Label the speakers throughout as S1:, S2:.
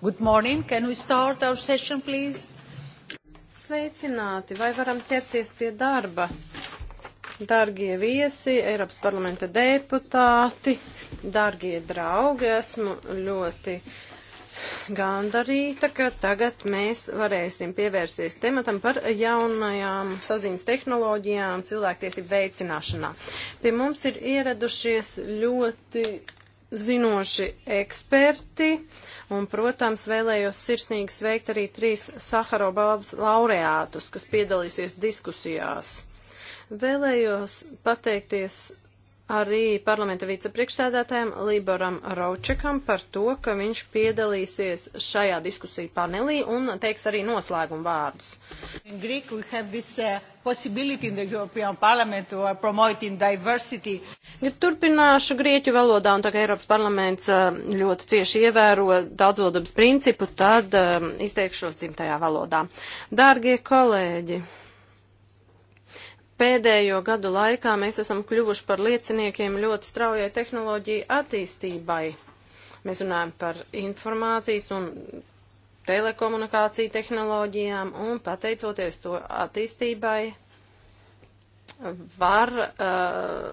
S1: Good morning. Can we start our session, please? Sveicināti. Vai varam ķerties pie darba? Dargie viesi, Eiropas parlamenta deputāti, dargie draugi, esmu ļoti gandarīta, ka tagad mēs varēsim pievērsties tematam par jaunajām saziņas tehnoloģijām cilvēktiesību veicināšanā. Pie mums ir ieradušies ļoti zinoši eksperti, un, protams, vēlējos sirsnīgi sveikt arī trīs Saharo balvas laureātus, kas piedalīsies diskusijās. Vēlējos pateikties arī parlamenta vicepriekšsēdētājiem Liboram Raučekam par to, ka viņš piedalīsies šajā diskusiju panelī un teiks arī noslēgumu vārdus. In Greek we have this uh, possibility in the European Parliament to promote in diversity. Ja turpināšu grieķu valodā un tā kā Eiropas parlaments uh, ļoti cieši ievēro daudzvalodības principu, tad uh, izteikšos dzimtajā valodā. Dārgie kolēģi! Pēdējo gadu laikā mēs esam kļuvuši par lieciniekiem ļoti straujai tehnoloģiju attīstībai. Mēs runājam par informācijas un telekomunikāciju tehnoloģijām un pateicoties to attīstībai var uh,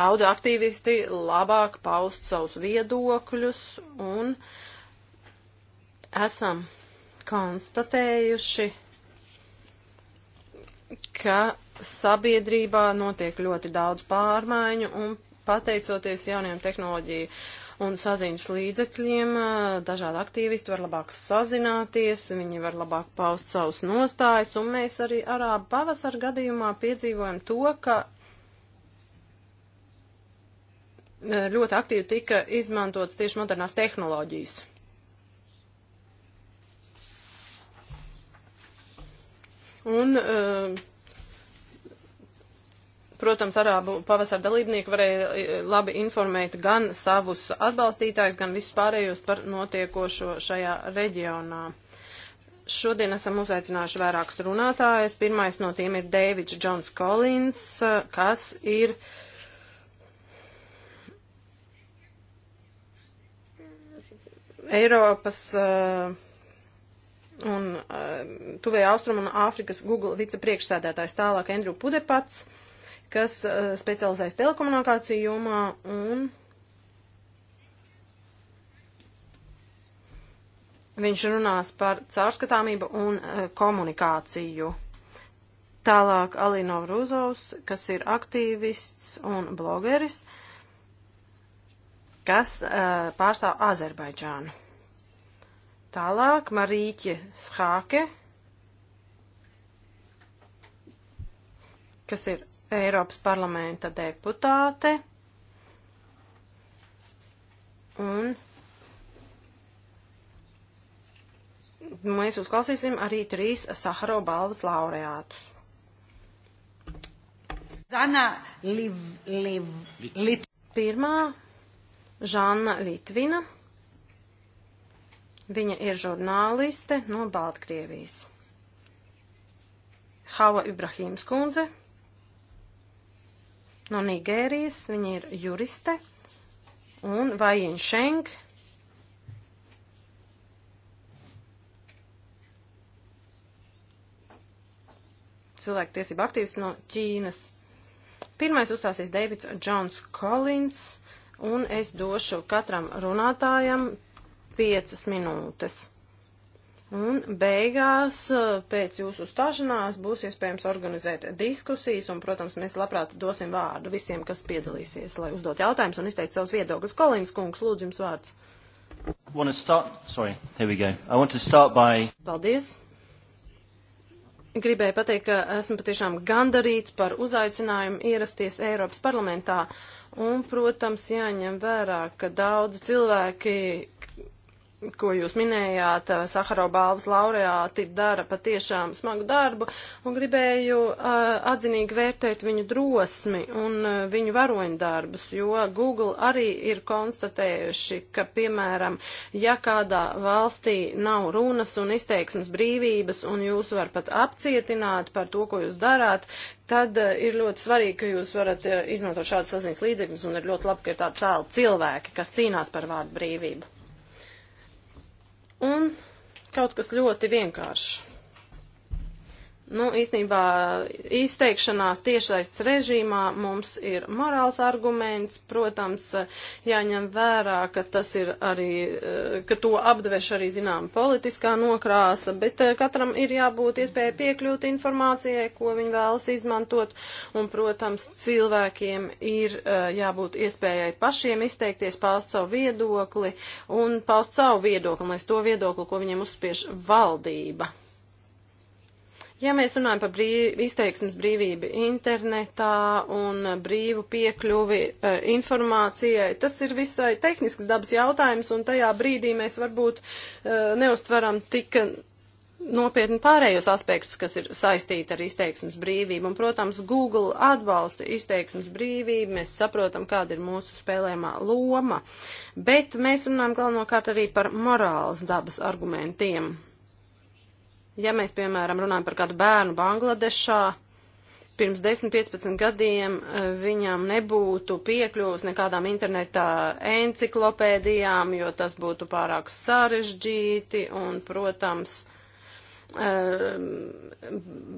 S1: daudz aktīvisti labāk paust savus viedokļus un esam konstatējuši, ka sabiedrībā notiek ļoti daudz pārmaiņu un pateicoties jauniem tehnoloģiju un saziņas līdzekļiem, dažādi aktīvisti var labāk sazināties, viņi var labāk paust savus nostājus, un mēs arī arābu pavasara gadījumā piedzīvojam to, ka ļoti aktīvi tika izmantotas tieši modernās tehnoloģijas. Un uh, Protams, arābu pavasara dalībnieki varēja e, labi informēt gan savus atbalstītājus, gan visus pārējos par notiekošo šajā reģionā. Šodien esam uzaicinājuši vairākus runātājus. Pirmais no tiem ir Dēvids Džons Kolins, kas ir Eiropas uh, un uh, e, Tuvēja Austruma un Āfrikas Google vicepriekšsēdētājs tālāk Andrew Pudepats. Uh, kas uh, specializējas telekomunikāciju jomā un viņš runās par caurskatāmību un uh, komunikāciju. Tālāk Alino Vrūzovs, kas ir aktīvists un blogeris, kas uh, pārstāv Azerbaidžānu. Tālāk Marīķe Schāke, kas ir Eiropas parlamenta deputāte un mēs uzklausīsim arī trīs Saharo balvas laureātus. Zana Liv, Liv, Lit. Pirmā Žanna Litvina. Viņa ir žurnāliste no Baltkrievijas. Hava Ibrahīms kundze no Nigērijas, viņa ir juriste, un Vajin Šeng. cilvēktiesība aktīvisti no Ķīnas. Pirmais uzstāsies Deivids Džons Kolins, un es došu katram runātājam piecas minūtes. Un beigās, eh, pēc jūsu uzstāšanās, būs iespējams organizēt diskusijas, un, protams, mēs labprāt dosim vārdu visiem, kas piedalīsies, lai uzdot jautājumus un izteikt savus viedokļus. Kolīns kungs, lūdzu jums vārds.
S2: Sorry, by...
S1: Paldies. Gribēju pateikt, ka esmu patiešām gandarīts par uzaicinājumu ierasties Eiropas parlamentā. Un, protams, jāņem vērā, ka daudzi cilvēki ko jūs minējāt, Saharo balvas laureāti dara patiešām smagu darbu un gribēju uh, atzinīgi vērtēt viņu drosmi un uh, viņu varoņdarbus, jo Google arī ir konstatējuši, ka, piemēram, ja kādā valstī nav runas un izteiksmes brīvības un jūs var pat apcietināt par to, ko jūs darāt, tad uh, ir ļoti svarīgi, ka jūs varat uh, izmantot šādas saziņas līdzekļus un ir ļoti labi, ka ir tādi cēli cilvēki, kas cīnās par vārdu brīvību. Un kaut kas ļoti vienkāršs. Nu, īstenībā izteikšanās tiešaists režīmā mums ir morāls arguments, protams, jāņem vērā, ka tas ir arī, eh, ka to apdveš arī, zinām, politiskā nokrāsa, bet eh, katram ir jābūt iespēja piekļūt informācijai, ko viņi vēlas izmantot, un, protams, cilvēkiem ir eh, jābūt iespējai pašiem izteikties, paust savu viedokli un paust savu viedokli, lai to viedokli, ko viņiem uzspiež valdība. Ja mēs runājam par brīv, izteiksmes brīvību internetā un brīvu piekļuvi e, informācijai, tas ir visai tehnisks dabas jautājums, un tajā brīdī mēs varbūt e, neustveram tik nopietni pārējos aspektus, kas ir saistīti ar izteiksmes brīvību. Un, protams, Google atbalsta izteiksmes brīvību, mēs saprotam, kāda ir mūsu spēlējumā loma, bet mēs runājam galvenokārt arī par morāls dabas argumentiem Ja mēs, piemēram, runājam par kādu bērnu Bangladešā, pirms 10-15 gadiem eh, viņam nebūtu piekļuvis nekādām internetā enciklopēdijām, jo tas būtu pārāk sarežģīti un, protams, uh, Ehm,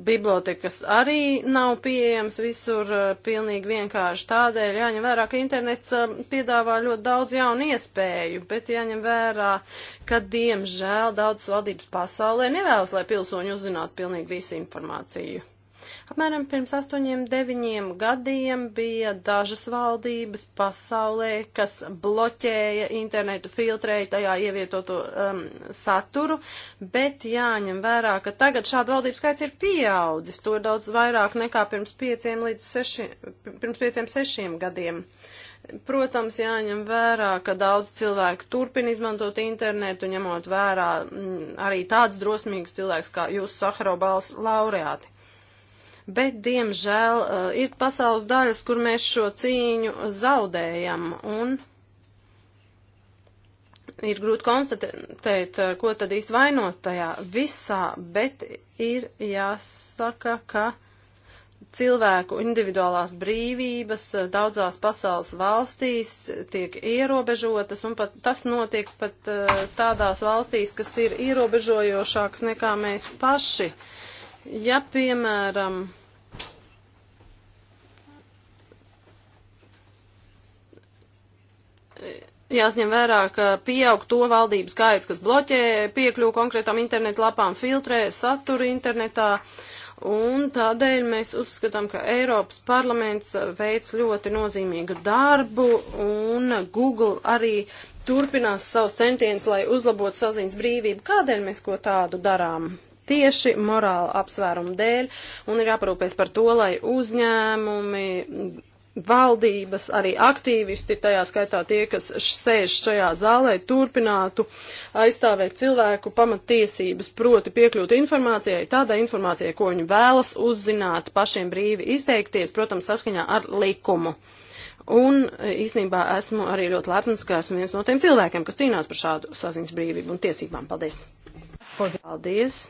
S1: bibliotekas arī nav pieejams visur eh, pilnīgi vienkārši tādēļ jāņem vērā, ka internets eh, piedāvā ļoti daudz jaunu iespēju, bet jāņem vērā, ka diemžēl daudzas valdības pasaulē nevēlas, lai pilsoņi uzzinātu pilnīgi visu informāciju. Apmēram pirms astoņiem, deviņiem gadiem bija dažas valdības pasaulē, kas bloķēja internetu, filtrēja tajā ievietoto um, saturu, bet jāņem vērā, ka tagad šāda valdības skaits ir pieaudzis, to ir daudz vairāk nekā pirms pieciem līdz sešiem, pirms pieciem, sešiem gadiem. Protams, jāņem vērā, ka daudz cilvēku turpina izmantot internetu, ņemot vērā m, mm, arī tāds drosmīgs cilvēks kā jūs Sahara balss laureāti bet, diemžēl, eh, ir pasaules daļas, kur mēs šo cīņu zaudējam un ir grūti konstatēt, eh, ko tad īsti vainot tajā visā, bet ir jāsaka, ka cilvēku individuālās brīvības eh, daudzās pasaules valstīs tiek ierobežotas, un pat tas notiek pat tādās valstīs, kas ir ierobežojošāks nekā mēs paši. Uh, Ja, piemēram, Jāsņem vērā, ka pieaug to valdību skaits, kas bloķē piekļuvu konkrētām internetlapām, filtrē saturu internetā, un tādēļ mēs uzskatām, ka Eiropas parlaments veic ļoti nozīmīgu darbu, un Google arī turpinās savus centienus, lai uzlabotu saziņas brīvību. Kādēļ mēs ko tādu darām? tieši morāla apsvērumu dēļ, un ir jāparūpēs par to, lai uzņēmumi, valdības, arī aktīvisti, tajā skaitā tie, kas sēž šajā zālē, turpinātu aizstāvēt cilvēku pamatiesības, proti piekļūt informācijai, tādai informācijai, ko viņi vēlas uzzināt, pašiem brīvi izteikties, protams, saskaņā ar likumu. Un e, īstenībā esmu arī ļoti lepns, ka esmu viens no tiem cilvēkiem, kas cīnās par šādu saziņas brīvību un tiesībām. Paldies! Paldies!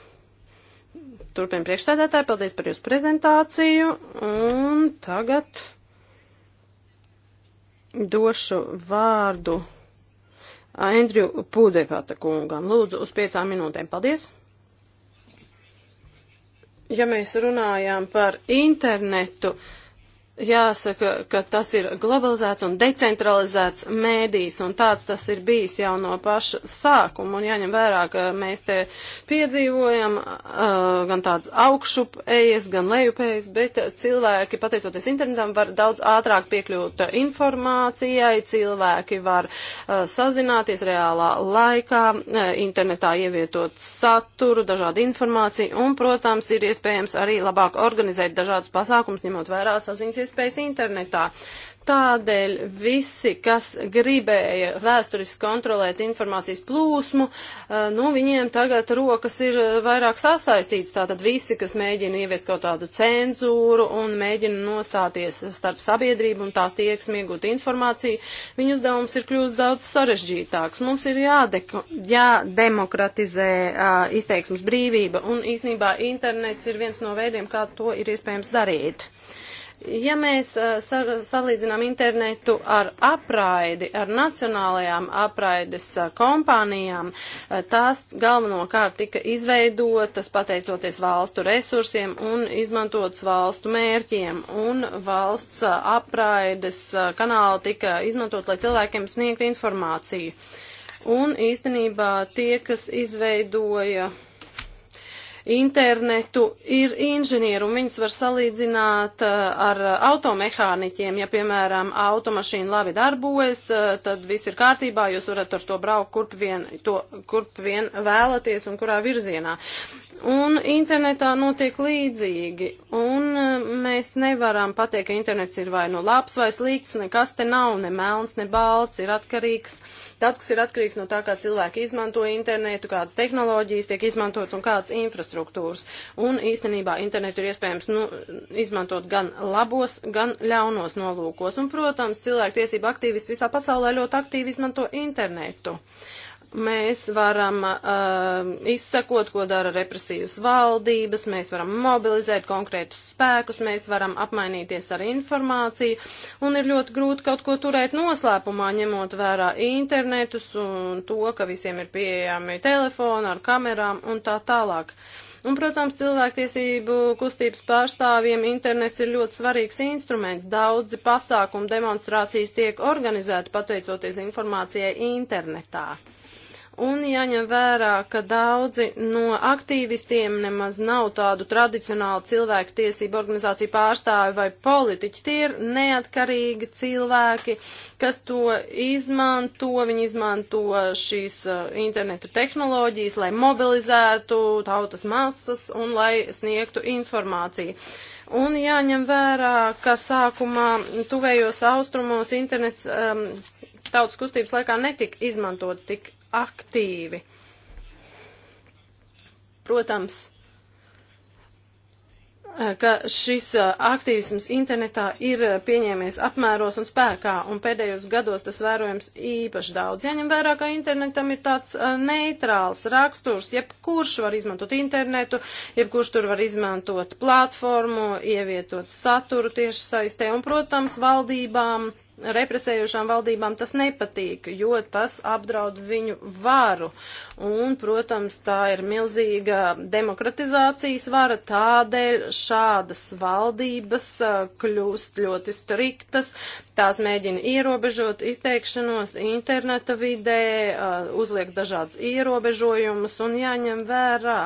S1: Turpin priekšstādātāji, paldies par jūsu prezentāciju. Un tagad došu vārdu Andriju Pūdekāta kungam. Lūdzu, uz piecām minūtēm. Paldies! Ja mēs runājām par internetu, uh, jāsaka, ka tas ir globalizēts un decentralizēts mēdījis, un tāds tas ir bijis jau no paša sākuma, un jāņem vērā, ka mēs te piedzīvojam uh, gan tāds augšup ejas, gan lejup ejas, bet cilvēki, pateicoties internetam, var daudz ātrāk piekļūt informācijai, cilvēki var uh, sazināties reālā laikā, uh, internetā ievietot saturu, dažādu informāciju, un, protams, ir iespējams arī labāk organizēt dažādas pasākums, ņemot vērā saziņas iespējas iespējas internetā. Tādēļ visi, kas gribēja vēsturiski kontrolēt informācijas plūsmu, eh, nu, viņiem tagad rokas ir eh, vairāk sasaistītas. Tātad visi, kas mēģina ieviest kaut kādu cenzūru un mēģina nostāties starp sabiedrību un tās tieksmi iegūt informāciju, viņu uzdevums ir kļūst daudz sarežģītāks. Mums ir jādeko, jādemokratizē uh, izteiksmes brīvība un īsnībā internets ir viens no veidiem, kā to ir iespējams darīt. Uh, Ja mēs uh, sar, salīdzinām internetu ar apraidi, ar nacionālajām apraides uh, kompānijām, uh, tās galvenokārt tika izveidotas pateicoties valstu resursiem un izmantotas valstu mērķiem, un valsts apraides kanāli tika izmantot, lai cilvēkiem sniegtu informāciju. Un īstenībā tie, kas izveidoja uh, internetu ir inženieri, un viņus var salīdzināt eh, ar eh, automehāniķiem. Ja, piemēram, automašīna labi darbojas, eh, tad viss ir kārtībā, jūs varat ar to braukt, kurp vien, to, kurp vien vēlaties un kurā virzienā. Un internetā notiek līdzīgi, un eh, mēs nevaram pateikt, ka internets ir vai nu labs vai slikts, nekas te nav, ne melns, ne balts, ir atkarīgs. Tad, kas ir atkarīgs no tā, kā cilvēki izmanto internetu, kādas tehnoloģijas tiek izmantotas un kādas infrastruktūras. Un īstenībā internetu ir iespējams nu, izmantot gan labos, gan ļaunos nolūkos. Un, protams, cilvēku tiesību aktīvisti visā pasaulē ļoti aktīvi izmanto internetu. Uh, mēs varam uh, izsakot, ko dara represīvas valdības, mēs varam mobilizēt konkrētus spēkus, mēs varam apmainīties ar informāciju, un ir ļoti grūti kaut ko turēt noslēpumā, ņemot vērā internetus un to, ka visiem ir pieejami telefoni ar kamerām un tā tālāk. Un, protams, cilvēktiesību kustības pārstāvjiem internets ir ļoti svarīgs instruments. Daudzi pasākumi demonstrācijas tiek organizēti pateicoties informācijai internetā. Un jāņem vērā, ka daudzi no aktīvistiem nemaz nav tādu tradicionālu cilvēku tiesību organizāciju pārstāvi vai politiķi. Tie ir neatkarīgi cilvēki, kas to izmanto. Viņi izmanto šīs uh, internetu tehnoloģijas, lai mobilizētu tautas masas un lai sniegtu informāciju. Un jāņem vērā, ka sākumā tuvējos austrumos internets. Um, tautas kustības laikā netika izmantots tik aktīvi. Protams, ka šis uh, aktīvisms internetā ir uh, pieņēmies apmēros un spēkā, un pēdējos gados tas vērojams īpaši daudz. Jaņem vērā, ka internetam ir tāds uh, neitrāls raksturs, jebkurš var izmantot internetu, jebkurš tur var izmantot platformu, ievietot saturu tieši saistē, un, protams, valdībām represējošām valdībām tas nepatīk, jo tas apdraud viņu varu. Un, protams, tā ir milzīga demokratizācijas vara, tādēļ šādas valdības uh, kļūst ļoti striktas, Tās mēģina ierobežot izteikšanos interneta vidē, uh, uzliek dažādas ierobežojumus un jāņem vērā,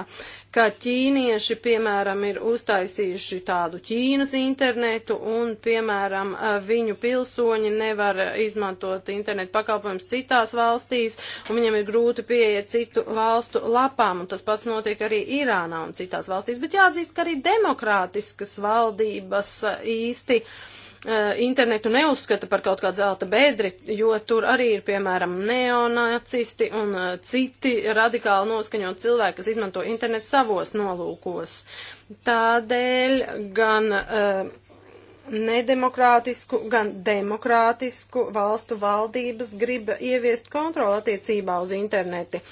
S1: ka ķīnieši, piemēram, ir uztaisījuši tādu Ķīnas internetu un, piemēram, uh, viņu pilsoņi nevar izmantot internetu pakalpojumus citās valstīs un viņiem ir grūti pieiet citu valstu lapām un tas pats notiek arī Irānā un citās valstīs. Bet jāatzīst, ka arī demokrātiskas valdības uh, īsti uh, Eh, internetu neuzskata par kaut kādu zelta bedri, jo tur arī ir, piemēram, neonacisti un eh, citi radikāli noskaņot cilvēki, kas izmanto internetu savos nolūkos. Tādēļ gan eh, nedemokrātisku, gan demokrātisku valstu valdības grib ieviest kontroli attiecībā uz interneti.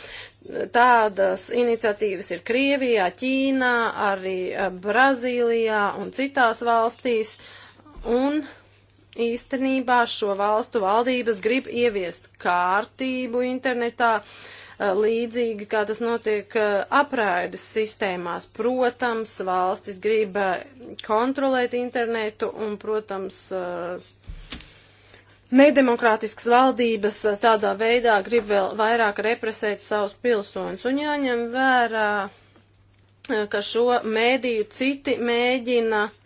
S1: Tādas iniciatīvas ir Krievijā, Ķīnā, arī Brazīlijā un citās valstīs. Uh, Un īstenībā šo valstu valdības grib ieviest kārtību internetā, eh, līdzīgi kā tas notiek eh, apraides sistēmās. Protams, valstis grib eh, kontrolēt internetu un, protams, nedemokrātiskas valdības tādā veidā grib vēl vairāk represēt savus pilsoņus un jāņem vērā, ka šo mēdīju citi mēģina uh,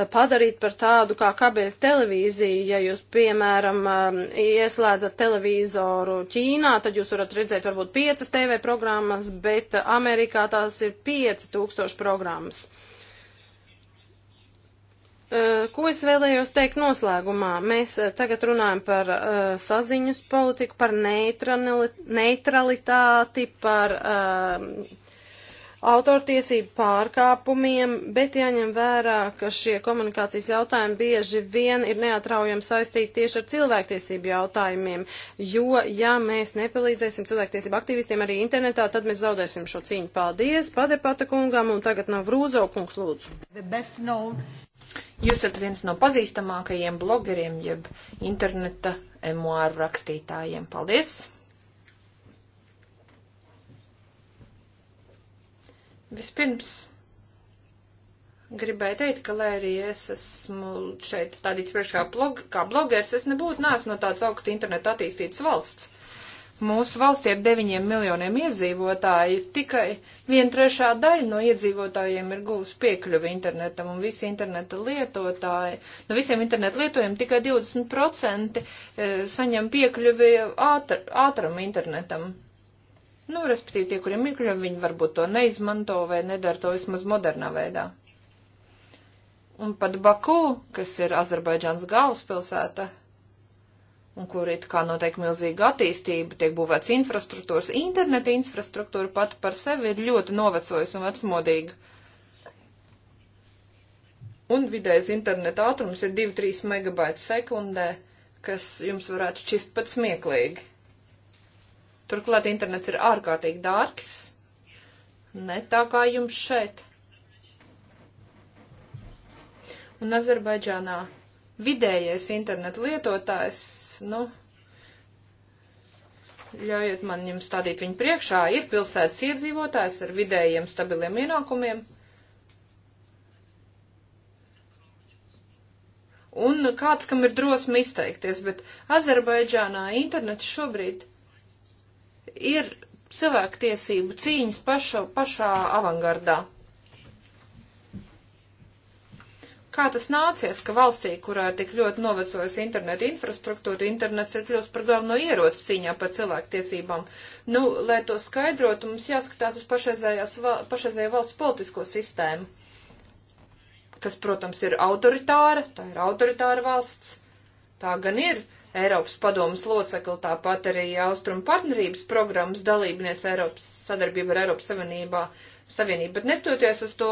S1: Eh, padarīt par tādu kā kabeļu televīziju. Ja jūs, piemēram, eh, ieslēdzat televizoru Ķīnā, tad jūs varat redzēt varbūt piecas TV programmas, bet Amerikā tās ir 5000 programmas. Eh, ko es vēlējos teikt noslēgumā? Mēs tagad runājam par uh, saziņas politiku, par neutralitāti, par uh, autortiesību pārkāpumiem, bet jāņem vērā, ka šie komunikācijas jautājumi bieži vien ir neatraujami saistīti tieši ar cilvēktiesību jautājumiem, jo ja mēs nepalīdzēsim cilvēktiesību aktīvistiem arī internetā, tad mēs zaudēsim šo cīņu. Paldies, padepata kungam, un tagad nav Vrūzo kungs lūdzu.
S3: Jūs esat viens no pazīstamākajiem blogeriem, jeb interneta emuāru rakstītājiem. Paldies! Vispirms gribēju teikt, ka, lai arī es esmu šeit stādīts priekšā blog, kā blogers, es nebūtu neesmu no tāds augsti internetu attīstīts valsts. Mūsu valstī ar deviņiem miljoniem iedzīvotāju tikai viena trešā daļa no iedzīvotājiem ir guvusi piekļuvi internetam, un visi interneta lietotāji, no visiem interneta lietojumiem tikai 20% eh, saņem piekļuvi ātr, ātram internetam. Nu, respektīvi, tie, kuriem ir kļuvi, viņi varbūt to neizmanto vai nedara to vismaz modernā veidā. Un pat Baku, kas ir Azerbaidžāns galvaspilsēta, un kur it kā notiek milzīga attīstība, tiek būvēts infrastruktūras, interneta infrastruktūra pat par sevi ir ļoti novecojusi un vecmodīga. Un vidējais interneta ātrums ir 2-3 megabaits sekundē, kas jums varētu šķist pat smieklīgi. Turklāt internets ir ārkārtīgi dārgs. Ne tā kā jums šeit. Un Azerbaidžānā vidējais internetu lietotājs, nu, ļaujiet man jums stādīt viņu priekšā, ir pilsētas iedzīvotājs ar vidējiem stabiliem ienākumiem. Un kāds, kam ir drosme izteikties, bet Azerbaidžānā internets šobrīd ir cilvēktiesību cīņas paša, pašā avangardā. Kā tas nācies, ka valstī, kurā ir tik ļoti novecojusi interneta infrastruktūra, internets ir kļūst par galveno ieroci cīņā par cilvēktiesībām? Nu, lai to skaidrotu, mums jāskatās uz pašreizējo valsts politisko sistēmu, kas, protams, ir autoritāra, tā ir autoritāra valsts, tā gan ir, uh, Eiropas padomas locekli, tāpat arī Austrum partnerības programmas dalībniece Eiropas sadarbība ar Eiropas Savienībā. Savienību, bet nestoties uz to,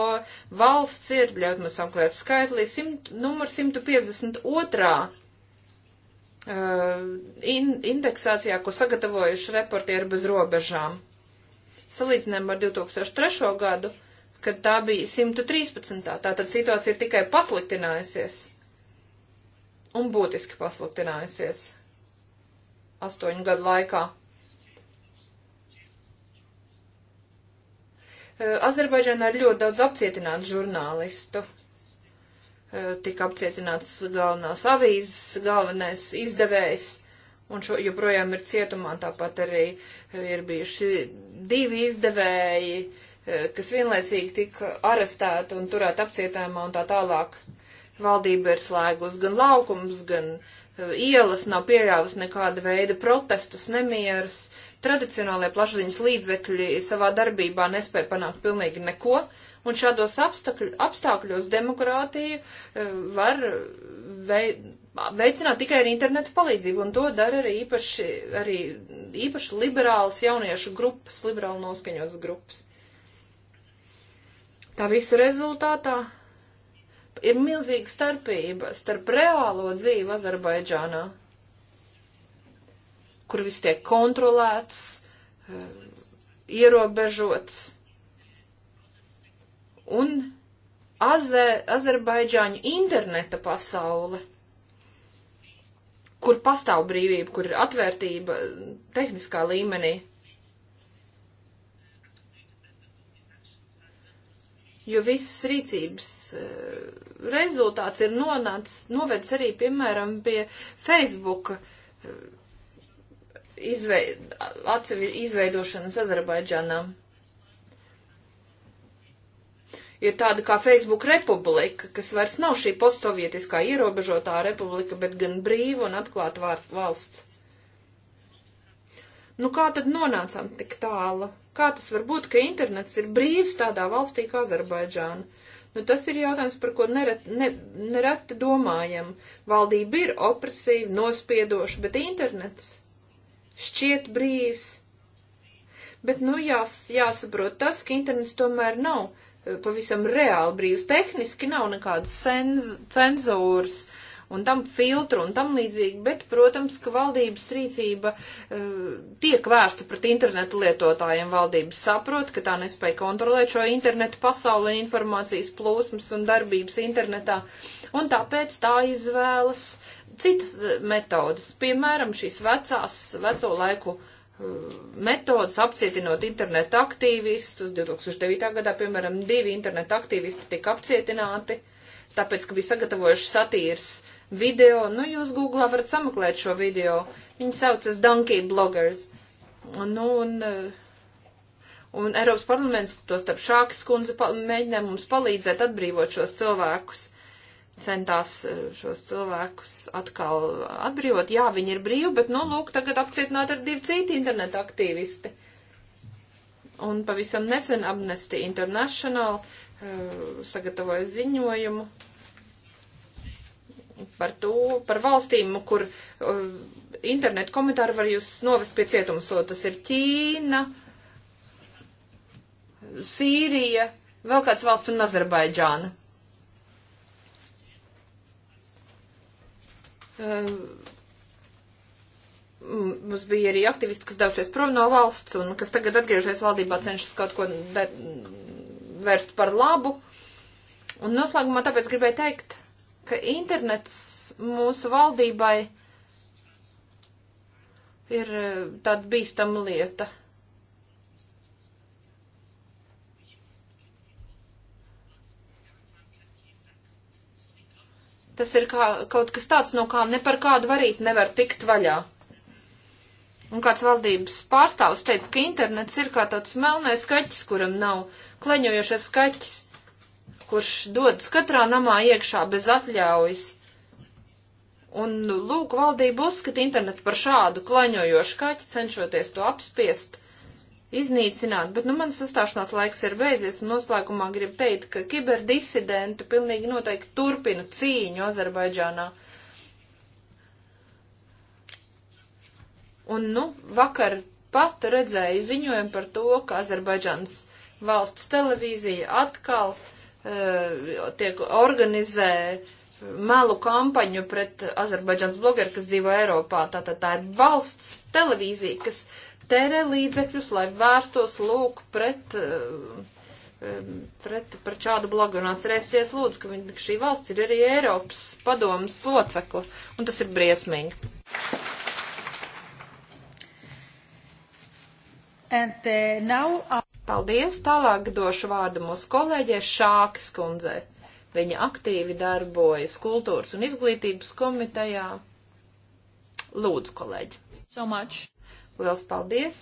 S3: valsts ir, ļaut man samklēt skaitlī, simt, numur 152. Uh, in, indeksācijā, ko sagatavojuši reportieri bez robežām. Salīdzinājumā ar 2003. gadu, kad tā bija 113. Tātad situācija ir tikai pasliktinājusies un būtiski pasliktinājusies astoņu gadu laikā. Azerbaidžānā ir ļoti daudz apcietinātu žurnālistu. Tika apcietināts galvenās avīzes, galvenais izdevējs, un šo joprojām ir cietumā, tāpat arī ir bijuši divi izdevēji, kas vienlaicīgi tika arestēti un turēt apcietājumā un tā tālāk. Valdība ir slēgus gan laukums, gan eh, ielas, nav pieļāvusi nekāda veida protestus, nemierus. Tradicionālie plašsaziņas līdzekļi savā darbībā nespēja panākt pilnīgi neko, un šādos apstākļ, apstākļos demokrātiju eh, var veidot veicināt tikai ar internetu palīdzību, un to dara arī īpaši, arī īpaši liberāls jauniešu grupas, liberāli noskaņotas grupas. Tā visu rezultātā ir milzīga starpība starp reālo dzīvi Azerbaidžānā, kur viss tiek kontrolēts, eh, ierobežots, un Aze, Azerbaidžāņu interneta pasaule, kur pastāv brīvība, kur ir atvērtība tehniskā līmenī. jo visas rīcības eh, rezultāts ir nonācis, novedis arī, piemēram, pie Facebook eh, izveid, izveidošanas Azerbaidžanā. Ir tāda kā Facebook republika, kas vairs nav šī postsovietiskā ierobežotā republika, bet gan brīva un atklāta valsts. Nu kā tad nonācām tik tālu? Kā tas var būt, ka internets ir brīvs tādā valstī kā Azerbaidžāna? Nu, tas ir jautājums, par ko neret, ne, nereti domājam. Valdība ir opresīva, nospiedoša, bet internets šķiet brīvs. Bet, nu, jās, jāsaprot tas, ka internets tomēr nav eh, pavisam reāli brīvs. Tehniski nav nekādas cenz, cenzūras. Uh, un tam filtru un tam līdzīgi, bet, protams, ka valdības rīcība uh, tiek vērsta pret internetu lietotājiem. Valdības saprot, ka tā nespēja kontrolēt šo internetu pasauli, informācijas plūsmas un darbības internetā, un tāpēc tā izvēlas citas eh, metodas, piemēram, šīs vecās, veco laiku eh, metodas apcietinot internetu aktīvistus. 2009. gadā, piemēram, divi internetu aktīvisti tika apcietināti, tāpēc, ka bija sagatavojuši satīras video. Nu, jūs googlā varat sameklēt šo video. Viņi saucas Donkey Bloggers. Nu, un, eh, un Eiropas parlaments, to starp Šākas kundze, mēģināja mums palīdzēt atbrīvot šos cilvēkus. Centās eh, šos cilvēkus atkal atbrīvot. Jā, viņi ir brīvi, bet, nu, lūk, tagad apcietināti ar divi citi internetu aktīvisti. Un pavisam nesen Amnesty International uh, sagatavoja ziņojumu, par to, par valstīm, kur uh, internetu komentāri var jūs novest pie cietumso. Tas ir Ķīna, Sīrija, vēl kāds valsts un Azerbaidžāna. Uh, mums bija arī aktivisti, kas devušies prom no valsts un kas tagad atgriežas valdībā, cenšas kaut ko vērst par labu. Un noslēgumā tāpēc gribēju teikt, ka internets mūsu valdībai ir e, tāda bīstama lieta. Tas ir kā, kaut kas tāds, no kā ne par kādu varīt nevar tikt vaļā. Un kāds valdības pārstāvs teica, ka internets ir kā tāds melnais skaķis, kuram nav kleņojošais skaķis kurš dodas katrā namā iekšā bez atļaujas. Un, lūk, valdība uzskata internetu par šādu klaņojošu kaķi, cenšoties to apspiest, iznīcināt, bet, nu, mans uzstāšanās laiks ir beidzies, un noslēgumā gribu teikt, ka kiberdisidenti pilnīgi noteikti turpina cīņu Azerbaidžānā. Un, nu, vakar pat redzēju ziņojumu par to, ka Azerbaidžānas valsts televīzija atkal uh, Eh, tiek organizē melu kampaņu pret Azerbaidžans blogeru, kas dzīvo Eiropā. Tātad tā ir valsts televīzija, kas tērē līdzekļus, lai vērstos lūk pret, eh, pret, pret šādu blogu. Un atcerēsies lūdzu, ka šī valsts ir arī Eiropas padomas locekla. Un tas ir briesmīgi. And, uh, now, uh... Paldies! Tālāk došu vārdu mūsu kolēģē Šākas kundzei. Viņa aktīvi darbojas kultūras un izglītības komitejā. Lūdzu, kolēģi! So much! Liels paldies!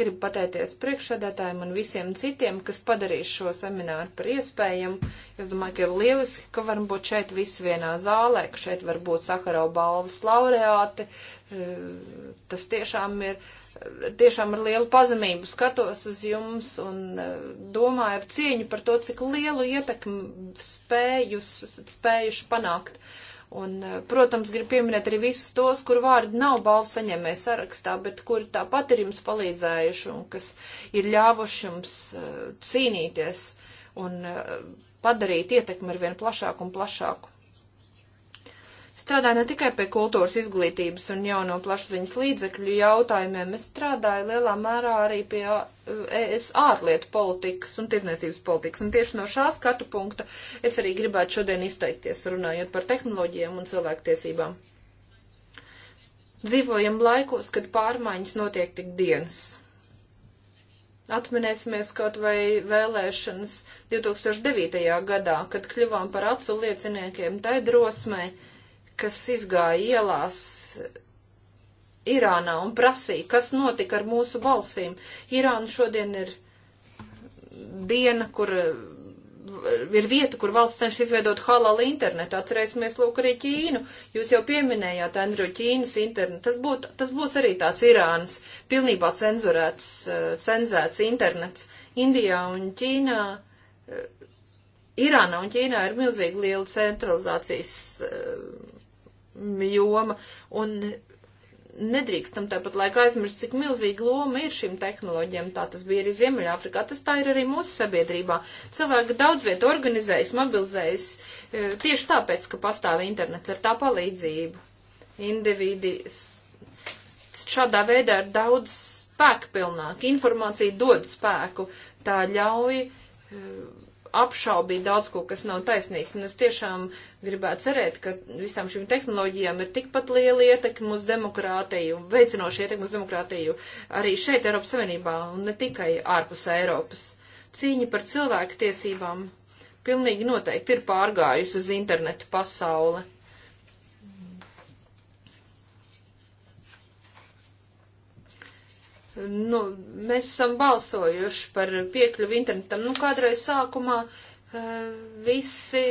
S3: Gribu pateikties priekšsēdētājiem un visiem citiem, kas padarīs šo semināru par iespējamu. Es domāju, ka ir lieliski, ka varam būt šeit visi vienā zālē, ka šeit var būt Sakarau balvas laureāti. Eh, tas tiešām ir tiešām ar lielu pazemību skatos uz jums un e, domāju ar cieņu par to, cik lielu ietekmi spējus, spējuši panākt. Un, e, protams, gribu pieminēt arī visus tos, kur vārdi nav balvu saņēmēji sarakstā, bet kuri tāpat ir jums palīdzējuši un kas ir ļāvuši jums e, cīnīties un padarīt ietekmi ar vien plašāku un plašāku strādāju ne tikai pie kultūras izglītības un jauno plašsaziņas līdzekļu jautājumiem, es strādāju lielā mērā arī pie uh, ES ārlietu politikas un tirdzniecības politikas. Un tieši no šā skatu punkta es arī gribētu šodien izteikties, runājot par tehnoloģijām un cilvēktiesībām. Dzīvojam laikos, kad pārmaiņas notiek tik dienas. Atminēsimies kaut vai vēlēšanas 2009. gadā, kad kļuvām par acu lieciniekiem tai drosmei, kas izgāja ielās Irānā un prasīja, kas notika ar mūsu balsīm. Irāna šodien ir diena, kur ir vieta, kur valsts cenšas izveidot halālu internetu. Atcerēsimies, lūk, arī Ķīnu. Jūs jau pieminējāt, Andriu, Ķīnas internetu. Tas, būt, tas būs arī tāds Irānas pilnībā cenzurēts, cenzēts internets. Indijā un Ķīnā, Irānā un Ķīnā ir milzīgi liela centralizācijas joma, un nedrīkstam tāpat laikā aizmirst, cik milzīga loma ir šīm tehnoloģijām. Tā tas bija arī Ziemeļāfrikā, tas tā ir arī mūsu sabiedrībā. Cilvēki daudz vietu organizējas, mobilizējas e, tieši tāpēc, ka pastāv internets ar tā palīdzību. Individi šādā veidā ir daudz spēku pilnāk, informācija dod spēku, tā ļauj e, apšaubīt daudz ko, kas nav taisnīgs. Un es tiešām gribētu cerēt, ka visām šīm tehnoloģijām ir tikpat liela ietekme uz demokrātiju, veicinoša ietekme uz demokrātiju arī šeit Eiropas Savienībā un ne tikai ārpus Eiropas. Cīņa par cilvēku tiesībām pilnīgi noteikti ir pārgājusi uz internetu pasauli. nu, mēs esam balsojuši par piekļuvi internetam. Nu, kādreiz sākumā uh, visi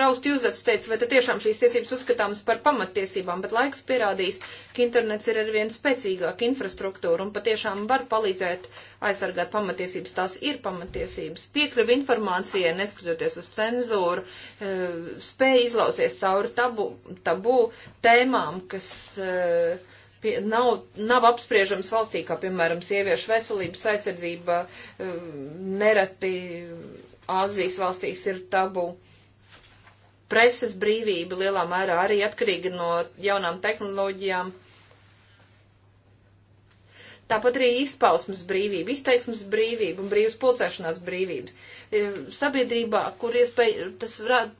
S3: rausti uzats teica, vai tad tiešām šīs tiesības uzskatāmas par pamattiesībām, bet laiks pierādīs, ka internets ir arvien spēcīgāka infrastruktūra un patiešām var palīdzēt aizsargāt pamattiesības. Tās ir pamattiesības. Piekļuvi informācijai, neskatoties uz cenzūru, uh, eh, spēja izlausies cauri tabu, tabu tēmām, kas. Uh, pie, nav, nav apspriežams valstī, kā piemēram sieviešu veselības aizsardzība eh, nereti Āzijas valstīs ir tabu. Preses brīvība lielā mērā arī atkarīga no jaunām tehnoloģijām. Tāpat arī izpausmas brīvība, izteiksmes brīvība un brīvas pulcēšanās brīvības. E, sabiedrībā, kur iespēja, tas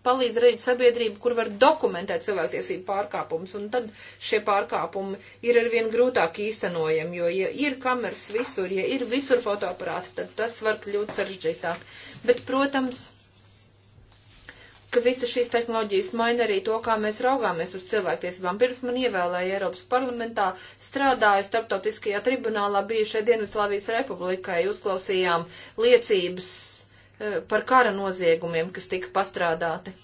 S3: palīdz radīt sabiedrību, kur var dokumentēt cilvēktiesību pārkāpumus, un tad šie pārkāpumi ir arvien grūtāk īstenojami, jo, ja ir kameras visur, ja ir visur fotoaparāti, tad tas var kļūt sarežģītāk. Bet, protams, ka visas šīs tehnoloģijas maina arī to, kā mēs raugāmies uz cilvēktiesībām. Pirms man ievēlēja Eiropas parlamentā, strādāju starptautiskajā tribunālā bijušai Dienvidslāvijas republikai, uzklausījām liecības eh, par kara noziegumiem, kas tika pastrādāti.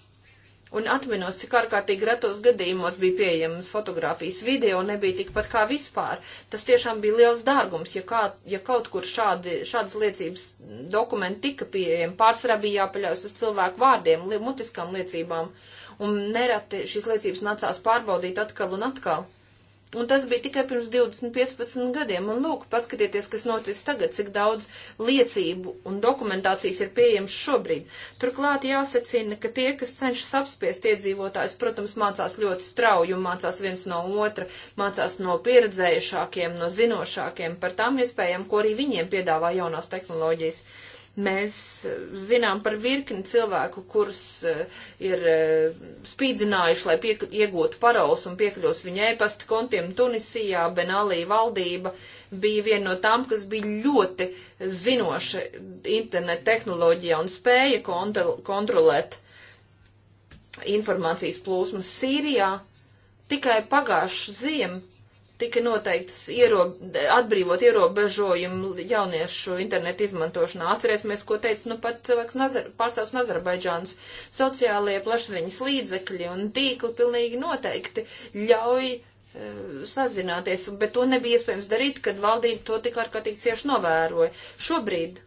S3: Un atminos, cik ārkārtīgi retos gadījumos bija pieejamas fotografijas video, nebija tikpat kā vispār. Tas tiešām bija liels dārgums, ja, kā, ja kaut kur šādi, šādas liecības dokumenti tika pieejami. Pārsvarā bija jāpaļaujas uz cilvēku vārdiem, li, mutiskām liecībām, un nereti šīs liecības nācās pārbaudīt atkal un atkal. Un tas bija tikai pirms 20, 15 gadiem. Un lūk, paskatieties, kas noticis tagad, cik daudz liecību un dokumentācijas ir pieejams šobrīd. Turklāt jāsacina, ka tie, kas cenšas apspiest iedzīvotājs, protams, mācās ļoti strauju, mācās viens no otra, mācās no pieredzējušākiem, no zinošākiem par tām iespējām, ko arī viņiem piedāvā jaunās tehnoloģijas. Uh, Mēs eh, zinām par virkni cilvēku, kurus eh, ir eh, spīdzinājuši, lai piek, iegūtu parols un piekļūst viņa e-pasta kontiem Tunisijā. Benalī valdība bija viena no tām, kas bija ļoti zinoša internet tehnoloģijā un spēja kontrolēt informācijas plūsmas Sīrijā tikai pagājušu ziemu tika noteikts ierob, atbrīvot ierobežojumu jauniešu internetu izmantošanā. Atcerēsimies, ko teica nu pat cilvēks Nazar, pārstāvs Nazarbaidžāns. Sociālie plašsaziņas līdzekļi un tīkli pilnīgi noteikti ļauj uh, sazināties, bet to nebija iespējams darīt, kad valdība to tik ārkārtīgi cieši novēroja. Šobrīd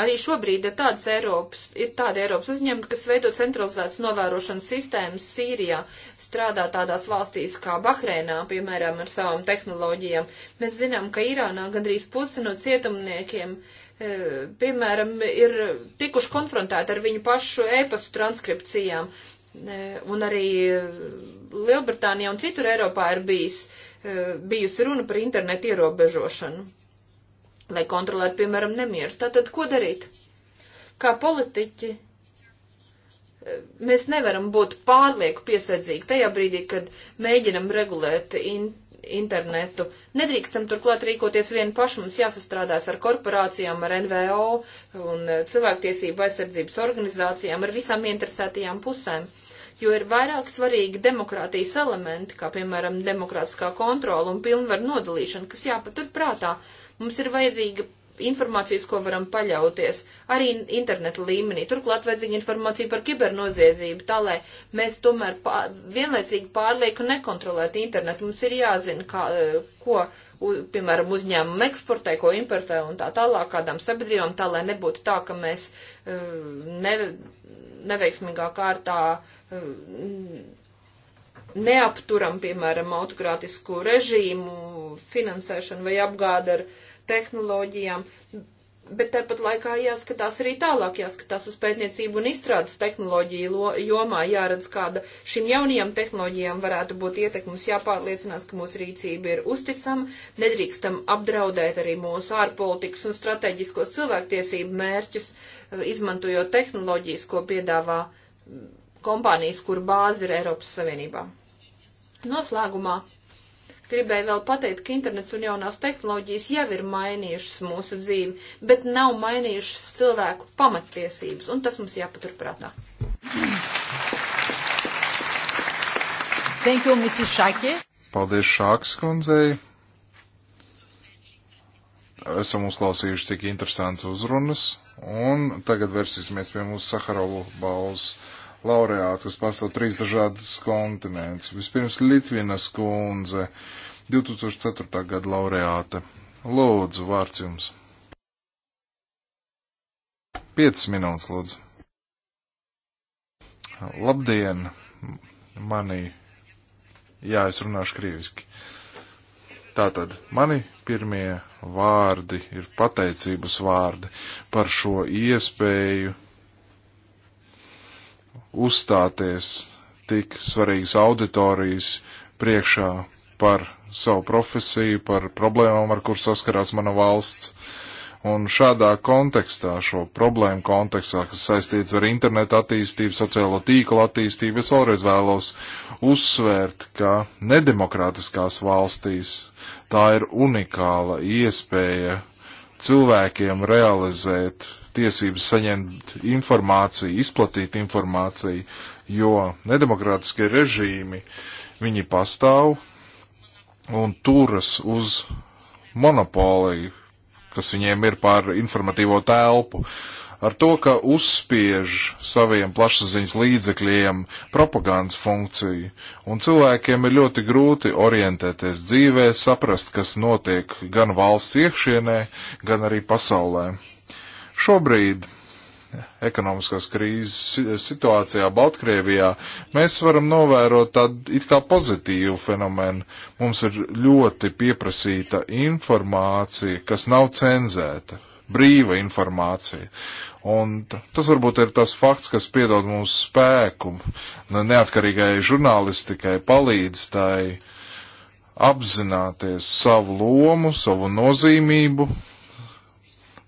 S3: Arī šobrīd ir tādas Eiropas, ir tāda Eiropas uzņēmuma, kas veido centralizētas novērošanas sistēmas Sīrijā, strādā tādās valstīs kā Bahreinā, piemēram, ar savām tehnoloģijām. Mēs zinām, ka Irānā gandrīz puse no cietumniekiem, e, piemēram, ir tikuši konfrontēti ar viņu pašu ēpastu transkripcijām. E, un arī e, Lielbritānijā un citur Eiropā ir bijis, bijusi runa par internetu ierobežošanu lai kontrolētu, piemēram, nemierus. Tātad, ko darīt? Kā politiķi eh, mēs nevaram būt pārlieku piesardzīgi tajā brīdī, kad mēģinam regulēt in internetu. Nedrīkstam turklāt rīkoties vienu pašu, mums jāsastrādās ar korporācijām, ar NVO un eh, cilvēktiesību aizsardzības organizācijām, ar visām interesētajām pusēm jo ir vairāk svarīgi demokrātijas elementi, kā piemēram demokrātiskā kontrola un pilnvaru nodalīšana, kas jāpatur prātā, Mums ir vajadzīga informācijas, ko varam paļauties, arī interneta līmenī. Turklāt vajadzīga informācija par kibernoziedzību, tā lai mēs tomēr pār, vienlaicīgi pārlieku nekontrolētu internetu. Mums ir jāzina, kā, ko, piemēram, uzņēmumu eksportē, ko importē un tā tālāk kādām sabiedrībām, tā lai nebūtu tā, ka mēs e, ne, neveiksmīgā kārtā e, neapturam, piemēram, autokrātisku režīmu finansēšanu vai apgādu ar uh, tehnoloģijām. Bet tāpat laikā jāskatās arī tālāk, jāskatās uz pētniecību un izstrādes tehnoloģiju jomā, jāredz, kāda šīm jaunajām tehnoloģijām varētu būt ietekmes, jāpārliecinās, ka mūsu rīcība ir uzticama, nedrīkstam apdraudēt arī mūsu ārpolitikas un strateģiskos cilvēktiesību mērķus, eh, izmantojot tehnoloģijas, ko piedāvā mm, kompānijas, kur bāze ir Eiropas Savienībā. Noslēgumā Gribēju vēl pateikt, ka internets un jaunās tehnoloģijas jau ir mainījušas mūsu dzīvi, bet nav mainījušas cilvēku pamattiesības, un tas mums jāpaturprātā. Thank you, Mrs. Šakie.
S2: Paldies Šāks kundzei. Esam uzklausījuši tik interesants uzrunas, un tagad versīsimies pie mūsu Saharovu balvas laureāti, kas pārstāv trīs dažādas kontinents. Vispirms Litvinas kundze, 2004. gada laureāte. Lūdzu, vārds jums. 5 minūtes, lūdzu. Labdien, mani. Jā, es runāšu krieviski. Tātad, mani pirmie vārdi ir pateicības vārdi par šo iespēju uzstāties tik svarīgas auditorijas priekšā par savu profesiju, par problēmām, ar kur saskarās mana valsts. Un šādā kontekstā, šo problēmu kontekstā, kas saistīts ar internetu attīstību, sociālo tīklu attīstību, es vēlreiz vēlos uzsvērt, ka nedemokrātiskās valstīs tā ir unikāla iespēja cilvēkiem realizēt tiesības saņemt informāciju, izplatīt informāciju, jo nedemokrātiskie režīmi, viņi pastāv un turas uz monopoliju, kas viņiem ir pār informatīvo telpu. Ar to, ka uzspiež saviem plašsaziņas līdzekļiem propagandas funkciju, un cilvēkiem ir ļoti grūti orientēties dzīvē, saprast, kas notiek gan valsts iekšienē, gan arī pasaulē. Šobrīd ekonomiskās krīzes situācijā Baltkrievijā mēs varam novērot tādu it kā pozitīvu fenomenu. Mums ir ļoti pieprasīta informācija, kas nav cenzēta, brīva informācija. Un tas varbūt ir tas fakts, kas piedod mūsu spēku, neatkarīgai žurnālistikai palīdz tai apzināties savu lomu, savu nozīmību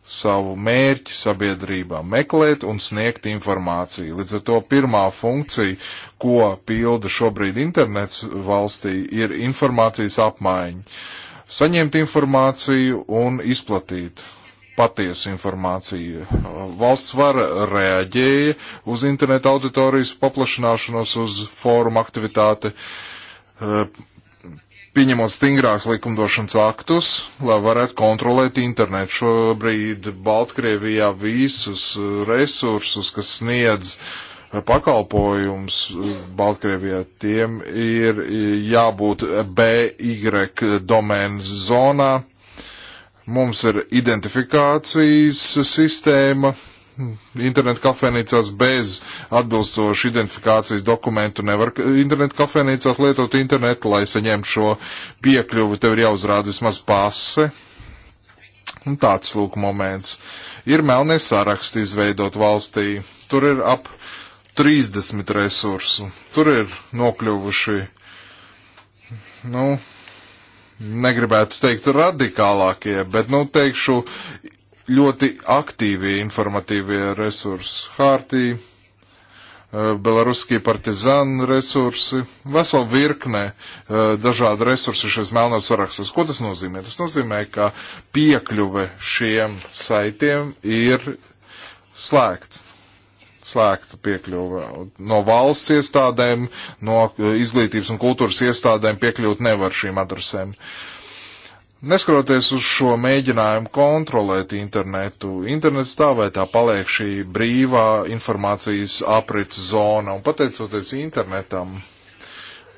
S2: savu mērķi sabiedrībā meklēt un sniegt informāciju. Līdz ar to pirmā funkcija, ko pilda šobrīd internets valstī, ir informācijas apmaiņa. Saņemt informāciju un izplatīt patiesu informāciju. Valsts var reaģēja uz interneta auditorijas paplašināšanos, uz fórumu aktivitāti pieņemot stingrākus likumdošanas aktus, lai varētu kontrolēt internetu. Šobrīd Baltkrievijā visus resursus, kas sniedz pakalpojums Baltkrievijā, tiem ir jābūt BY domēnas zonā. Mums ir identifikācijas sistēma, internetu kafejnīcās bez atbilstošu identifikācijas dokumentu nevar internetu kafejnīcās lietot internetu, lai saņemtu šo piekļuvi, tev ir jāuzrāda vismaz pase. Un tāds lūk moments. Ir melnie saraksti izveidot valstī. Tur ir ap 30 resursu. Tur ir nokļuvuši, nu, negribētu teikt radikālākie, bet, nu, teikšu, ļoti aktīvi informatīvie resursi. Hārtī, eh, Belaruskie partizānu resursi, vesela virkne eh, dažādu resursu šis melnās sarakstos. Ko tas nozīmē? Tas nozīmē, ka piekļuve šiem saitiem ir slēgts. Slēgta piekļuve. No valsts iestādēm, no eh, izglītības un kultūras iestādēm piekļūt nevar šīm adresēm. Uh, Neskatoties uz šo mēģinājumu kontrolēt internetu, internets tā vai tā paliek šī brīvā informācijas aprits zona, un pateicoties internetam,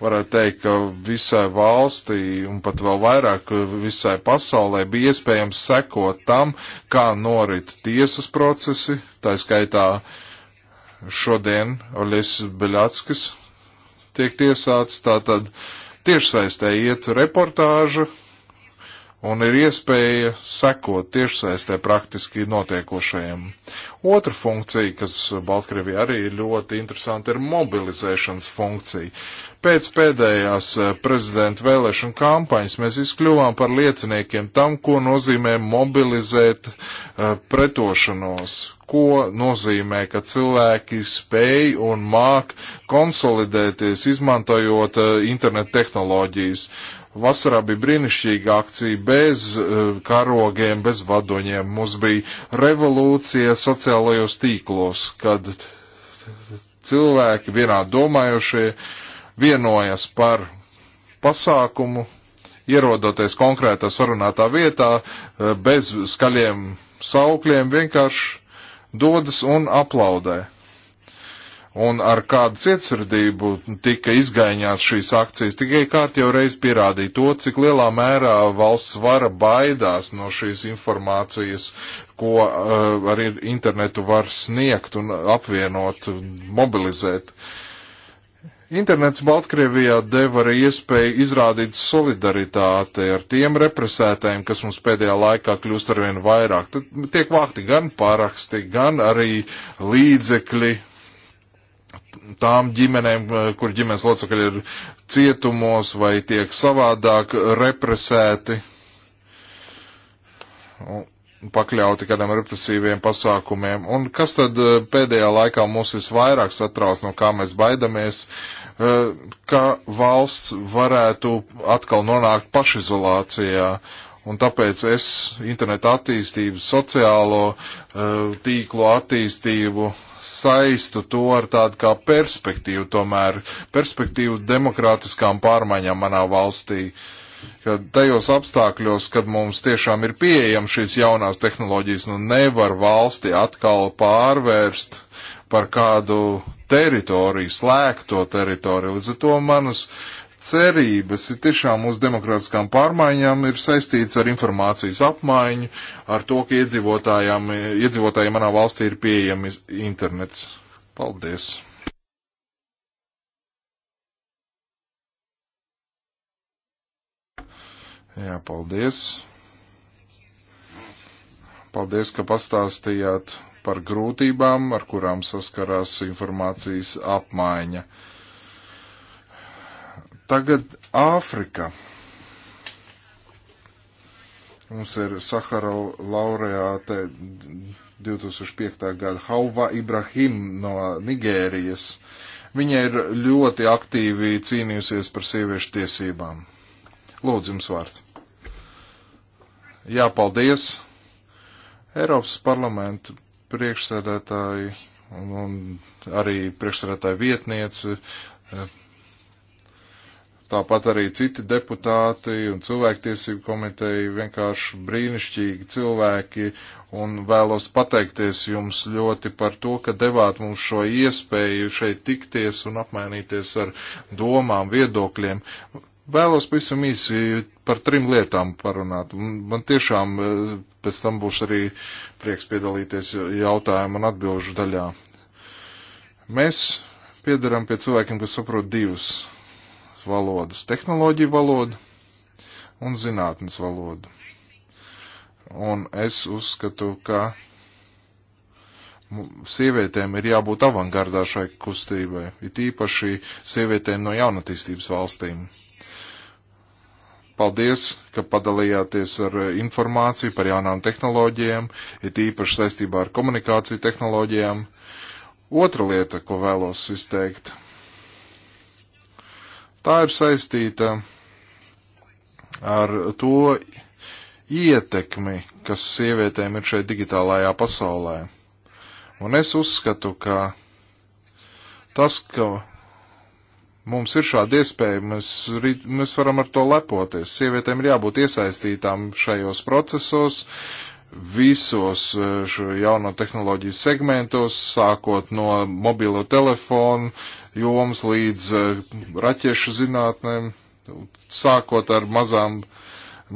S2: varētu teikt, ka visai valstī un pat vēl vairāk visai pasaulē bija iespējams sekot tam, kā norit tiesas procesi, tā skaitā šodien Oļis Beļatskis tiek tiesāts, tātad tiešsaistē iet reportāža un ir iespēja sekot tiešsaistē praktiski notiekošajiem. Otra funkcija, kas Baltkrievijā arī ir ļoti interesanta, ir mobilizēšanas funkcija. Pēc pēdējās eh, prezidenta vēlēšana kampaņas mēs izkļuvām par lieciniekiem tam, ko nozīmē mobilizēt eh, pretošanos, ko nozīmē, ka cilvēki spēj un māk konsolidēties, izmantojot eh, internetu tehnoloģijas. Vasarā bija brīnišķīga akcija bez eh, karogiem, bez vadoņiem. Mums bija revolūcija sociālajos tīklos, kad cilvēki vienā domājošie vienojas par pasākumu, ierodoties konkrētā sarunātā vietā, eh, bez skaļiem saukļiem, vienkārši dodas un aplaudē un ar kādu cietsirdību tika izgaiņāts šīs akcijas, tikai kārt jau reiz pierādīja to, cik lielā mērā valsts vara baidās no šīs informācijas, ko uh, ar internetu var sniegt un apvienot, mobilizēt. Internets Baltkrievijā deva arī iespēju izrādīt solidaritāti ar tiem represētājiem, kas mums pēdējā laikā kļūst arvien vairāk. Tad tiek vākti gan paraksti, gan arī līdzekļi tām ģimenēm, eh, kur ģimenes locekļi ir cietumos vai tiek savādāk represēti, pakļauti kādam represīviem pasākumiem. Un kas tad eh, pēdējā laikā mūs visvairāk satrauc, no kā mēs baidamies, eh, ka valsts varētu atkal nonākt pašizolācijā Un tāpēc es internetu attīstību, sociālo uh, tīklu attīstību saistu to ar tādu kā perspektīvu, tomēr perspektīvu demokrātiskām pārmaiņām manā valstī. Ka tajos apstākļos, kad mums tiešām ir pieejama šīs jaunās tehnoloģijas, nu nevar valsti atkal pārvērst par kādu teritoriju, slēgto teritoriju. Līdz ar to manas cerības ir tiešām uz demokrātiskām pārmaiņām ir saistīts ar informācijas apmaiņu, ar to, ka iedzīvotājiem, iedzīvotājiem manā valstī ir pieejami internets. Paldies! Jā, paldies! Paldies, ka pastāstījāt par grūtībām, ar kurām saskarās informācijas apmaiņa. Tagad Āfrika. Mums ir Saharau laureāte 2005. gada Hauva Ibrahim no Nigērijas. Viņa ir ļoti aktīvi cīnījusies par sieviešu tiesībām. Lūdzu, jums vārds. Jā, paldies. Eiropas parlamentu priekšsēdētāji un, un arī priekšsēdētāja vietniece Tāpat arī citi deputāti un cilvēktiesību komiteja vienkārši brīnišķīgi cilvēki un vēlos pateikties jums ļoti par to, ka devāt mums šo iespēju šeit tikties un apmainīties ar domām, viedokļiem. Vēlos pavisam īsi par trim lietām parunāt. Man tiešām e, pēc tam būs arī prieks piedalīties jautājumu un atbilžu daļā. Mēs piedaram pie cilvēkiem, kas saprot divus valodas - tehnoloģiju valodu un zinātnes valodu. Un es uzskatu, ka sievietēm ir jābūt avangardā šai kustībai, it īpaši sievietēm no jaunatīstības valstīm. Paldies, ka padalījāties ar informāciju par jaunām tehnoloģijām, it īpaši saistībā ar komunikāciju tehnoloģijām. Otra lieta, ko vēlos izteikt Tā ir saistīta ar to ietekmi, kas sievietēm ir šeit digitālajā pasaulē. Un es uzskatu, ka tas, ka mums ir šāda iespēja, mēs, mēs varam ar to lepoties. Sievietēm ir jābūt iesaistītām šajos procesos, visos eh, šo jauno tehnoloģiju segmentos, sākot no mobilo telefonu, joms līdz eh, raķešu zinātnēm, sākot ar mazām,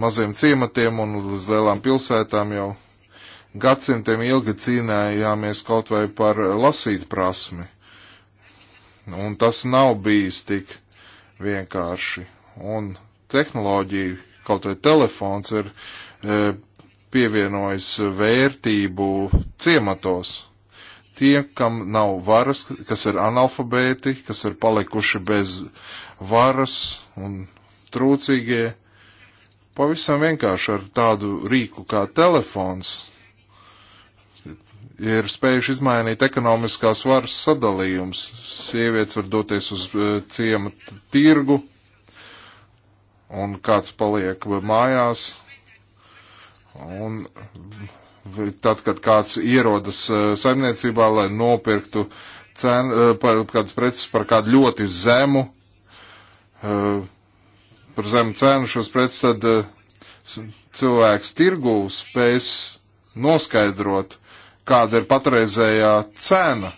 S2: maziem ciematiem un līdz lielām pilsētām jau gadsimtiem ilgi cīnējāmies kaut vai par lasīt prasmi. Un tas nav bijis tik vienkārši. Un tehnoloģija, kaut vai telefons, ir e, pievienojis vērtību ciematos tie, kam nav varas, kas ir analfabēti, kas ir palikuši bez varas un trūcīgie, pavisam vienkārši ar tādu rīku kā telefons ir spējuši izmainīt ekonomiskās varas sadalījums. Sievietes var doties uz e, ciema tirgu, un kāds paliek mājās, un tad, kad kāds ierodas e, saimniecībā, lai nopirktu cenu, e, par, kādas preces par kādu ļoti zemu, e, par zemu cenu šos preces, tad cilvēks tirgū spēs noskaidrot, kāda ir patreizējā cena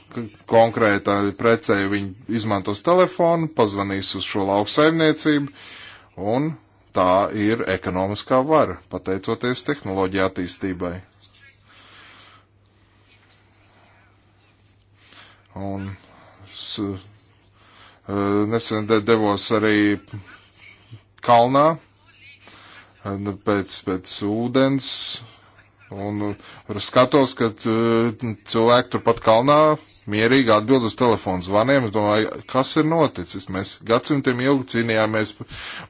S2: konkrētā precēja. Viņi izmantos telefonu, pazvanīs uz šo lauksaimniecību un tā ir ekonomiskā vara, pateicoties tehnoloģija attīstībai. Un eh, nesen devos arī kalnā eh, pēc, pēc ūdens. Un eh, skatos, ka cilvēki turpat kalnā mierīgi atbild uz telefonu zvaniem. Es domāju, kas ir noticis? Mēs gadsimtiem ilgi cīnījāmies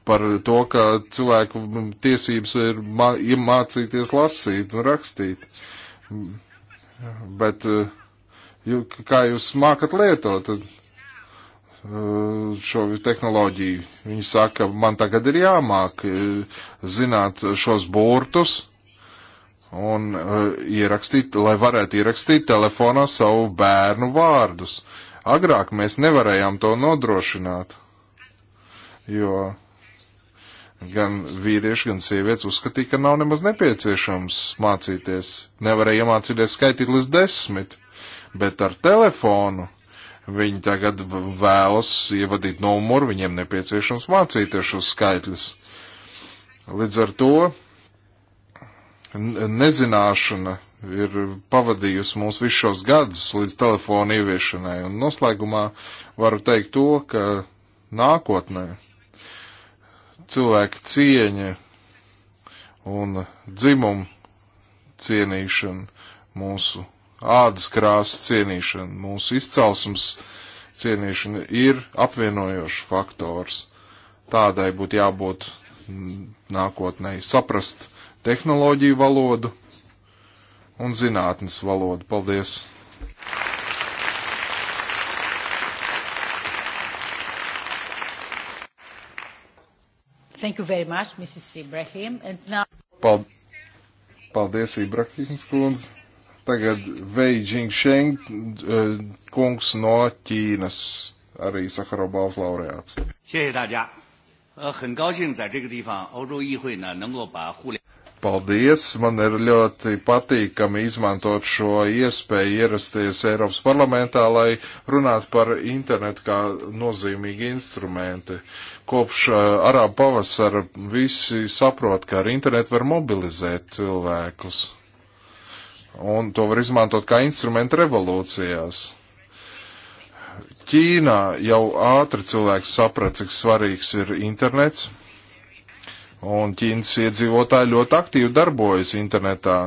S2: par to, ka cilvēku nu, tiesības ir mācīties lasīt un rakstīt. Mm. Bet uh, kā jūs mākat lietot eh, šo tehnoloģiju. Viņi saka, man tagad ir jāmāk eh, zināt šos burtus un eh, ierakstīt, lai varētu ierakstīt telefonā savu bērnu vārdus. Agrāk mēs nevarējām to nodrošināt, jo gan vīrieši, gan sievietes uzskatīja, ka nav nemaz nepieciešams mācīties. Nevarēja iemācīties skaitīt līdz desmit bet ar telefonu viņi tagad vēlas ievadīt numuru, viņiem nepieciešams mācīties šos skaitļus. Līdz ar to nezināšana ir pavadījusi mūs visus šos gadus līdz telefonu ieviešanai, un noslēgumā varu teikt to, ka nākotnē cilvēka cieņa un dzimumu cienīšana mūsu ādas krāsas cienīšana, mūsu izcelsmes cienīšana ir apvienojošs faktors. Tādai būtu jābūt mm, nākotnē saprast tehnoloģiju valodu un zinātnes valodu. Paldies! Thank you very much, Mrs. Ibrahim. And now... Paldies, Ibrahims kundze. Tagad Vei Jingsheng eh, kungs no Ķīnas, arī Sakarobāls laureāts. Paldies! Man ir ļoti patīkami izmantot šo iespēju ierasties Eiropas parlamentā, lai runātu par internetu kā nozīmīgi instrumenti. Kopš uh, eh, arāba pavasara visi saprot, ka ar internetu var mobilizēt cilvēkus. Un to var izmantot kā instrumentu revolūcijās. Ķīnā jau ātri cilvēks saprata, cik svarīgs ir internets, un Ķīnas iedzīvotāji ļoti aktīvi darbojas internetā,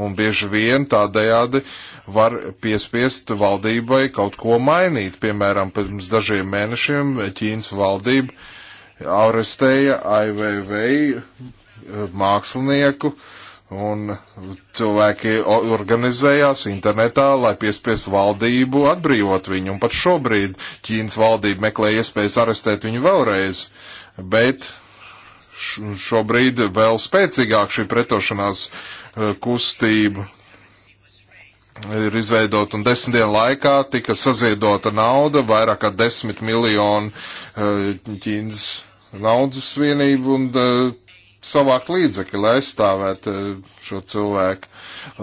S2: un bieži vien tādējādi var piespiest valdībai kaut ko mainīt. Piemēram, pirms dažiem mēnešiem Ķīnas valdība arestēja AIVV eh, mākslinieku, uh, Un cilvēki organizējās internetā, lai piespiestu valdību atbrīvot viņu. Un pat šobrīd Ķīnas valdība meklē iespējas arestēt viņu vēlreiz. Bet šobrīd vēl spēcīgāk šī pretošanās eh, kustība ir izveidota, un desmit dienu laikā tika saziedota nauda, vairāk kā desmit miljonu eh, ķīnas naudas vienību, un eh, savākt līdzekļi, lai aizstāvētu eh, šo cilvēku.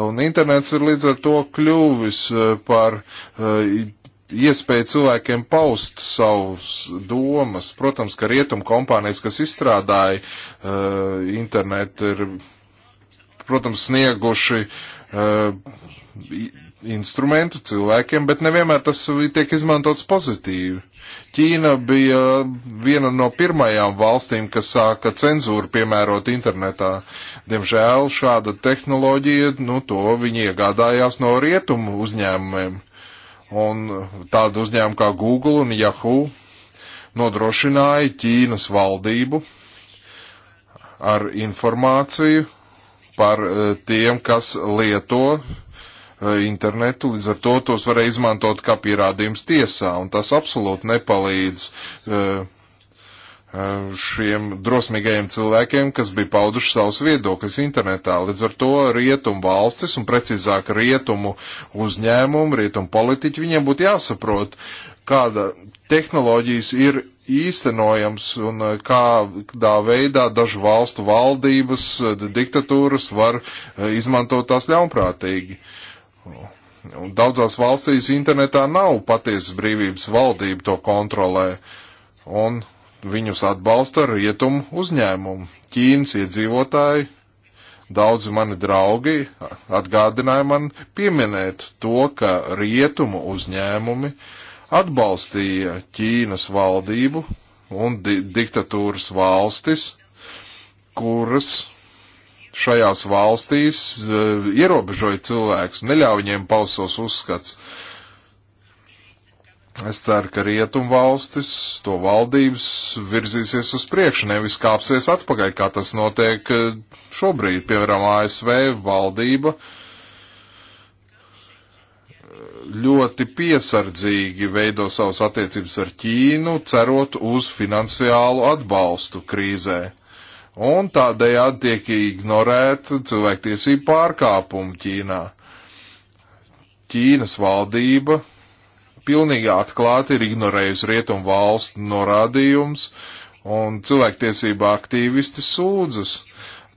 S2: Un internets ir līdz ar to kļuvis eh, par eh, iespēju cilvēkiem paust savus domas. Protams, ka rietumu kompānijas, kas izstrādāja uh, internetu, ir, protams, snieguši uh, instrumentu cilvēkiem, bet nevienmēr tas tiek izmantots pozitīvi. Ķīna bija viena no pirmajām valstīm, kas sāka cenzūru piemērot internetā. Diemžēl šāda tehnoloģija, nu, to viņi iegādājās no rietumu uzņēmumiem. Un tādu uzņēmumu kā Google un Yahoo nodrošināja Ķīnas valdību ar informāciju par eh, tiem, kas lieto E, internetu, līdz ar to tos varēja izmantot kā pierādījums tiesā, un tas absolūti nepalīdz e, e, šiem drosmīgajiem cilvēkiem, kas bija pauduši savus viedokļus internetā. Līdz ar to rietumu valstis un precīzāk rietumu uzņēmumu, rietumu politiķi, viņiem būtu jāsaprot, kāda tehnoloģijas ir īstenojams un kādā veidā dažu valstu valdības, diktatūras var izmantot tās ļaunprātīgi. Uh, Un daudzās valstīs internetā nav patiesas brīvības, valdība to kontrolē, un viņus atbalsta rietumu uzņēmumu. Ķīnas iedzīvotāji, daudzi mani draugi atgādināja man pieminēt to, ka rietumu uzņēmumi atbalstīja Ķīnas valdību un di diktatūras valstis, kuras šajās valstīs eh, ierobežoja cilvēks, neļauj viņiem paust savus uzskats. Es ceru, ka rietum valstis, to valdības virzīsies uz priekšu, nevis kāpsies atpakaļ, kā tas notiek eh, šobrīd. Piemēram, ASV valdība eh, ļoti piesardzīgi veido savas attiecības ar Ķīnu, cerot uz finansiālu atbalstu krīzē un tādējādi tiek ignorēta cilvēktiesību pārkāpuma Ķīnā. Ķīnas valdība pilnīgi atklāti ir ignorējusi rietumu valstu norādījums, un cilvēktiesība aktīvisti sūdzas.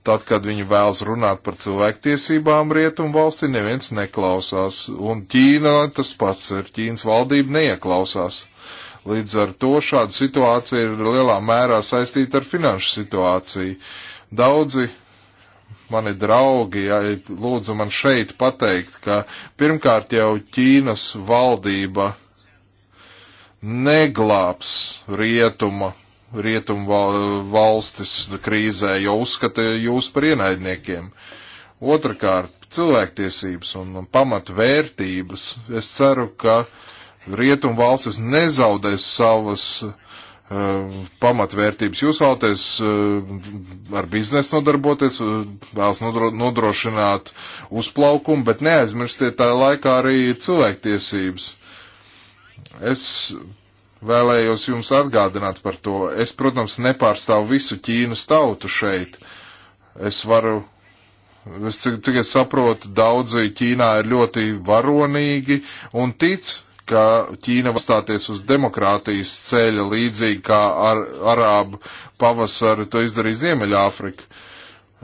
S2: Tad, kad viņi vēlas runāt par cilvēktiesībām rietumu valstī, neviens neklausās, un Ķīna tas pats ir, Ķīnas valdība neieklausās. Uh, Līdz ar to šāda situācija ir lielā mērā saistīta ar finanšu situāciju. Daudzi mani draugi, ja, lūdzu man šeit pateikt, ka pirmkārt jau Ķīnas valdība neglābs rietuma, rietuma valstis krīzē, jo uzskata jūs par ienaidniekiem. Otrakārt, cilvēktiesības un pamatvērtības. Es ceru, ka uh, rietumu valstis nezaudēs savas uh, pamatvērtības. Jūs vēlaties uh, ar biznesu nodarboties, uh, vēlas nodro, nodrošināt uzplaukumu, bet neaizmirstiet tā laikā arī cilvēktiesības. Es vēlējos jums atgādināt par to. Es, protams, nepārstāvu visu Ķīnas tautu šeit. Es varu Es, cik, cik es saprotu, daudzi Ķīnā ir ļoti varonīgi un tic ka Ķīna var stāties uz demokrātijas ceļa līdzīgi kā ar arābu pavasaru to izdarīja Ziemeļāfrika.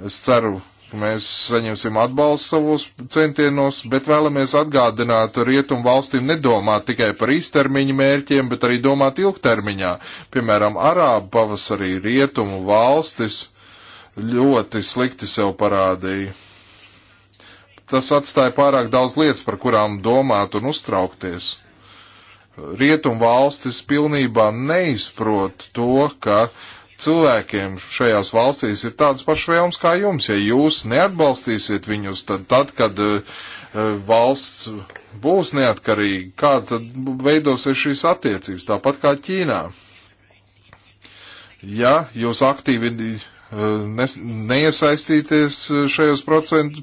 S2: Es ceru, ka mēs saņemsim atbalstu savos centienos, bet vēlamies atgādināt rietumu valstīm nedomāt tikai par īstermiņa mērķiem, bet arī domāt ilgtermiņā. Piemēram, arābu pavasarī rietumu valstis ļoti slikti sev parādīja tas atstāja pārāk daudz lietas, par kurām domāt un uztraukties rietumu valstis pilnībā neizprot to, ka cilvēkiem šajās valstīs ir tādas pašas vēlmes kā jums. Ja jūs neatbalstīsiet viņus, tad, tad kad uh, valsts būs neatkarīga, kā tad veidosies šīs attiecības, tāpat kā Ķīnā. Ja jūs aktīvi uh, nes, neiesaistīties eh, šajos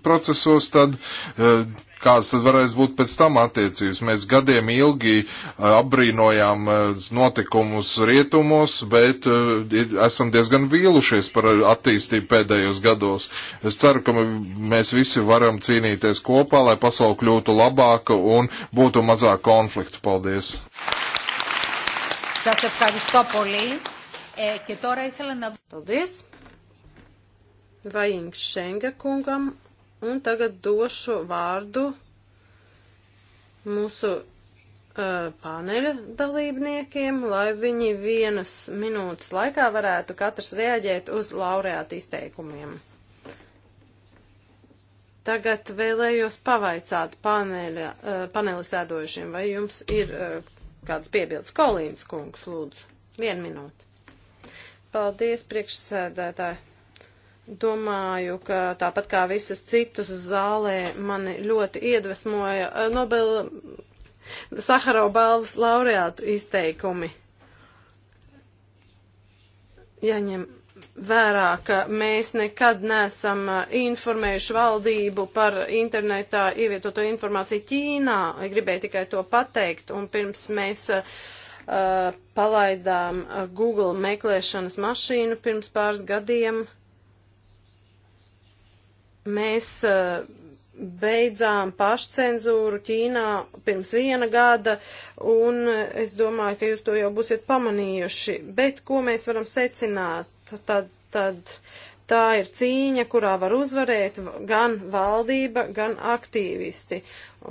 S2: procesos, tad uh, kāds tad varēs būt pēc tam attiecības. Mēs gadiem ilgi eh, apbrīnojām eh, notikumus rietumos, bet eh, esam diezgan vīlušies par attīstību pēdējos gados. Es ceru, ka mēs visi varam cīnīties kopā, lai pasauli kļūtu labāka un būtu mazāk konfliktu. Paldies!
S1: Σας ευχαριστώ πολύ ε, και τώρα ήθελα να... Paldies! Vainšenga kungam Un tagad došu vārdu mūsu uh, paneļa dalībniekiem, lai viņi vienas minūtes laikā varētu katrs reaģēt uz laureāta izteikumiem. Tagad vēlējos pavaicāt paneļa, uh, panelis ēdošiem, vai jums ir uh, kāds piebildes. Kolīns kungs, lūdzu, vienu minūti. Paldies, priekšsēdētāji. Domāju, ka tāpat kā visus citus zālē, mani ļoti iedvesmoja eh, Nobela Saharau balvas laureātu izteikumi. Jaņem vērā, ka mēs nekad nesam eh, informējuši valdību par internetā ievietoto informāciju Ķīnā. Gribēju tikai to pateikt, un pirms mēs uh, palaidām Google meklēšanas mašīnu pirms pāris gadiem, uh, Mēs uh, beidzām pašcenzūru Ķīnā pirms viena gada, un es domāju, ka jūs to jau būsiet pamanījuši. Bet ko mēs varam secināt? Tad, tad tā ir cīņa, kurā var uzvarēt gan valdība, gan aktīvisti.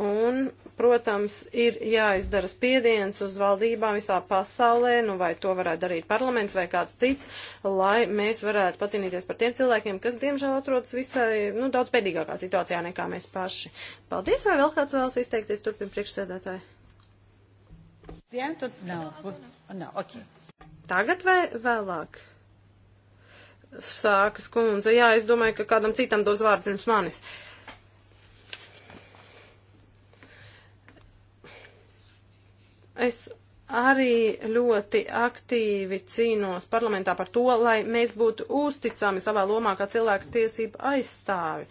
S1: Un protams, ir jāizdara spiediens uz valdībām visā pasaulē, nu vai to varētu darīt parlaments vai kāds cits, lai mēs varētu pacīnīties par tiem cilvēkiem, kas, diemžēl, atrodas visai, nu, daudz pēdīgākā situācijā nekā mēs paši. Paldies, vai vēl kāds vēlas izteikties turpin priekšsēdētāji? Tagad vai vēlāk? Sākas kundze, jā, es domāju, ka kādam citam dos vārdu pirms manis. Uh, Es arī ļoti aktīvi cīnos parlamentā par to, lai mēs būtu uzticami savā lomā kā cilvēku tiesību aizstāvi.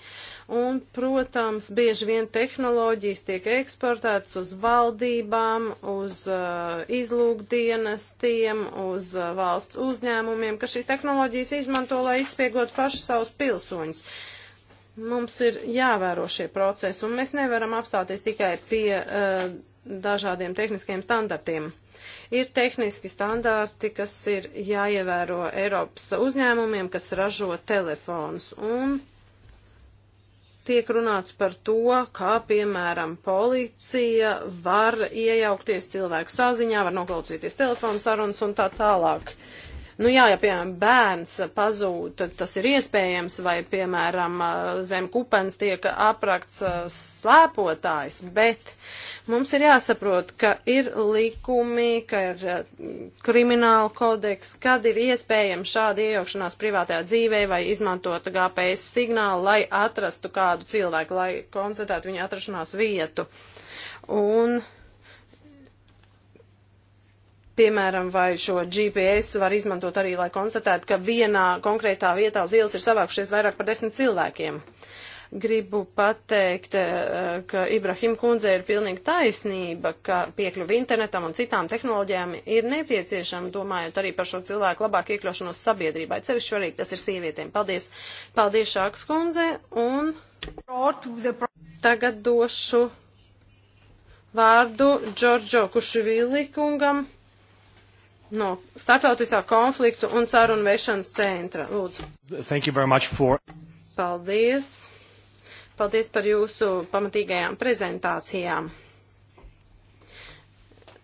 S1: Un, protams, bieži vien tehnoloģijas tiek eksportētas uz valdībām, uz uh, izlūkdienestiem, uz uh, valsts uzņēmumiem, ka šīs tehnoloģijas izmanto, lai izspiegot paši savus pilsoņus. Mums ir jāvēro šie procesi, un mēs nevaram apstāties tikai pie uh, dažādiem tehniskiem standartiem. Ir tehniski standarti, kas ir jāievēro Eiropas uzņēmumiem, kas ražo telefons, un tiek runāts par to, kā, piemēram, policija var iejaukties cilvēku saziņā, var noklausīties telefonu sarunas un tā tālāk. Uh, Nu jā, ja piemēram bērns pazūd, tad tas ir iespējams, vai piemēram zem kupens tiek aprakts eh, slēpotājs, bet mums ir jāsaprot, ka ir likumi, ka ir eh, krimināla kodeks, kad ir iespējams šādi iejaukšanās privātajā dzīvē vai izmantot GPS signālu, lai atrastu kādu cilvēku, lai konstatētu viņa atrašanās vietu. Un Piemēram, vai šo GPS var izmantot arī, lai konstatētu, ka vienā konkrētā vietā uz ielas ir savākušies vairāk par desmit cilvēkiem. Gribu pateikt, eh, ka Ibrahim kundze ir pilnīgi taisnība, ka piekļuvi internetam un citām tehnoloģijām ir nepieciešama, domājot arī par šo cilvēku labāk iekļaušanos sabiedrībai. Cevišķi svarīgi tas ir sievietēm. Paldies. Paldies, Šāks kundze. Un tagad došu vārdu Džordžo Kušvili kungam no startautiskā konfliktu un sarunu vešanas centra. Lūdzu.
S3: Thank you very much for.
S1: Paldies. Paldies par jūsu pamatīgajām prezentācijām.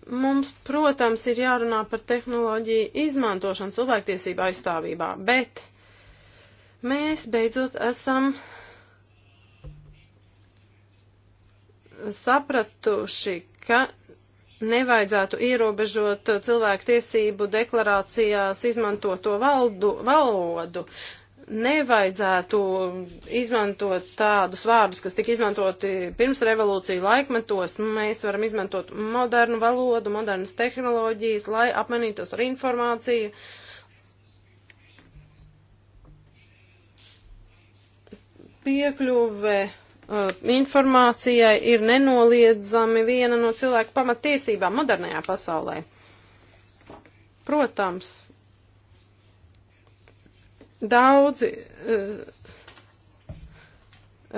S1: Mums, protams, ir jārunā par tehnoloģiju izmantošanu cilvēktiesību aizstāvībā, bet mēs beidzot esam sapratuši, ka nevajadzētu ierobežot cilvēku tiesību deklarācijās izmantoto valdu, valodu. Nevajadzētu izmantot tādus vārdus, kas tika izmantoti pirms revolūciju laikmetos. Mēs varam izmantot modernu valodu, modernas tehnoloģijas, lai apmainītos ar informāciju. Piekļuve Uh, informācijai ir nenoliedzami viena no cilvēku pamatiesībām modernajā pasaulē. Protams, daudzi uh,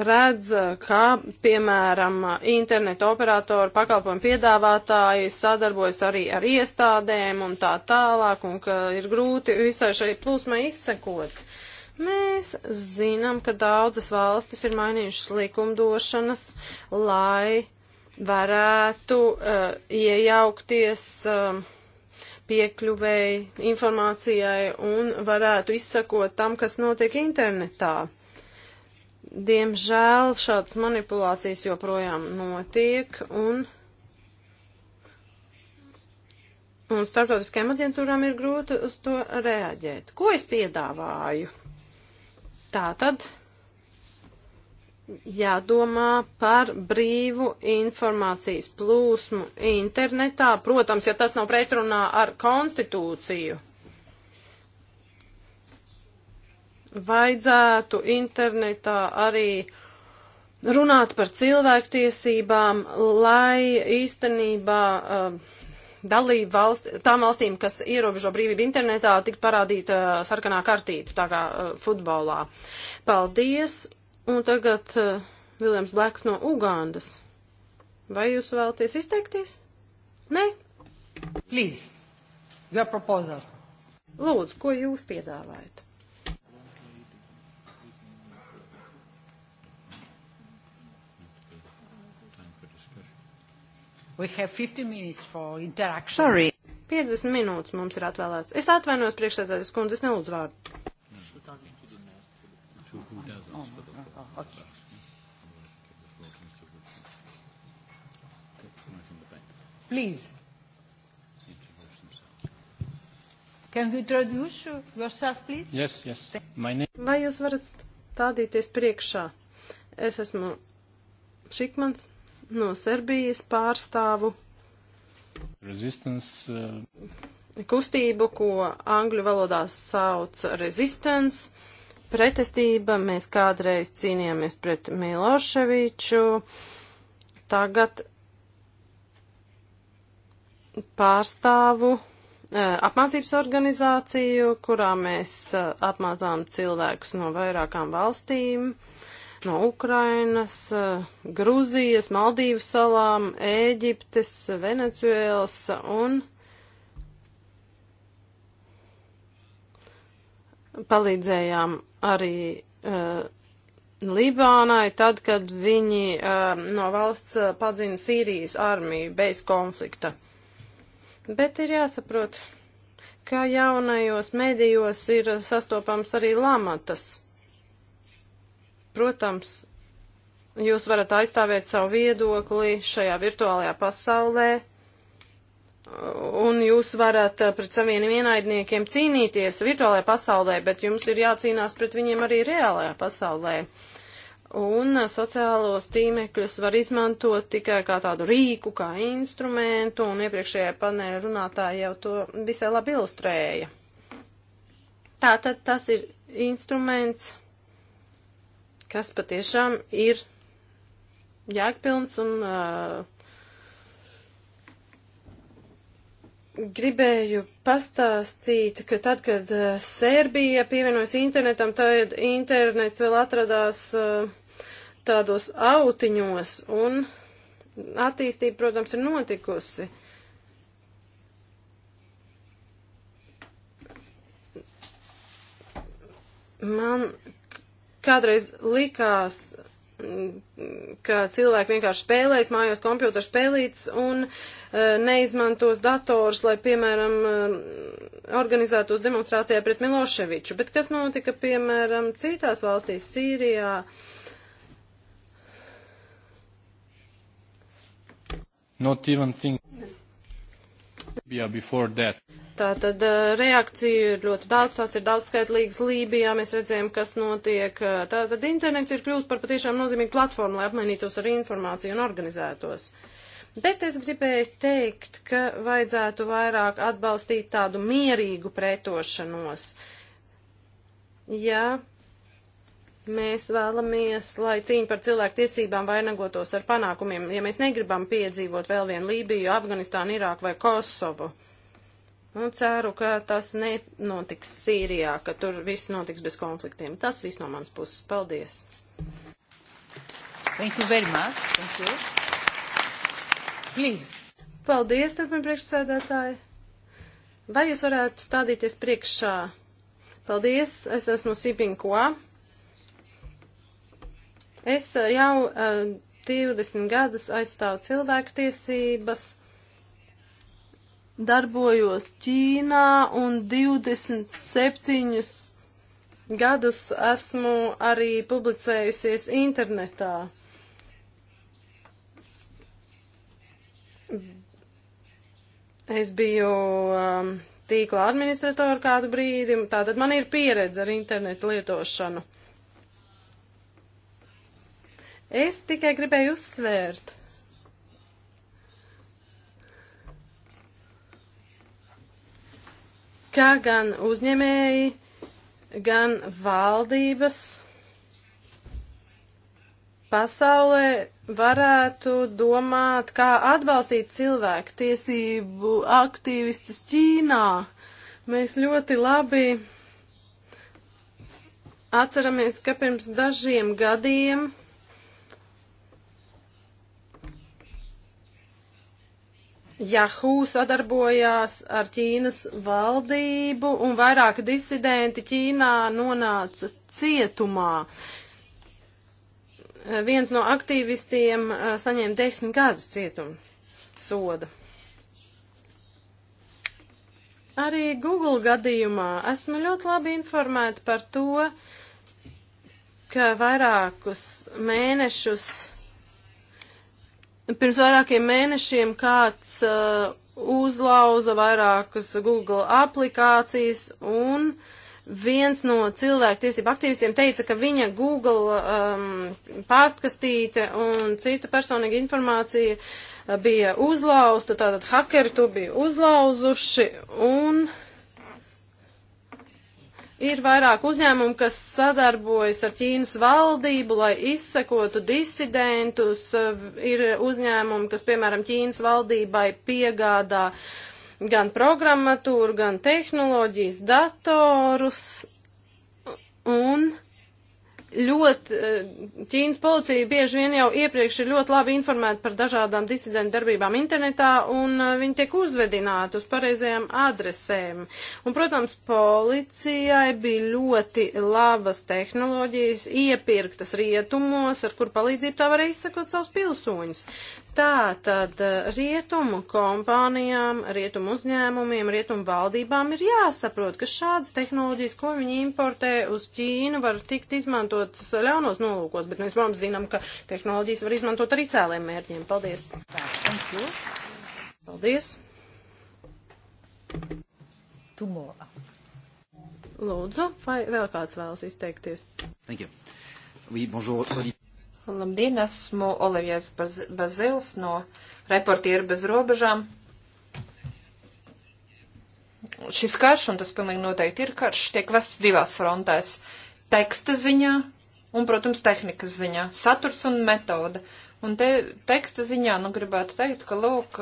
S1: redz, kā, piemēram, internetu operatoru pakalpojumu piedāvātāji sadarbojas arī ar iestādēm un tā tālāk, un ka ir grūti visai šai plūsmai izsekot. Mēs zinām, ka daudzas valstis ir mainījušas likumdošanas, lai varētu uh, iejaukties uh, piekļuvēji informācijai un varētu izsakot tam, kas notiek internetā. Diemžēl šādas manipulācijas joprojām notiek un Un starptautiskajām aģentūrām ir grūti uz to reaģēt. Ko es piedāvāju? Tā tad jādomā par brīvu informācijas plūsmu internetā, protams, ja tas nav pretrunā ar konstitūciju. Vajadzētu internetā arī runāt par cilvēktiesībām, lai īstenībā uh, dalību valst, tām valstīm, kas ierobežo brīvību internetā, tik parādīta uh, sarkanā kartīte, tā kā uh, futbolā. Paldies! Un tagad uh, Viljams Blēks no Ugandas. Vai jūs vēlaties izteikties? Nē? Please, your proposals. Lūdzu, ko jūs piedāvājat? We have 50 minutes for interaction. Sorry. 50 minūtes mums ir atvēlēts. Es atvainojos priekšsēdētājas kundzes nelūdzu vārdu. Please. Can you introduce yourself, please? Yes, yes. My name... Vai jūs varat stādīties priekšā? Es esmu Šikmans no Serbijas pārstāvu
S3: Resistance, uh...
S1: kustību, ko angļu valodā sauc resistance, pretestība. Mēs kādreiz cīnījāmies pret Miloševiču, tagad pārstāvu uh, apmācības organizāciju, kurā mēs uh, apmācām cilvēkus no vairākām valstīm. Uh, no Ukrainas, Gruzijas, Maldīvas salām, Ēģiptes, Venecuēlas un palīdzējām arī uh, Libānai, tad, kad viņi uh, no valsts eh, padzina Sīrijas armiju bez konflikta. Bet ir jāsaprot, ka jaunajos medijos ir sastopams arī lamatas. Protams, jūs varat aizstāvēt savu viedokli šajā virtuālajā pasaulē, un jūs varat uh, pret saviem ienaidniekiem cīnīties virtuālajā pasaulē, bet jums ir jācīnās pret viņiem arī reālajā pasaulē. Un uh, sociālos tīmekļus var izmantot tikai kā tādu rīku, kā instrumentu, un iepriekšējā paneļa runātāja jau to visai labi ilustrēja. Tātad tas ir instruments kas patiešām ir jēgpilns un uh, gribēju pastāstīt, ka tad, kad uh, Sērbija pievienojas internetam, tad internets vēl atradās uh, tādos autiņos un attīstība, protams, ir notikusi. Man kādreiz likās, mm, ka cilvēki vienkārši spēlēs mājās kompjūta spēlītas un e, neizmantos dators, lai, piemēram, e, organizētos demonstrācijā pret Miloševiču. Bet kas notika, piemēram, citās valstīs, Sīrijā?
S2: Not even think. Yeah,
S1: Tā tad uh, reakciju ir ļoti daudz, tās ir daudzskaitlīgas Lībijā, mēs redzējām, kas notiek. Uh, Tā tad internets ir kļūst par patiešām nozīmīgu platformu, lai apmainītos ar informāciju un organizētos. Bet es gribēju teikt, ka vajadzētu vairāk atbalstīt tādu mierīgu pretošanos. Jā, ja Mēs vēlamies, lai cīņa par cilvēku tiesībām vainagotos ar panākumiem, ja mēs negribam piedzīvot vēl vienu Lībiju, Afganistānu, Irāku vai Kosovu. Un nu, ceru, ka tas nenotiks Sīrijā, ka tur viss notiks bez konfliktiem. Tas viss no manas puses. Paldies! Thank you very much. Thank you. Please. Paldies, turpin priekšsēdētāji. Vai jūs varētu stādīties priekšā? Paldies, es esmu Sipinkoa Es eh, jau uh, eh, 20 gadus aizstāvu cilvēku tiesības darbojos Ķīnā un 27 gadus esmu arī publicējusies internetā. Es biju um, tīkla administratora kādu brīdi, tātad man ir pieredze ar internetu lietošanu. Es tikai gribēju uzsvērt. Kā gan uzņēmēji, gan valdības pasaulē varētu domāt, kā atbalstīt cilvēku tiesību aktīvistus Ķīnā. Mēs ļoti labi atceramies, ka pirms dažiem gadiem Yahoo sadarbojās ar Ķīnas valdību un vairāki disidenti Ķīnā nonāca cietumā. Viens no aktīvistiem eh, saņēma desmit gadus cietumu soda. Arī Google gadījumā esmu ļoti labi informēta par to, ka vairākus mēnešus Pirms vairākiem mēnešiem kāds uh, uzlauza vairākas Google aplikācijas un viens no cilvēktiesību aktīvistiem teica, ka viņa Google um, pastkastīte un cita personīga informācija uh, bija uzlausta, tātad hakeri to bija uzlauzuši un uh, Ir vairāk uzņēmumu, kas sadarbojas ar Ķīnas valdību, lai izsekotu disidentus. Ir uzņēmumi, kas, piemēram, Ķīnas valdībai piegādā gan programmatūru, gan tehnoloģijas datorus. Un ļoti, eh, Ķīnas policija bieži vien jau iepriekš ir ļoti labi informēta par dažādām disidentu darbībām internetā, un eh, viņi tiek uzvedināti uz pareizajām adresēm. Un, protams, policijai bija ļoti labas tehnoloģijas, iepirktas rietumos, ar kur palīdzību tā varēja izsakot savus pilsoņus. Tā tad eh, rietumu kompānijām, rietumu uzņēmumiem, rietumu valdībām ir jāsaprot, ka šādas tehnoloģijas, ko viņi importē uz Ķīnu, var tikt izmantotas ļaunos nolūkos, bet mēs, protams, zinām, ka tehnoloģijas var izmantot arī cēliem mērķiem. Paldies! Paldies!
S3: Tumora. Lūdzu, vai vēl kāds vēlas izteikties? Thank you. Oui, bonjour. Labdien, esmu Olivijas Bazils no Reportieru bez robežām. Šis karš, un tas pilnīgi noteikti ir karš, tiek vests divās frontēs - teksta ziņā un, protams, tehnikas ziņā - saturs un metoda. Uh, Un te teksta ziņā, nu, gribētu teikt, ka, lūk,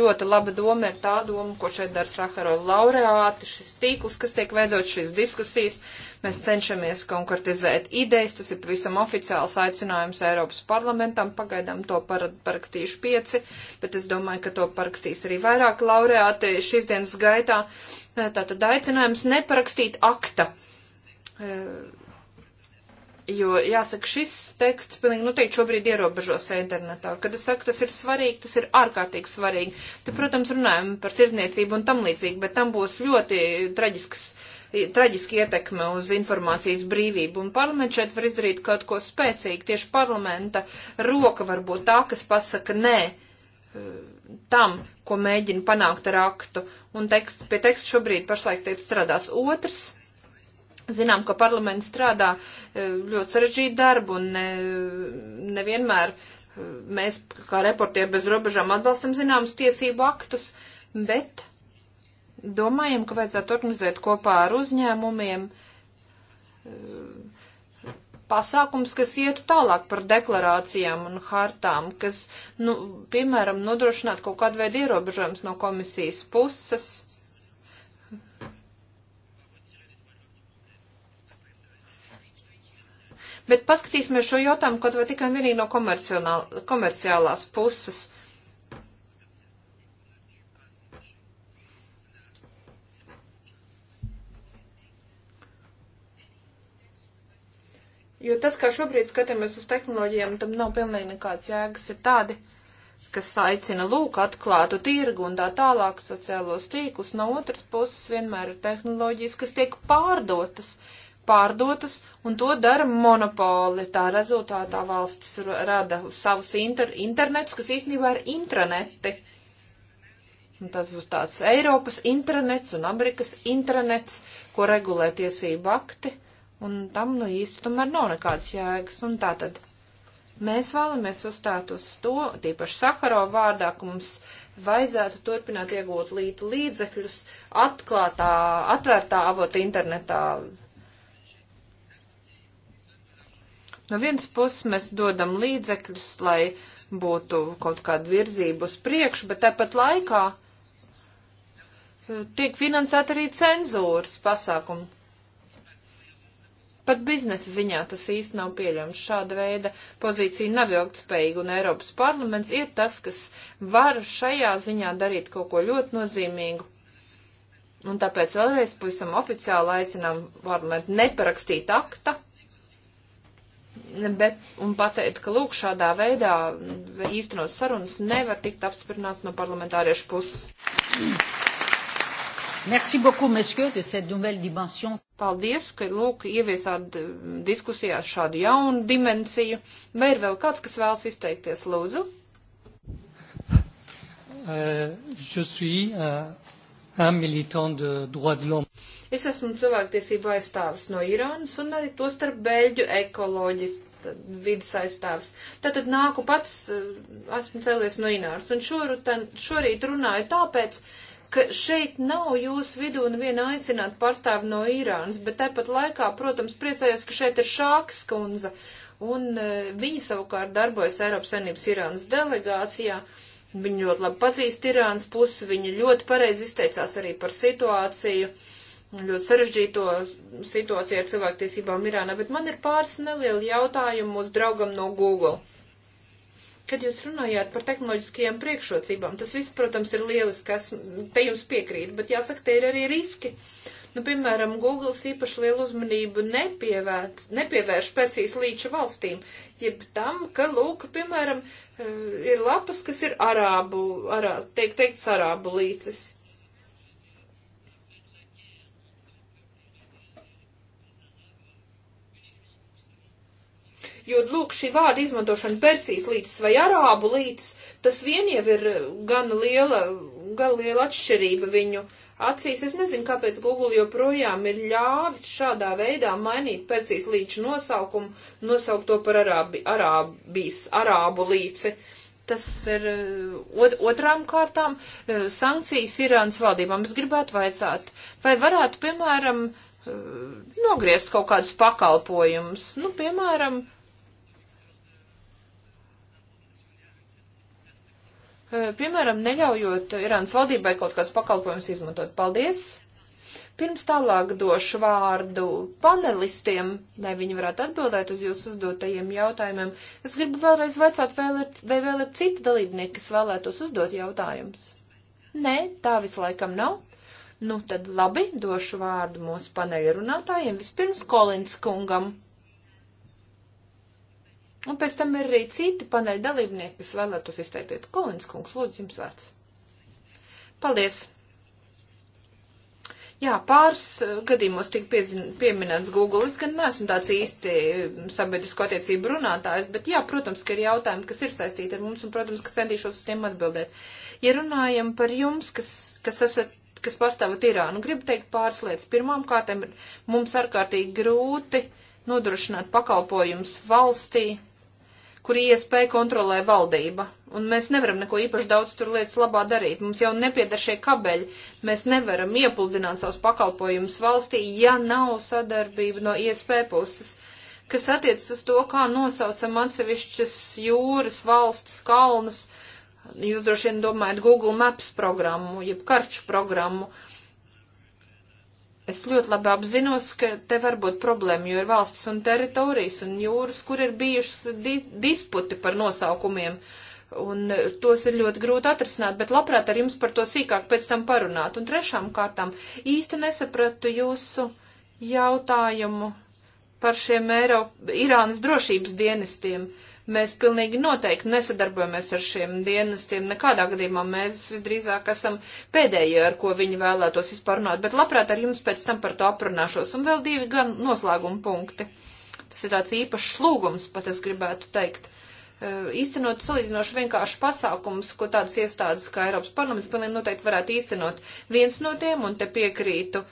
S3: ļoti laba doma ir tā doma, ko šeit dara Sakaro laureāti, šis tīkls, kas tiek veidot šīs diskusijas. Mēs cenšamies konkretizēt idejas, tas ir pavisam oficiāls aicinājums Eiropas parlamentam, pagaidām to par, parakstījuši pieci, bet es domāju, ka to parakstīs arī vairāk laureāti šīs dienas gaitā. Tātad aicinājums neparakstīt akta Jo, jāsaka, šis teksts pilnīgi noteikti nu, šobrīd ierobežos internetā. Kad es saku, tas ir svarīgi, tas ir ārkārtīgi svarīgi. Te, protams, runājam par tirdzniecību un tam līdzīgi, bet tam būs ļoti traģisks, traģiski ietekme uz informācijas brīvību. Un parlaments šeit var izdarīt kaut ko spēcīgu. Tieši parlamenta roka var būt tā, kas pasaka nē eh, tam, ko mēģina panākt ar aktu. Un teksts, pie teksta šobrīd pašlaik tiek strādās otrs Zinām, ka parlaments strādā e, ļoti sarežģītu darbu un ne, nevienmēr e, mēs, kā reportieri bez robežām, atbalstam zināmus tiesību aktus, bet domājam, ka vajadzētu organizēt kopā ar uzņēmumiem e, pasākums, kas ietu tālāk par deklarācijām un hartām, kas, nu, piemēram, nodrošinātu kaut kādu veidu ierobežojumus no komisijas puses Bet paskatīsimies šo jautājumu kaut vai tikai vienīgi no komerciālās puses. Jo tas, kā šobrīd skatāmies uz tehnoloģijām, tam nav pilnīgi nekāds jēgas. Ir tādi, kas aicina lūk atklātu tirgu un tā tālāk sociālos tīklus. No otras puses vienmēr ir tehnoloģijas, kas tiek pārdotas. Uh, pārdotas, un to dara monopoli. Tā rezultātā valsts rada savus inter internetus, kas īstenībā ir intraneti. Un tas būs tāds Eiropas intranets un Amerikas intranets, ko regulē tiesību akti, un tam nu īsti tomēr nav nekādas jēgas. Un tā tad mēs vēlamies uzstāt uz to, tīpaši Sakaro vārdā, ka mums vajadzētu turpināt iegūt līdz līdzekļus atklātā, atvērtā avota internetā No vienas puses mēs dodam līdzekļus, lai būtu kaut kāda virzība uz priekšu, bet tāpat laikā eh, tiek finansēta arī cenzūras pasākumi. Pat biznesa ziņā tas īsti nav pieļams. Šāda veida pozīcija nav ilgtspējīga, un Eiropas parlaments ir tas, kas var šajā ziņā darīt kaut ko ļoti nozīmīgu. Un tāpēc vēlreiz pavisam oficiāli aicinām parlamentu neparakstīt akta, bet, un pateikt, ka lūk, šādā veidā īstenot sarunas nevar tikt apstiprināts no parlamentāriešu puses. Merci beaucoup, monsieur, de cette nouvelle dimension. Paldies, ka lūk, ieviesāt eh, diskusijās šādu jaunu dimensiju. Vai ir vēl kāds, kas vēlas izteikties, lūdzu? Uh, je suis uh, Es esmu cilvēktiesību aizstāvis no Irānas un arī to starp beļģu ekoloģistu vidas aizstāvis. Tātad nāku pats, eh, esmu cēlies no Ināras, un šoruten, šorīt runāju tāpēc, ka šeit nav jūsu vidū neviena aicināta pārstāvi no Irānas, bet tāpat laikā, protams, priecājos, ka šeit ir Šāks kundze, un uh, eh, viņi savukārt darbojas Eiropas Savienības Irānas delegācijā. Uh, Viņa ļoti labi pazīst Irānas pusi, viņa ļoti pareizi izteicās arī par situāciju, ļoti sarežģīto situāciju ar cilvēktiesībām Irānā, bet man ir pāris nelieli jautājumi mūsu draugam no Google. Kad jūs runājāt par tehnoloģiskajām priekšrocībām, tas viss, protams, ir lieliski, es te jums piekrītu, bet jāsaka, te ir arī riski. Uh, Nu, piemēram, Googles īpaši lielu uzmanību nepievērš, nepievērš Persijas līča valstīm, jeb tam, ka, lūk, piemēram, eh, ir lapas, kas ir arābu, arā, tiek teikts arābu līcis. Jo, lūk, šī vārda izmantošana Persijas līcis vai Arābu līcis, tas vien jau ir eh, gan liela, gan liela atšķirība viņu uh, acīs. Es nezinu, kāpēc Google joprojām ir ļāvis šādā veidā mainīt Persijas līča nosaukumu, nosaukt to par arābi, arābijas, arābu līci. Tas ir eh, ot, otrām kārtām eh, sankcijas Irānas valdībām. Es gribētu vaicāt, vai varētu, piemēram, eh, nogriezt kaut kādus pakalpojumus, nu, piemēram, piemēram, neļaujot Irānas valdībai kaut kāds pakalpojums izmantot. Paldies! Pirms tālāk došu vārdu panelistiem, lai viņi varētu atbildēt uz jūsu uzdotajiem jautājumiem. Es gribu vēlreiz vaicāt, vēl ir, vai vēl ir citi dalībnieki, kas vēlētos uzdot jautājumus. Nē, tā vislaikam nav. Nu, tad labi, došu vārdu mūsu paneļa runātājiem. Vispirms Kolins kungam. Un pēc tam ir arī citi paneļa dalībnieki, kas vēlētos izteikties. Kolins kungs, lūdzu, jums vārds. Paldies! Jā, pāris eh, gadījumos tika piezin, pieminēts Google. Es gan neesmu tāds īsti mm, sabiedrisko attiecību runātājs, bet jā, protams, ka ir jautājumi, kas ir saistīti ar mums, un, protams, ka centīšos uz tiem atbildēt. Ja runājam par jums, kas, kas esat kas pārstāvat Irānu, gribu teikt pāris lietas. Pirmām kārtām mums ārkārtīgi grūti nodrošināt pakalpojums valstī, kur iespēja kontrolē valdība. Un mēs nevaram neko īpaši daudz tur lietas labā darīt. Mums jau nepieder šie kabeļi. Mēs nevaram iepludināt savus pakalpojumus valstī, ja nav sadarbība no iespēja puses. Kas attiecas uz to, kā nosaucam atsevišķas jūras, valstis, kalnus, jūs droši vien domājat Google Maps programmu, jeb karču programmu. Uh, Es ļoti labi apzinos, ka te var būt problēma, jo ir valsts un teritorijas un jūras, kur ir bijušas di disputi par nosaukumiem. Un e, tos ir ļoti grūti atrisināt, bet labprāt ar jums par to sīkāk pēc tam parunāt. Un trešām kārtām īsti nesapratu jūsu jautājumu par šiem Eiro, Irānas drošības dienestiem. Uh, Mēs pilnīgi noteikti nesadarbojamies ar šiem dienestiem. Nekādā gadījumā mēs visdrīzāk esam pēdējie, ar ko viņi vēlētos vispār runāt. Bet labprāt ar jums pēc tam par to aprunāšos. Un vēl divi gan noslēguma punkti. Tas ir tāds īpašs lūgums, pat es gribētu teikt īstenot salīdzinoši vienkāršu pasākumus, ko tādas iestādes kā Eiropas parlaments pilnīgi noteikti varētu īstenot. Viens no tiem, un te piekrītu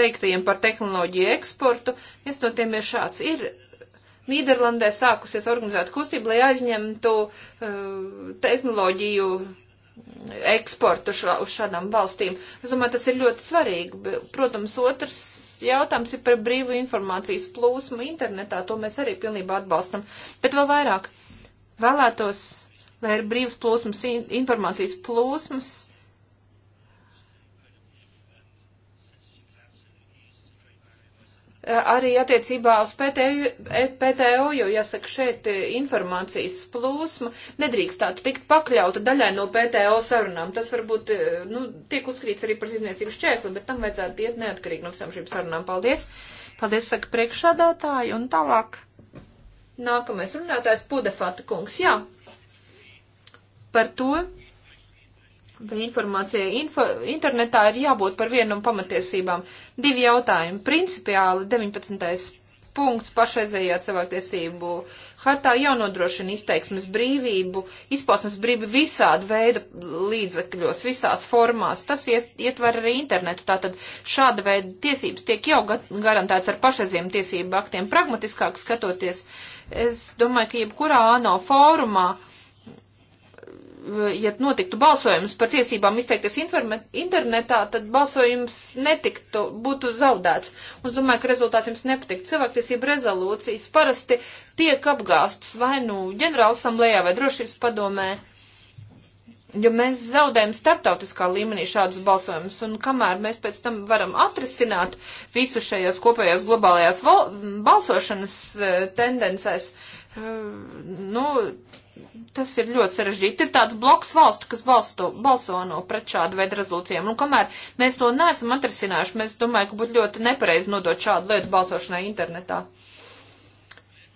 S3: teiktajiem par tehnoloģiju eksportu, viens no tiem ir šāds, ir Nīderlandē sākusies organizēta kustība, lai aizņemtu uh, tehnoloģiju eksportu šo, uz šādām valstīm. Es domāju, tas ir ļoti svarīgi. Protams, otrs jautājums ir par brīvu informācijas plūsmu internetā. To mēs arī pilnībā atbalstam. Bet vēl vairāk vēlētos, lai ir brīvs plūsmas, informācijas plūsmas arī attiecībā uz PTO, e, PTO, jo jāsaka šeit eh, informācijas plūsma nedrīkstātu tikt pakļauta daļai no PTO sarunām. Tas varbūt, eh, nu, tiek uzskatīts arī par izniecības čēsli, bet tam vajadzētu iet neatkarīgi no visām šīm sarunām. Paldies! Paldies, saka priekšādātāji, un tālāk. Nākamais runātājs Pudefata kungs, jā. Par to, vai informācija info, internetā ir jābūt par vienu no pamatiesībām. Divi jautājumi. Principiāli 19. punkts pašreizējā cilvēktiesību hartā jau nodrošina izteiksmes brīvību, izpausmes brīvību visādu veidu līdzekļos, visās formās. Tas ietver arī internetu. Tātad šāda veida tiesības tiek jau garantēts ar pašreizējiem tiesību aktiem. Pragmatiskāk skatoties, es domāju, ka jebkurā ANO fórumā uh, ja notiktu balsojums par tiesībām izteikties internetā, tad balsojums netiktu, būtu zaudēts. Un es domāju, ka rezultāts jums nepatiktu. Cilvēktiesība rezolūcijas parasti tiek apgāstas vai nu ģenerālasamblējā vai drošības padomē, jo mēs zaudējam starptautiskā līmenī šādus balsojumus. Un kamēr mēs pēc tam varam atrisināt visu šajās kopējās globālajās balsošanas eh, tendencēs, eh, nu, tas ir ļoti sarežģīti. Ir tāds bloks valstu, kas balsto, balso no pret šādu veidu rezolūcijām. Un kamēr mēs to neesam atrisinājuši, mēs domāju, ka būtu ļoti nepareizi nodot šādu lietu balsošanai internetā.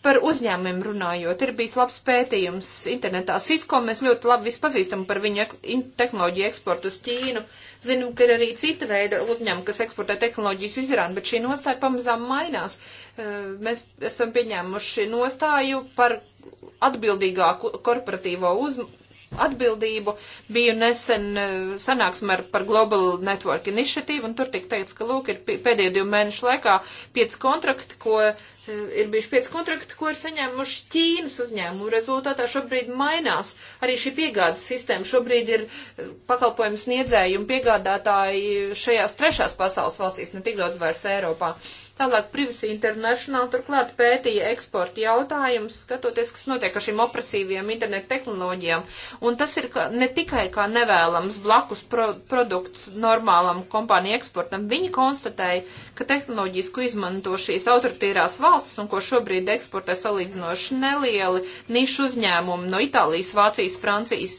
S3: Par uzņēmumiem runājot, ir bijis labs pētījums internetā. Cisco mēs ļoti labi vispazīstam par viņu ek tehnoloģiju eksportu uz Ķīnu. Zinām, ka ir arī cita veida uzņēmumi, kas eksportē tehnoloģijas uz Irānu, bet šī nostāja pamazām mainās. Eh, mēs esam pieņēmuši nostāju par atbildīgāku korporatīvo uz, atbildību. Biju nesen eh, sanāksmē par Global Network Initiative, un tur tika teikts, ka, lūk, ir pēdējo divu mēnešu laikā pieci kontrakti, ko eh, ir bijuši pieci kontrakti, ko ir saņēmuši Ķīnas uzņēmumu. Rezultātā šobrīd mainās arī šī piegādes sistēma. Šobrīd ir eh, pakalpojums sniedzēji un piegādātāji šajās trešās pasaules valstīs, ne tik daudz vairs Eiropā. Uh, Tālāk Privacy International turklāt pētīja eksporta jautājumus, skatoties, kas notiek ar šīm opresīviem internetu tehnoloģijām. Un tas ir kā, ne tikai kā nevēlams blakus pro produkts normālam kompāniju eksportam. Viņi konstatēja, ka tehnoloģijas, ko izmanto šīs autoritīrās valsts un ko šobrīd eksportē salīdzinoši nelieli nišu uzņēmumi no Itālijas, Vācijas, Francijas,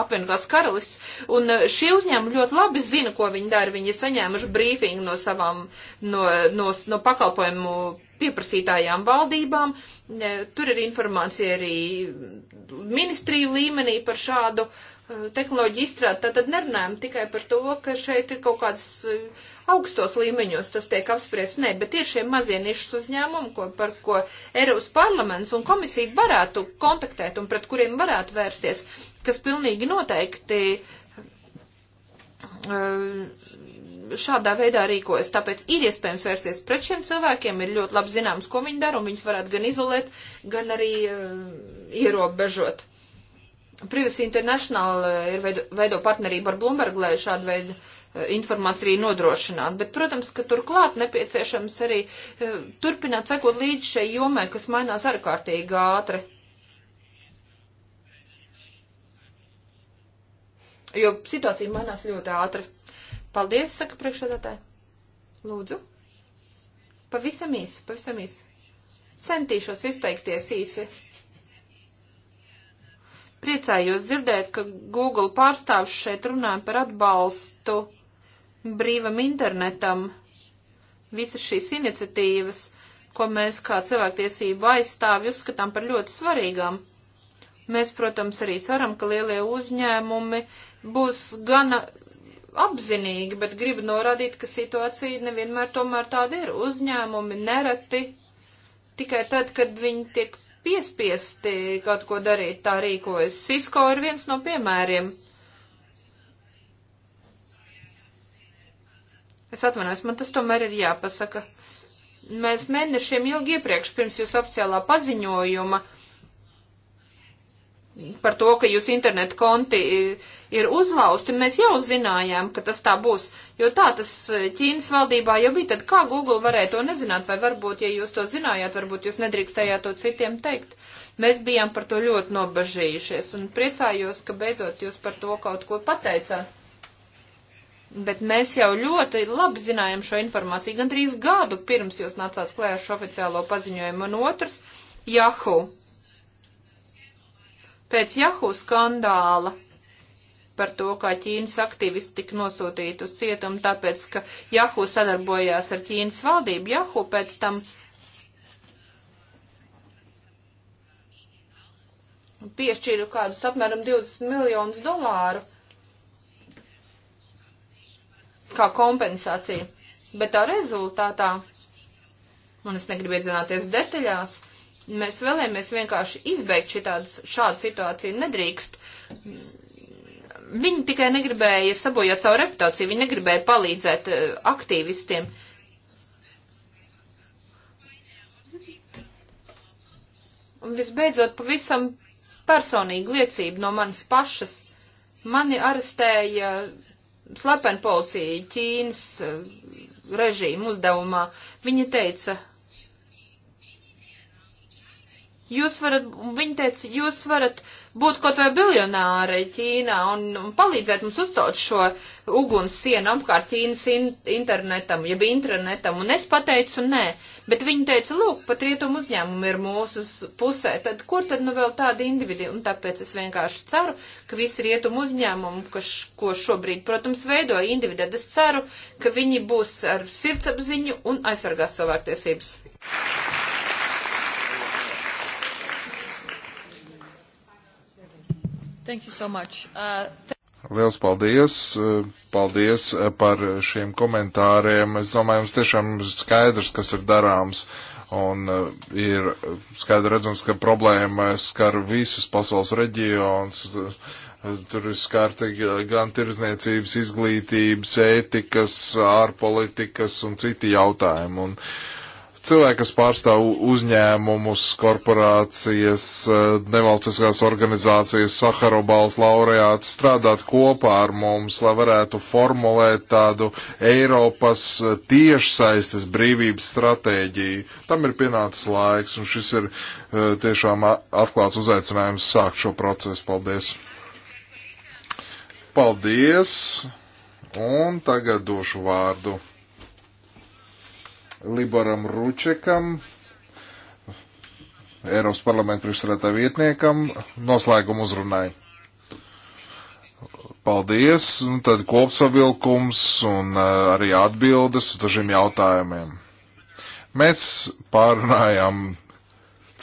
S3: apvienotās karalists, un eh, šie uzņēmumi ļoti labi zina, ko viņi dara. Viņi ir saņēmuši brīfingu no savām, no, no, no pakalpojumu pieprasītājām valdībām. Tur ir informācija arī ministriju līmenī par šādu eh, tehnoloģiju izstrādi. Tātad nerunājam tikai par to, ka šeit ir kaut kāds eh, augstos līmeņos tas tiek apspriests, nē, bet ir šie mazie nišas uzņēmumi, ko, par ko Eiropas parlaments un komisija varētu kontaktēt un pret kuriem varētu vērsties, kas pilnīgi noteikti uh, šādā veidā rīkojas. Tāpēc ir iespējams vērsties pret šiem cilvēkiem, ir ļoti labi zināms, ko viņi dara, un viņus varētu gan izolēt, gan arī uh, ierobežot. Privacy International uh, ir veido, veido partnerību ar Bloomberg, lai šādu veidu informāciju arī nodrošināt. Bet, protams, ka turklāt nepieciešams arī turpināt sekot līdz šai jomai, kas mainās ārkārtīgi ātri. jo situācija mainās ļoti ātri. Paldies, saka priekšsēdētāji. Lūdzu. Pavisam īsi, pavisam īsi. Centīšos izteikties īsi. Priecājos dzirdēt, ka Google pārstāvs šeit runāja par atbalstu brīvam internetam. Visas šīs iniciatīvas, ko mēs kā cilvēktiesību aizstāvi uzskatām par ļoti svarīgām. Mēs, protams, arī ceram, ka lielie uzņēmumi uh, būs gana apzinīgi, bet gribu norādīt, ka situācija nevienmēr tomēr tāda ir. Uzņēmumi nereti tikai tad, kad viņi tiek piespiesti kaut ko darīt, tā rīkojas. Sisko ir viens no piemēriem. Es atvainojos, man tas tomēr ir jāpasaka. Mēs mēnešiem ilgi iepriekš pirms jūsu oficiālā paziņojuma uh, par to, ka jūs internetu konti ir uzlausti, mēs jau zinājām, ka tas tā būs. Jo tā tas e, Ķīnas valdībā jau bija, tad kā Google varēja to nezināt, vai varbūt, ja jūs to zinājāt, varbūt jūs nedrīkstējāt to citiem teikt. Mēs bijām par to ļoti nobažījušies un priecājos, ka beidzot jūs par to kaut ko pateicāt. Bet mēs jau ļoti labi zinājām šo informāciju, gandrīz gadu pirms jūs nācāt klējā šo oficiālo paziņojumu, un otrs - Yahoo! Pēc Jahu skandāla par to, kā Ķīnas aktīvisti tika nosūtīti uz cietumu, tāpēc, ka Jahu sadarbojās ar Ķīnas valdību. Jahu pēc tam piešķīru kādus apmēram 20 miljonus dolāru kā kompensācija. Bet tā rezultātā, un es negribu iedzināties detaļās, Mēs vēlamies vienkārši izbeigt šitādus, šādu situāciju. Nedrīkst. Viņi tikai negribēja sabojāt savu reputāciju, viņi negribēja palīdzēt eh, aktīvistiem. Un visbeidzot, pavisam personīga liecība no manas pašas. Mani arestēja slepeni policija Ķīnas eh, režīmu uzdevumā. Viņa teica, Jūs varat, viņi teica, jūs varat būt kaut vai biljonāri Ķīnā un, un palīdzēt mums uzcelt šo uguns sienu apkārt Ķīnas in, internetam, jeb intranetam, un es pateicu nē, bet viņi teica, lūk, pat rietumu uzņēmumi ir mūsu pusē, tad kur tad nu vēl tādi individi, un tāpēc es vienkārši ceru, ka visi rietumu uzņēmumi, kas, ko šobrīd, protams, veido individu, es ceru, ka viņi būs ar sirdsapziņu un aizsargās cilvēktiesības. Thank you. Thank you so much. Uh,
S2: Liels paldies! Uh, paldies uh, par šiem komentāriem. Es domāju, mums tiešām ir skaidrs, kas ir darāms. Un uh, ir skaidrs redzams, ka problēma skar visus pasaules reģionus. Tur ir skarta gan tirzniecības, izglītības, ētikas, ārpolitikas un citi jautājumi. Un, uh, cilvēki, kas pārstāv uzņēmumus, korporācijas, eh, nevalstiskās organizācijas, Saharobals laureāts, strādāt kopā ar mums, lai varētu formulēt tādu Eiropas eh, tiešsaistes brīvības stratēģiju. Tam ir pienācis laiks, un šis ir eh, tiešām atklāts uzaicinājums sākt šo procesu. Paldies! Paldies! Un tagad došu vārdu. Liboram Ručekam, Eiropas parlamenta priekšsēdētāja vietniekam, noslēgumu uzrunai. Paldies, un tad kopsavilkums un eh, arī atbildes uz dažiem jautājumiem. Mēs pārunājam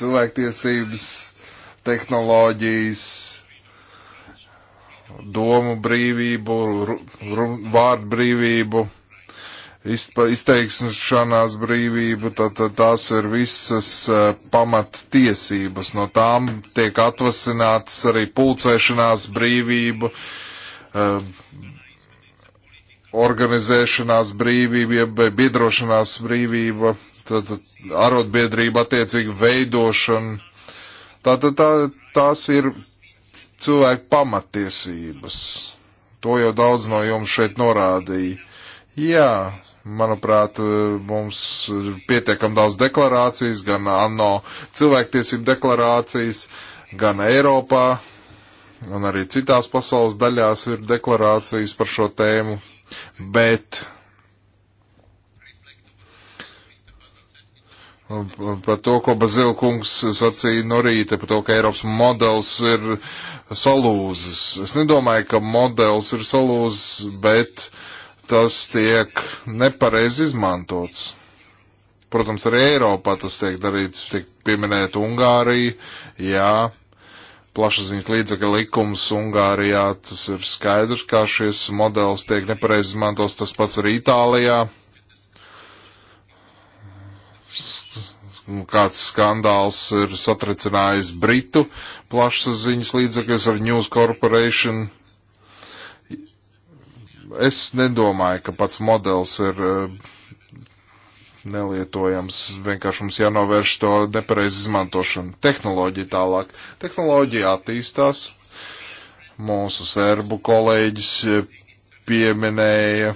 S2: cilvēktiesības, tehnoloģijas, domu brīvību, vārdu brīvību izteiksmšanās brīvību, tad tā, tā, tās ir visas uh, pamattiesības. No tām tiek atvasināts arī pulcēšanās brīvību, uh, organizēšanās brīvība, biedrošanās brīvība, tad arotbiedrība attiecīgi veidošana. Tātad tā, tās ir cilvēku pamattiesības. To jau daudz no jums šeit norādīja. Jā, Manuprāt, eh, mums ir pietiekam daudz deklarācijas, gan ANO cilvēktiesību deklarācijas, gan Eiropā, un arī citās pasaules daļās ir deklarācijas par šo tēmu, bet par to, ko Bazilkungs sacīja no rīta, par to, ka Eiropas modelis ir salūzis. Es nedomāju, ka modelis ir salūzis, bet uh, tas tiek nepareiz izmantots. Protams, arī Eiropā tas tiek darīts, tiek pieminēta Ungārija, jā, plašsaziņas līdzekļa likums Ungārijā, tas ir skaidrs, kā šis modelis tiek nepareiz izmantos, tas pats arī Itālijā. Kāds skandāls ir satricinājis Britu plašsaziņas līdzekļus ar News Corporation Es nedomāju, ka pats modelis ir eh, nelietojams. Vienkārši mums jānovērš to nepareizi izmantošanu. Tehnoloģija tālāk. Tehnoloģija attīstās. Mūsu serbu kolēģis eh, pieminēja,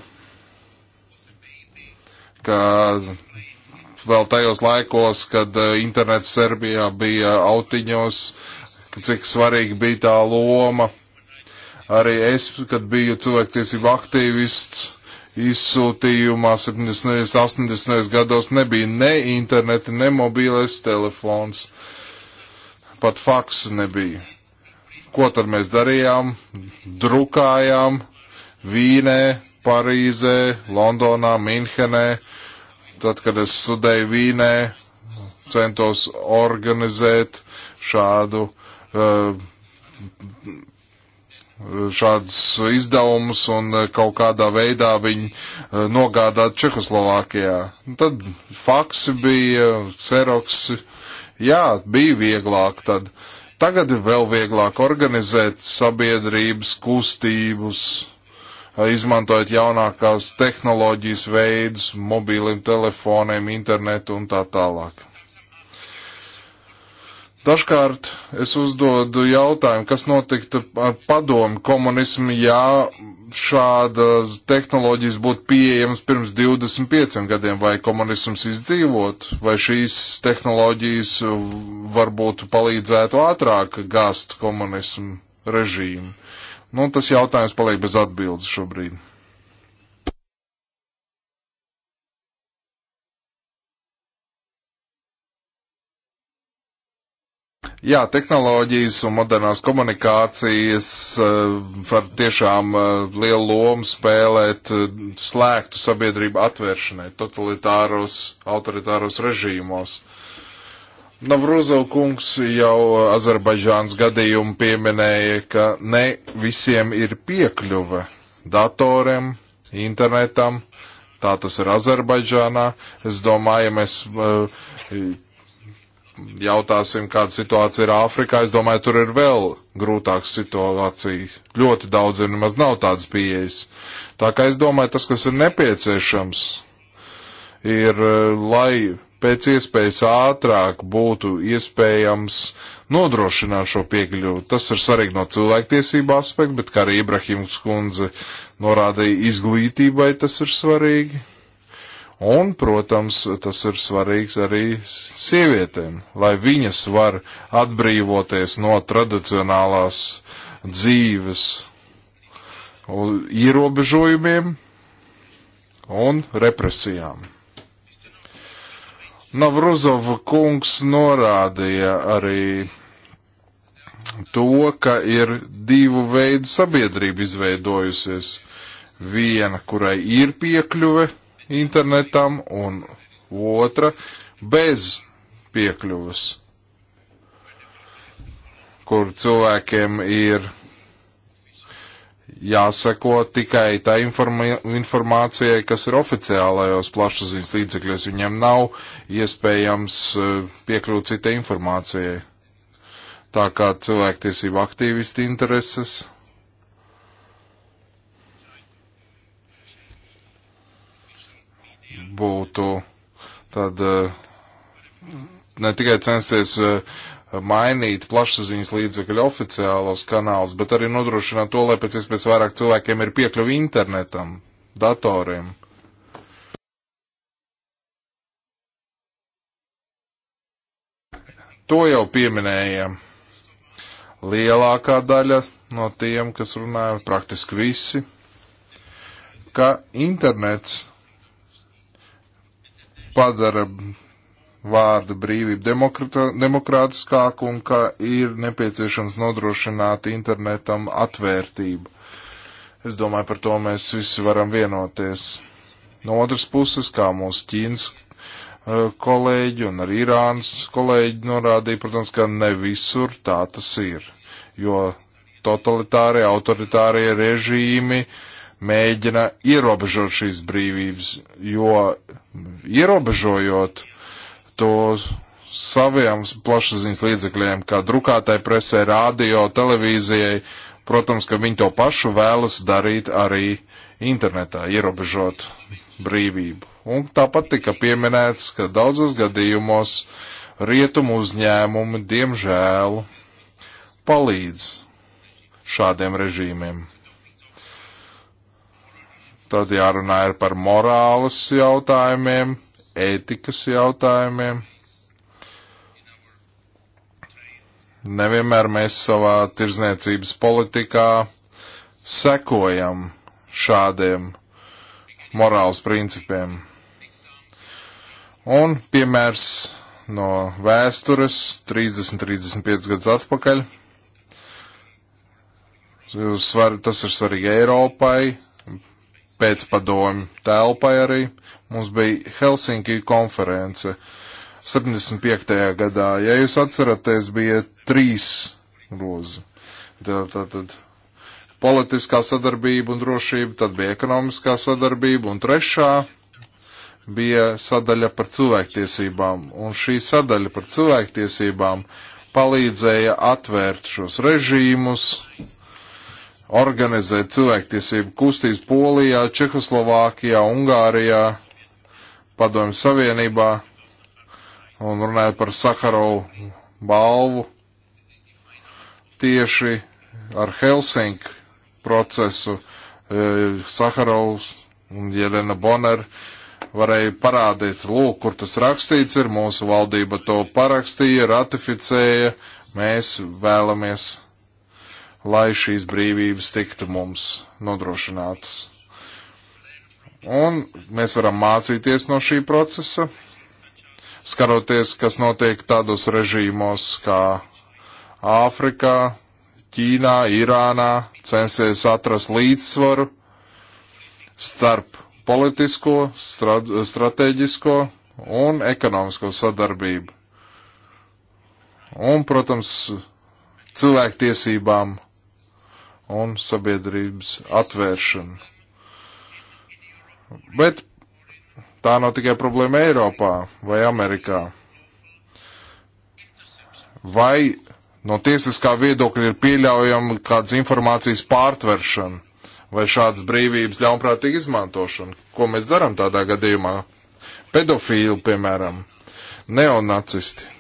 S2: ka vēl tajos laikos, kad eh, internets Serbijā bija autiņos, cik svarīgi bija tā loma Arī es, kad biju cilvēktiesību aktīvists, izsūtījumā 70. 80. gados nebija ne interneta, ne mobīlais telefons, pat faks nebija. Ko tad mēs darījām? Drukājām Vīnē, Parīzē, Londonā, Minhenē. Tad, kad es studēju Vīnē, centos organizēt šādu uh, šādus izdevumus un eh, kaut kādā veidā viņu eh, nogādāt Čehoslovākijā. Tad faksi bija, kseroksi, jā, bija vieglāk tad. Tagad ir vēl vieglāk organizēt sabiedrības kustības, eh, izmantojot jaunākās tehnoloģijas veidus, mobīliem telefoniem, internetu un tā tālāk. Dažkārt es uzdodu jautājumu, kas notiktu ar padomu komunismu, ja šādas tehnoloģijas būtu pieejamas pirms 25 gadiem, vai komunisms izdzīvot, vai šīs tehnoloģijas varbūt palīdzētu ātrāk gāzt komunismu režīmu. Nu, tas jautājums paliek bez atbildes šobrīd. Jā, tehnoloģijas un modernās komunikācijas eh, var tiešām eh, lielu lomu spēlēt eh, slēgtu sabiedrību atvēršanai totalitāros, autoritāros režīmos. Navruzo kungs jau Azerbaidžāns gadījumu pieminēja, ka ne visiem ir piekļuve datoriem, internetam, tā tas ir Azerbaidžānā. Es domāju, ja mēs uh, jautāsim, kāda situācija ir Āfrikā, es domāju, tur ir vēl grūtāka situācija. Ļoti daudz ir, nemaz nav tādas pieejas. Tā kā es domāju, tas, kas ir nepieciešams, ir, eh, lai pēc iespējas ātrāk būtu iespējams nodrošināt šo piekļuvu. Tas ir svarīgi no cilvēktiesību aspekta, bet kā arī Ibrahims kundze norādīja, izglītībai tas ir svarīgi Un, protams, tas ir svarīgs arī sievietēm, lai viņas var atbrīvoties no tradicionālās dzīves ierobežojumiem un represijām. Navruzova kungs norādīja arī to, ka ir divu veidu sabiedrība izveidojusies. Viena, kurai ir piekļuve internetam un otra bez piekļuvas, kur cilvēkiem ir jāseko tikai tā informācijai, kas ir oficiālajos plašsaziņas līdzekļos. Viņiem nav iespējams eh, piekļūt citai informācijai. Tā kā cilvēktiesība aktīvisti intereses būtu tad eh, ne tikai censties eh, mainīt plašsaziņas līdzekļu oficiālos kanālus, bet arī nodrošināt to, lai pēc iespējas vairāk cilvēkiem ir piekļuvi internetam, datoriem. To jau pieminējām. Lielākā daļa no tiem, kas runāja, praktiski visi, ka internets padara vārdu brīvību demokrātiskāku un ka ir nepieciešams nodrošināt internetam atvērtību. Es domāju, par to mēs visi varam vienoties. No otras puses, kā mūsu Ķīnas eh, kolēģi un arī Irānas kolēģi norādīja, protams, ka ne visur tā tas ir, jo totalitārie, autoritārie režīmi mēģina ierobežot šīs brīvības, jo ierobežojot to saviem plašsaziņas līdzekļiem, kā drukātai presē, radio, televīzijai. Protams, ka viņi to pašu vēlas darīt arī internetā, ierobežot brīvību. Un tāpat tika pieminēts, ka daudzos gadījumos rietumu uzņēmumi, diemžēl, palīdz šādiem režīmiem. Tad jārunā ir par morāles jautājumiem, ētikas jautājumiem. Nevienmēr mēs savā tirzniecības politikā sekojam šādiem morāles principiem. Un piemērs no vēstures 30-35 gadus atpakaļ. Svar, tas ir svarīgi Eiropai, pēcpadomu telpai arī. Mums bija Helsinki konference 75. gadā. Ja jūs atceraties, bija trīs rozi. Tad, tad, tad politiskā sadarbība un drošība, tad bija ekonomiskā sadarbība un trešā bija sadaļa par cilvēktiesībām. Un šī sadaļa par cilvēktiesībām palīdzēja atvērt šos režīmus, uh, organizēt cilvēktiesību kustības Polijā, Čehoslovākijā, Ungārijā, Padomju Savienībā un runājot par Sakarovu balvu tieši ar Helsinku procesu eh, Sakarovs un Jelena Bonner varēja parādīt, lūk, kur tas rakstīts ir, mūsu valdība to parakstīja, ratificēja, mēs vēlamies lai šīs brīvības tiktu mums nodrošinātas. Un mēs varam mācīties no šī procesa, skaroties, kas notiek tādos režīmos kā Āfrikā, Ķīnā, Irānā, censies atrast līdzsvaru starp politisko, strad, strateģisko un ekonomisko sadarbību. Un, protams, cilvēktiesībām un sabiedrības atvēršanu. Bet tā nav tikai problēma Eiropā vai Amerikā. Vai no tiesiskā viedokļa ir pieļaujama kādas informācijas pārtveršana vai šādas brīvības ļaunprātīga izmantošana? Ko mēs darām tādā gadījumā? Pedofīli, piemēram, neonacisti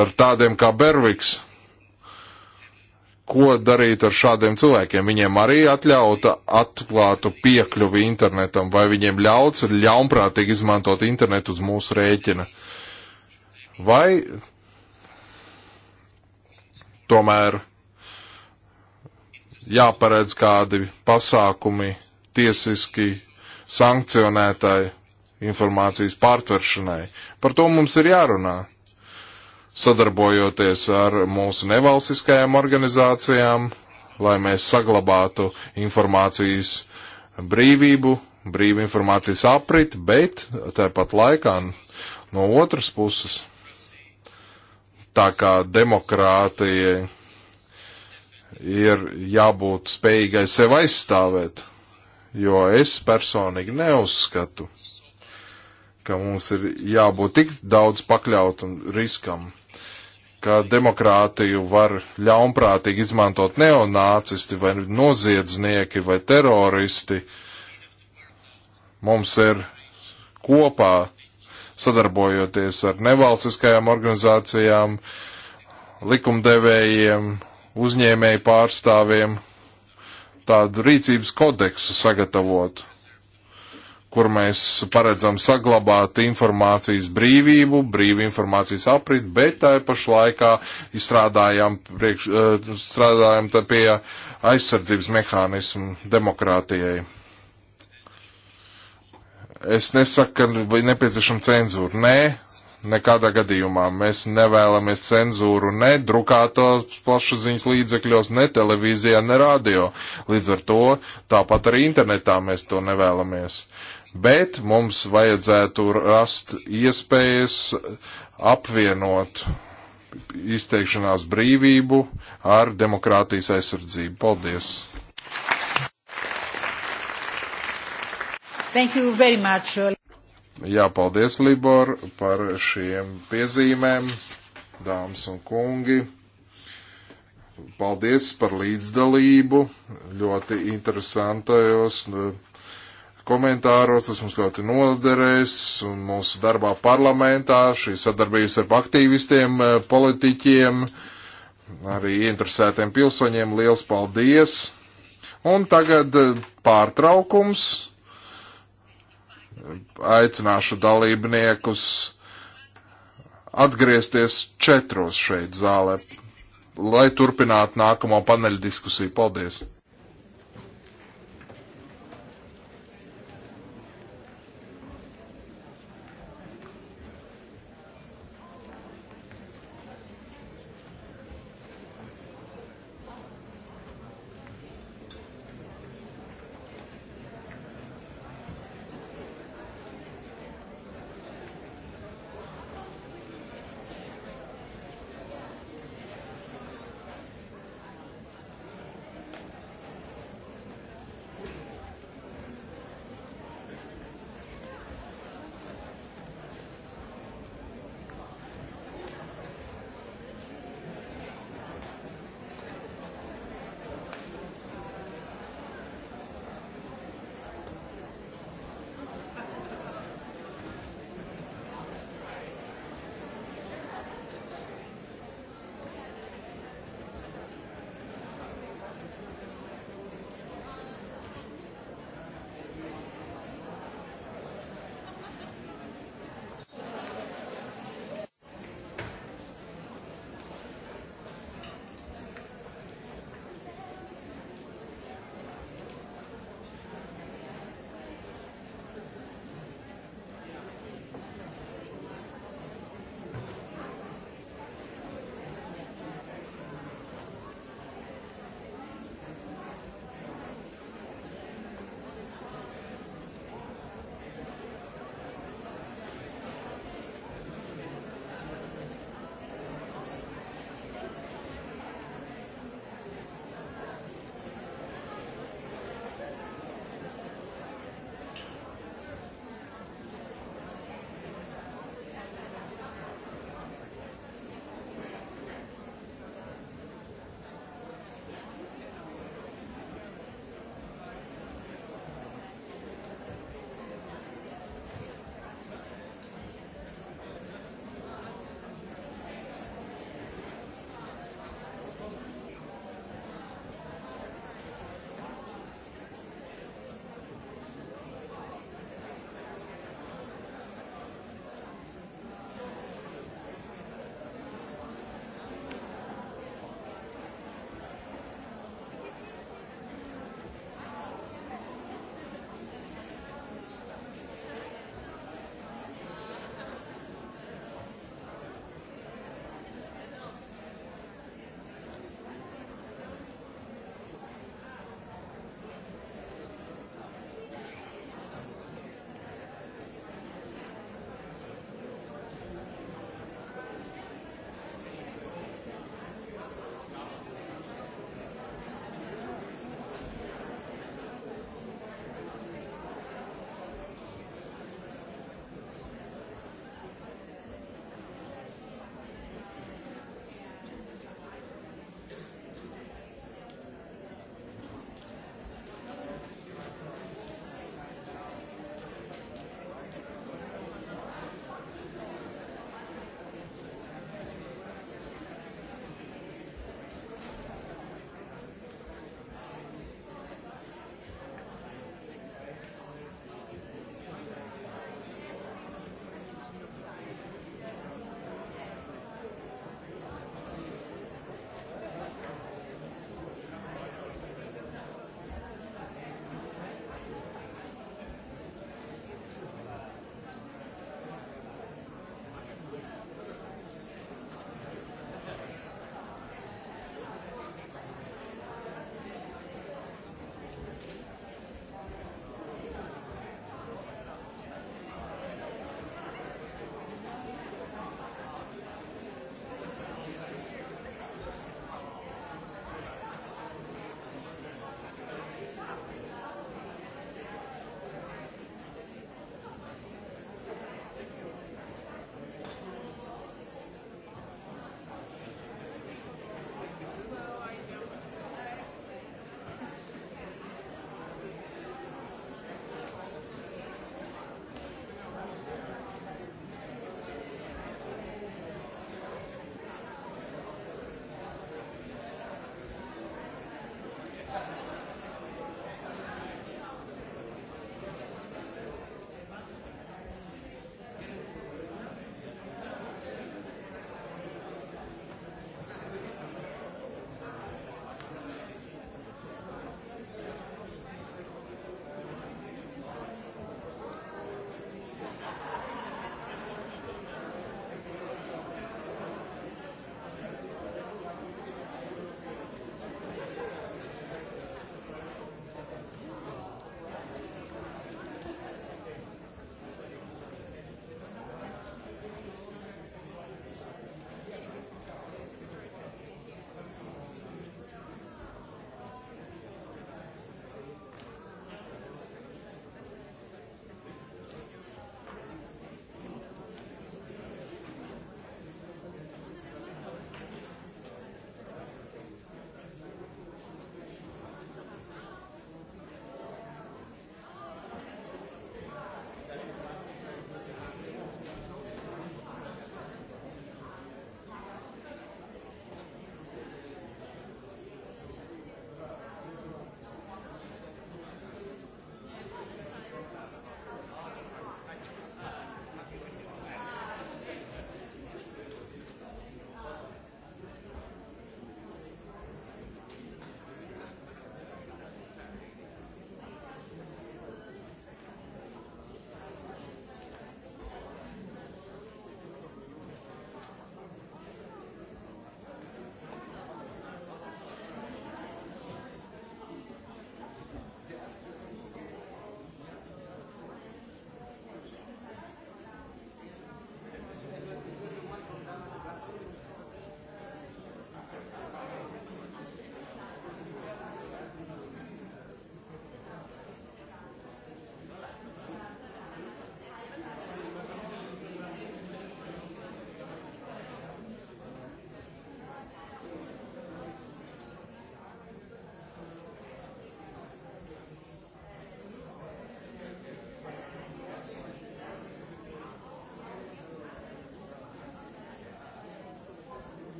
S2: ar tādiem kā Berviks ko darīt ar šādiem cilvēkiem? Viņiem arī atļauta atklātu piekļuvi internetam, vai viņiem ļauts ļaunprātīgi izmantot internetu uz mūsu rēķina? Vai tomēr jāparedz kādi pasākumi tiesiski sankcionētai informācijas pārtveršanai? Par to mums ir jārunā sadarbojoties ar mūsu nevalstiskajām organizācijām, lai mēs saglabātu informācijas brīvību, brīvu informācijas aprit, bet tāpat laikā no otras puses, tā kā demokrātija ir jābūt spējīgai sev aizstāvēt, jo es personīgi neuzskatu, ka mums ir jābūt tik daudz pakļautam riskam ka demokrātiju var ļaunprātīgi izmantot neonācisti vai noziedznieki vai teroristi. Mums ir kopā sadarbojoties ar nevalstiskajām organizācijām, likumdevējiem, uzņēmēju pārstāvjiem, tādu rīcības kodeksu sagatavot kur mēs paredzam saglabāt informācijas brīvību, brīvu informācijas aprit, bet tā pašu laikā strādājam, priekš, eh, strādājam pie aizsardzības mehānismu demokrātijai. Es nesaku, ka nepieciešama cenzūra. Nē, nekādā gadījumā. Mēs nevēlamies cenzūru ne drukātos plašsaziņas līdzekļos, ne televīzijā, ne radio. Līdz ar to tāpat arī internetā mēs to nevēlamies. Uh, bet mums vajadzētu rast iespējas apvienot izteikšanās brīvību ar demokrātijas aizsardzību. Paldies!
S3: Thank you very much. Uh,
S2: Jā, paldies, Libor, par šiem piezīmēm, dāmas un kungi. Paldies par līdzdalību ļoti interesantajos. Nu, komentāros, tas mums ļoti noderēs, un mūsu darbā parlamentā šī sadarbības ar aktīvistiem, eh, politiķiem, arī interesētiem pilsoņiem, liels paldies! Un tagad eh, pārtraukums. Aicināšu dalībniekus atgriezties četros šeit zālē, lai turpinātu nākamo paneļa diskusiju. Paldies!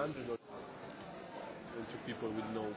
S2: done to know to people will know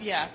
S1: yeah.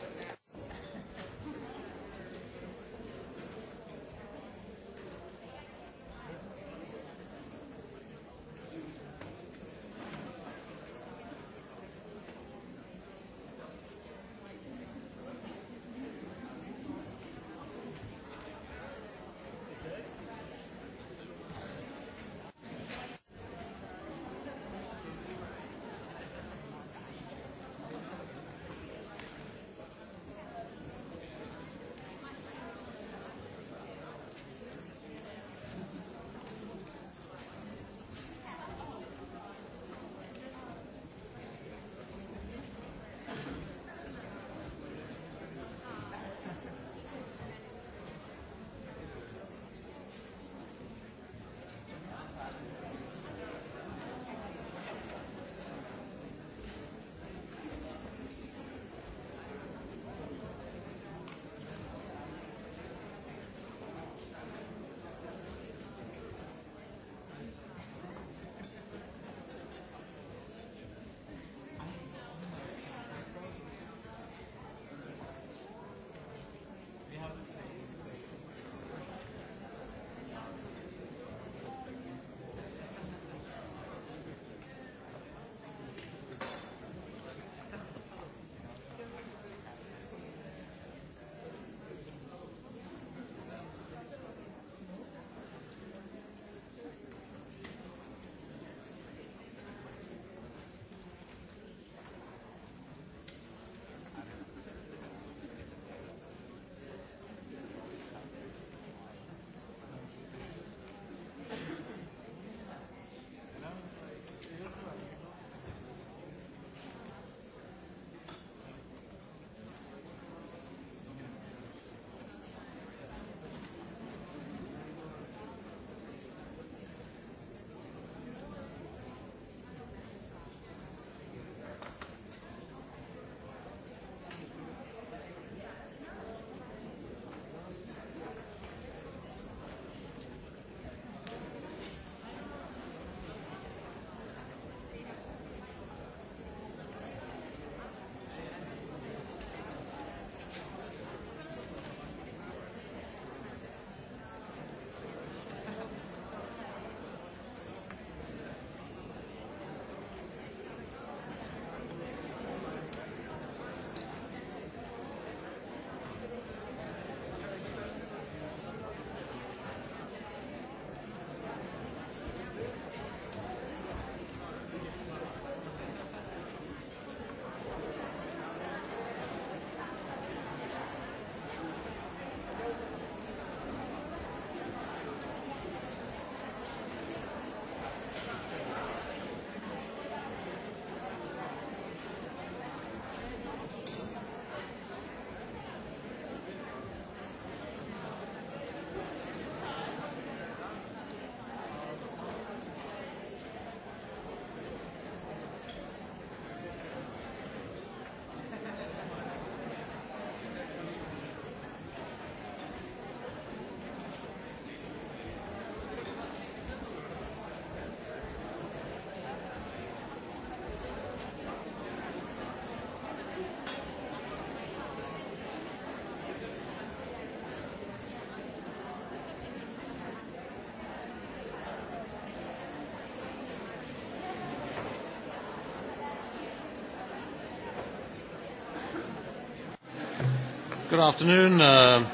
S3: Good afternoon. Uh,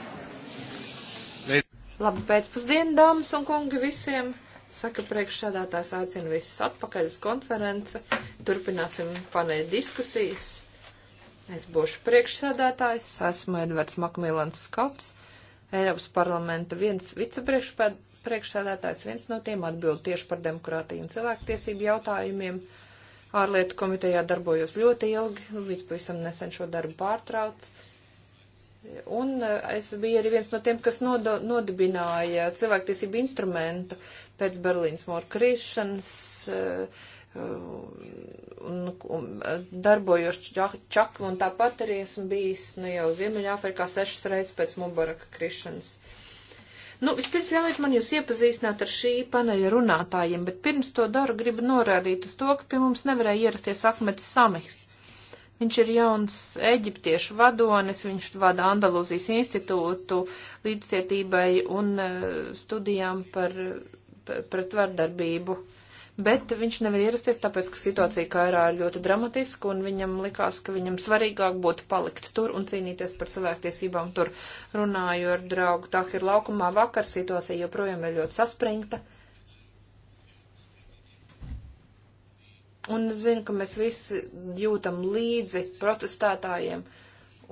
S3: Labu pēcpusdienu, dāmas un kungi, visiem. Saka priekšsēdētājs aicina visus atpakaļ uz konferenci. Turpināsim panēt diskusijas. Es būšu priekšsēdētājs, esmu Edvards Makmīlans Skots, Eiropas parlamenta viens vicepriekšsēdētājs, viens no tiem atbild tieši par demokrātiju un cilvēktiesību jautājumiem. Ārlietu komitejā darbojos ļoti ilgi, līdz nu, pavisam nesen šo darbu pārtraucu Un eh, es biju arī viens no tiem, kas nodo, nodibināja cilvēktiesību instrumentu pēc Berlīnas mūra krišanas. Uh, eh, eh, un, un darbojos čakli, un tāpat arī esmu bijis, nu jau Ziemeļāfrikā sešas reizes pēc Mubaraka krišanas. Nu, vispirms ļaujiet man jūs iepazīstināt ar šī paneļa runātājiem, bet pirms to daru gribu norādīt uz to, ka pie mums nevarēja ierasties Akmetis Samihs, Viņš ir jauns eģiptiešu vadonis, viņš vada Andalūzijas institūtu līdzcietībai un eh, studijām par, par pretvardarbību. Bet viņš nevar ierasties, tāpēc, ka situācija Kairā ir ļoti dramatiska, un viņam likās, ka viņam svarīgāk būtu palikt tur un cīnīties par cilvēktiesībām tur. Runāju ar draugu Tahiru laukumā vakar, situācija joprojām ir ļoti saspringta. Uh, Un zinu, ka mēs visi jūtam līdzi protestētājiem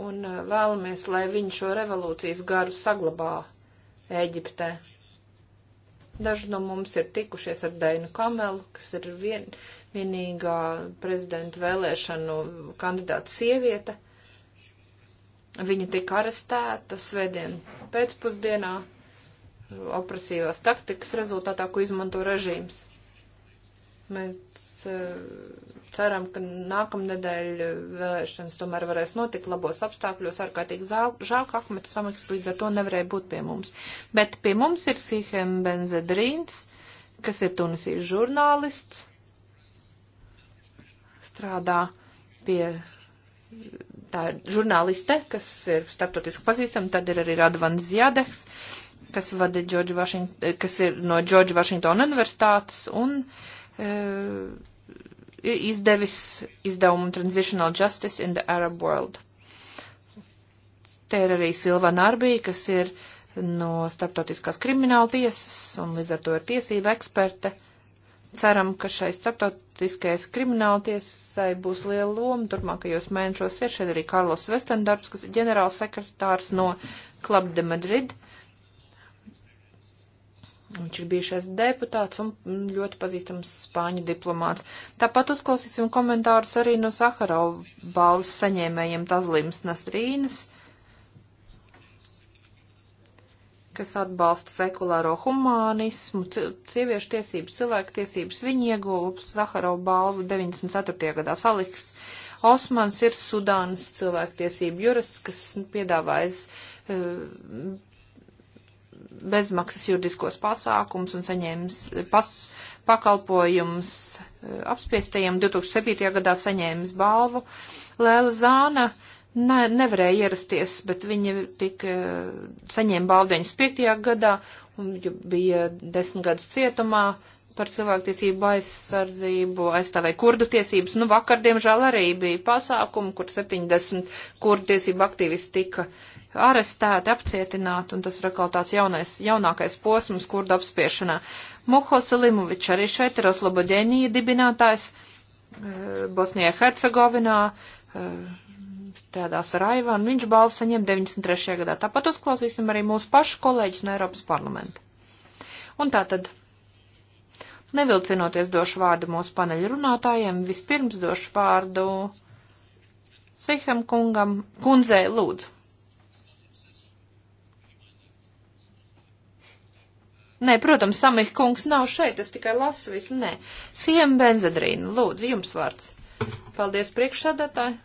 S3: un uh, vēlamies, lai viņi šo revolūcijas garu saglabā Eģiptē. Daži no mums ir tikušies ar Deinu Kamelu, kas ir vien, vienīgā prezidenta vēlēšanu kandidāta sieviete. Viņa tika arestēta svētdien pēcpusdienā opresīvās taktikas rezultātā, ko izmanto režīms. Mēs Eh, ceram, ka nākamnedēļ eh, vēlēšanas tomēr varēs notikt labos apstākļos, ārkārtīgi žēl, ka Akmetas samaksas līdz ar to nevarēja būt pie mums. Bet pie mums ir Sihem Benzedrīns, kas ir Tunisijas žurnālists, strādā pie. Tā ir žurnāliste, kas ir starptautiski pazīstama, tad ir arī Radvans Zjadeks, kas, vada George Washington, eh, kas ir no George Washington universitātes un uh, ir uh, izdevis izdevumu Transitional Justice in the Arab World. Te ir arī Silvana Arbī, kas ir no starptautiskās krimināla tiesas un līdz ar to ir tiesība eksperte. Ceram, ka šai starptautiskais krimināla tiesai būs liela loma turpmākajos mēnešos. Ir šeit arī Karlos Vestendarbs, kas ir ģenerāls sekretārs no Club de Madrid. Uh, Viņš ir bijušais deputāts un ļoti pazīstams spāņu diplomāts. Tāpat uzklausīsim komentārus arī no Saharova balvas saņēmējiem Tazlims Nasrīnas, kas atbalsta sekulāro humānismu, sieviešu tiesības, cilvēku tiesības. Viņi ieguva Saharova balvu 94. gadā. Saliks Osmans ir Sudānas cilvēktiesību jurists, kas piedāvājas eh, bezmaksas juridiskos pasākums un saņēmis pas, pakalpojums e, apspiestajiem. 2007. gadā saņēmis balvu. Lēla Zāna ne, nevarēja ierasties, bet viņa tika e, saņēma balvu 95. gadā un bija desmit gadus cietumā par cilvēktiesību aizsardzību, aizstāvēja kurdu tiesības. Nu, vakar, diemžēl, arī bija pasākumi, kur 70 kurdu tiesību aktīvisti tika uh, arestēti, apcietināti, un tas ir atkal tāds jaunais, jaunākais posms kurdu apspiešanā. Muho Salimovičs arī šeit ir Osloboģēnija dibinātājs eh, Bosnijā Hercegovinā, eh, strādās ar Aivānu, viņš balvu saņem 93. gadā. Tāpat uzklausīsim arī mūsu pašu kolēģis no Eiropas parlamenta. Un tā tad, nevilcinoties došu vārdu mūsu paneļu runātājiem, vispirms došu vārdu Siham kungam, kundzei lūdzu. Nē, protams, Samih kungs nav šeit, es tikai lasu visu. Nē, Siem Benzedrīna, lūdzu, jums vārds. Paldies priekšsēdētāji.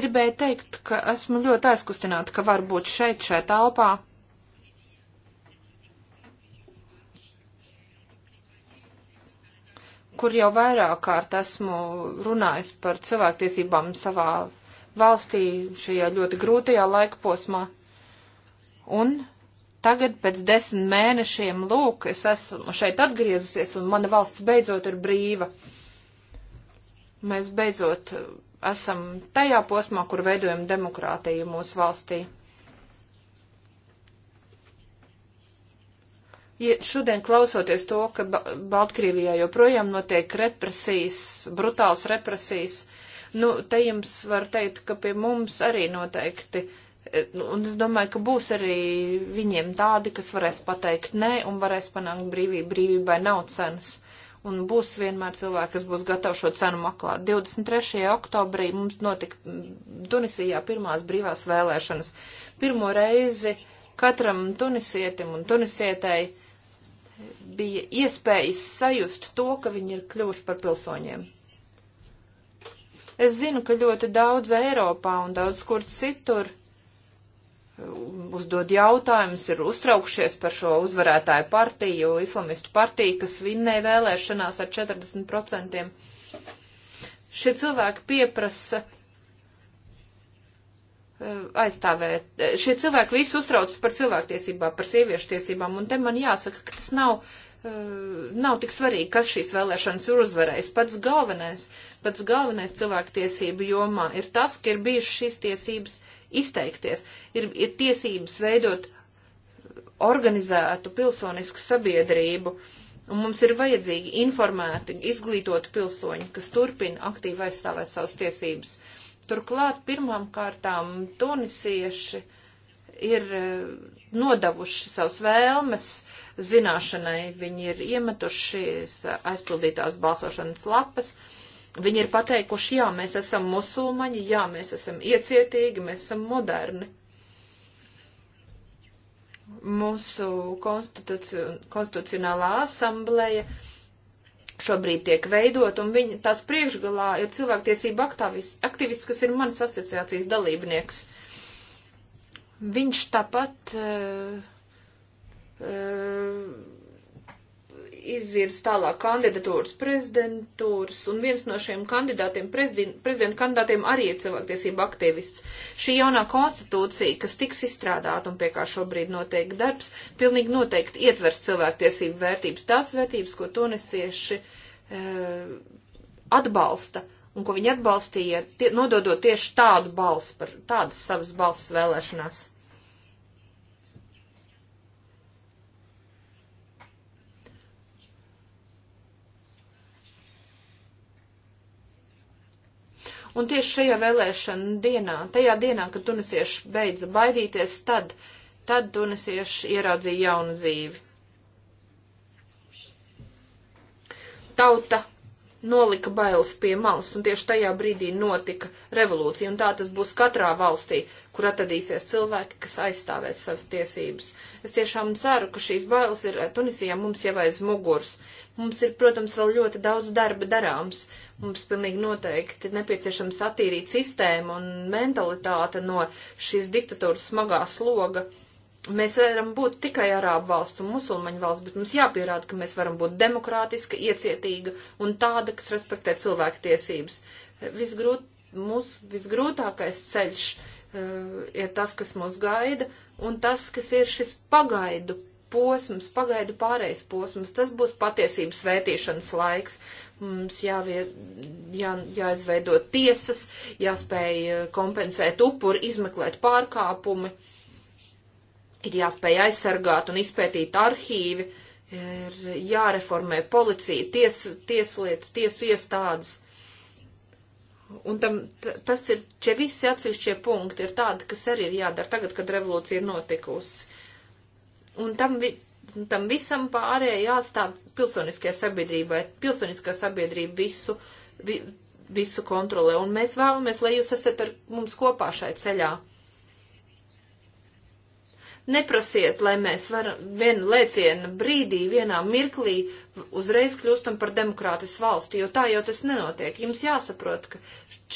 S3: Gribēju teikt, ka esmu ļoti aizkustināta, ka var būt šeit, šai telpā. kur jau vairāk kārt esmu runājis par cilvēktiesībām savā valstī šajā ļoti grūtajā laika posmā. Un tagad pēc desmit mēnešiem, lūk, es esmu šeit atgriezusies un mana valsts beidzot ir brīva. Mēs beidzot uh, esam tajā posmā, kur veidojam demokrātiju mūsu valstī. Ja šodien klausoties to, ka Baltkrievijā joprojām notiek represijas, brutāls represijas, nu, te jums var teikt, ka pie mums arī noteikti uh, E, nu, un es domāju, ka būs arī viņiem tādi, kas varēs pateikt nē un varēs panākt brīvību. Brīvībai nav cenas. Un būs vienmēr cilvēki, kas būs gatavi šo cenu maklāt. 23. oktobrī mums notika Tunisijā pirmās brīvās vēlēšanas. Pirmo reizi katram tunisietim un tunisietei bija iespējas sajust to, ka viņi ir kļuvuši par pilsoņiem. Es zinu, ka ļoti daudz Eiropā un daudz kur citur uzdod jautājumus, ir uztraukšies par šo uzvarētāju partiju, islamistu partiju, kas vinnēja vēlēšanās ar 40%. Šie cilvēki pieprasa eh, aizstāvēt. Eh, šie cilvēki visi uztraucas par cilvēktiesībām, par sieviešu tiesībām, un te man jāsaka, ka tas nav, eh, nav tik svarīgi, kas šīs vēlēšanas ir uzvarējis. Pats galvenais, pats galvenais cilvēktiesību jomā ir tas, ka ir bijušas šīs tiesības uh, izteikties, ir, ir tiesības veidot organizētu pilsonisku sabiedrību, un mums ir vajadzīgi informēti, izglītoti pilsoņi, kas turpina aktīvi aizstāvēt savas tiesības. Turklāt pirmām kārtām tunisieši ir eh, nodavuši savus vēlmes zināšanai, viņi ir iemetuši aizpildītās balsošanas lapas, uh, Viņi ir pateikuši, jā, mēs esam musulmaņi, jā, mēs esam iecietīgi, mēs esam moderni. Mūsu konstitucionālā asambleja šobrīd tiek veidot, un viņa tās priekšgalā ir cilvēktiesība aktivists, kas ir manas asociācijas dalībnieks. Viņš tāpat uh, uh, izvirs tālāk kandidatūras prezidentūras, un viens no šiem kandidātiem, prezidenta kandidātiem arī ir cilvēktiesība aktīvists. Šī jaunā konstitūcija, kas tiks izstrādāta un pie kā šobrīd notiek darbs, pilnīgi noteikti ietvers cilvēktiesību vērtības, tās vērtības, ko tunisieši e, eh, atbalsta un ko viņi atbalstīja, tie, nododot tieši tādu balsu par tādas savas balsas vēlēšanās. Un tieši šajā vēlēšana dienā, tajā dienā, kad tunisieši beidza baidīties, tad, tad tunisieši ieraudzīja jaunu dzīvi. Tauta nolika bailes pie malas, un tieši tajā brīdī notika revolūcija, un tā tas būs katrā valstī, kur atradīsies cilvēki, kas aizstāvēs savas tiesības. Es tiešām ceru, ka šīs bailes ir Tunisijā mums jau aiz muguras. Mums ir, protams, vēl ļoti daudz darba darāms, Mums pilnīgi noteikti ir nepieciešams attīrīt sistēmu un mentalitāte no šīs diktatūras smagā sloga. Mēs varam būt tikai arābu valsts un musulmaņu valsts, bet mums jāpierāda, ka mēs varam būt demokrātiska, iecietīga un tāda, kas respektē cilvēku tiesības. Visgrūt, mūsu visgrūtākais ceļš uh, ir tas, kas mūs gaida, un tas, kas ir šis pagaidu posms, pagaidu pārējais posms, tas būs patiesības vērtīšanas laiks. Mums jāvie, jā, jāizveido tiesas, jāspēj eh, kompensēt upuri, izmeklēt pārkāpumi, ir jāspēj aizsargāt un izpētīt arhīvi, ir jāreformē policija, ties, tieslietas, tiesu iestādes. Un tam, tas ir, šie visi atsevišķie punkti ir tādi, kas arī ir jādara tagad, kad revolūcija ir notikusi. Un tam vi tam visam pārējai jāstāv pilsoniskajai sabiedrībai. Pilsoniskā sabiedrība visu, vi, visu kontrolē. Un mēs vēlamies, lai jūs esat ar mums kopā šai ceļā. Neprasiet, lai mēs varam vienu lēcienu brīdī, vienā mirklī uzreiz kļūstam par demokrātisku valsti, jo tā jau tas nenotiek. Jums jāsaprot, ka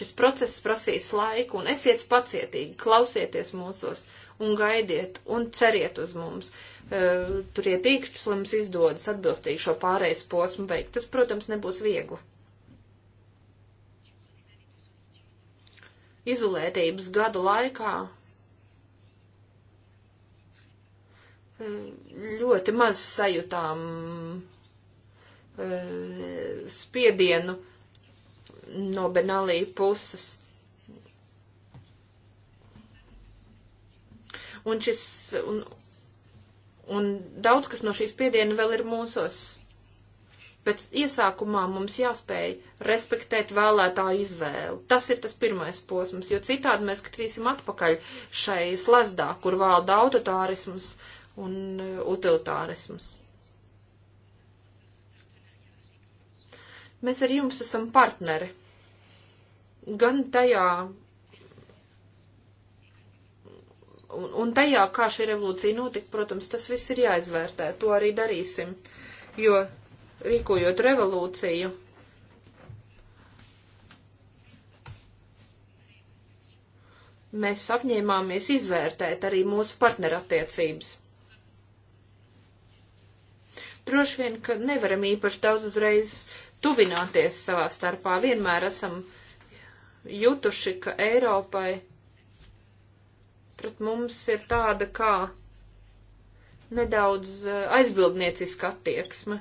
S3: šis process prasīs laiku un esiet pacietīgi, klausieties mūsos un gaidiet un ceriet uz mums. Uh, Eh, turiet īkšķus, lai mums izdodas atbilstīgi šo pārējais posmu veikt. Tas, protams, nebūs viegli. Izolētības gadu laikā eh, ļoti maz sajūtām eh, spiedienu no Benalī puses. Un šis, un, Un daudz kas no šīs piediena vēl ir mūsos. Bet iesākumā mums jāspēj respektēt vēlētāju izvēli. Tas ir tas pirmais posms, jo citādi mēs skatīsim atpakaļ šai slazdā, kur valda autotārisms un e, utilitārisms. Mēs ar jums esam partneri. Gan tajā Un, un tajā, kā šī revolūcija notika, protams, tas viss ir jāizvērtē. To arī darīsim. Jo rīkojot revolūciju, mēs apņēmāmies izvērtēt arī mūsu partnerattiecības. Droši vien, ka nevaram īpaši daudz uzreiz tuvināties savā starpā. Vienmēr esam jutuši, ka Eiropai pret mums ir tāda kā nedaudz eh, aizbildnieciska attieksme.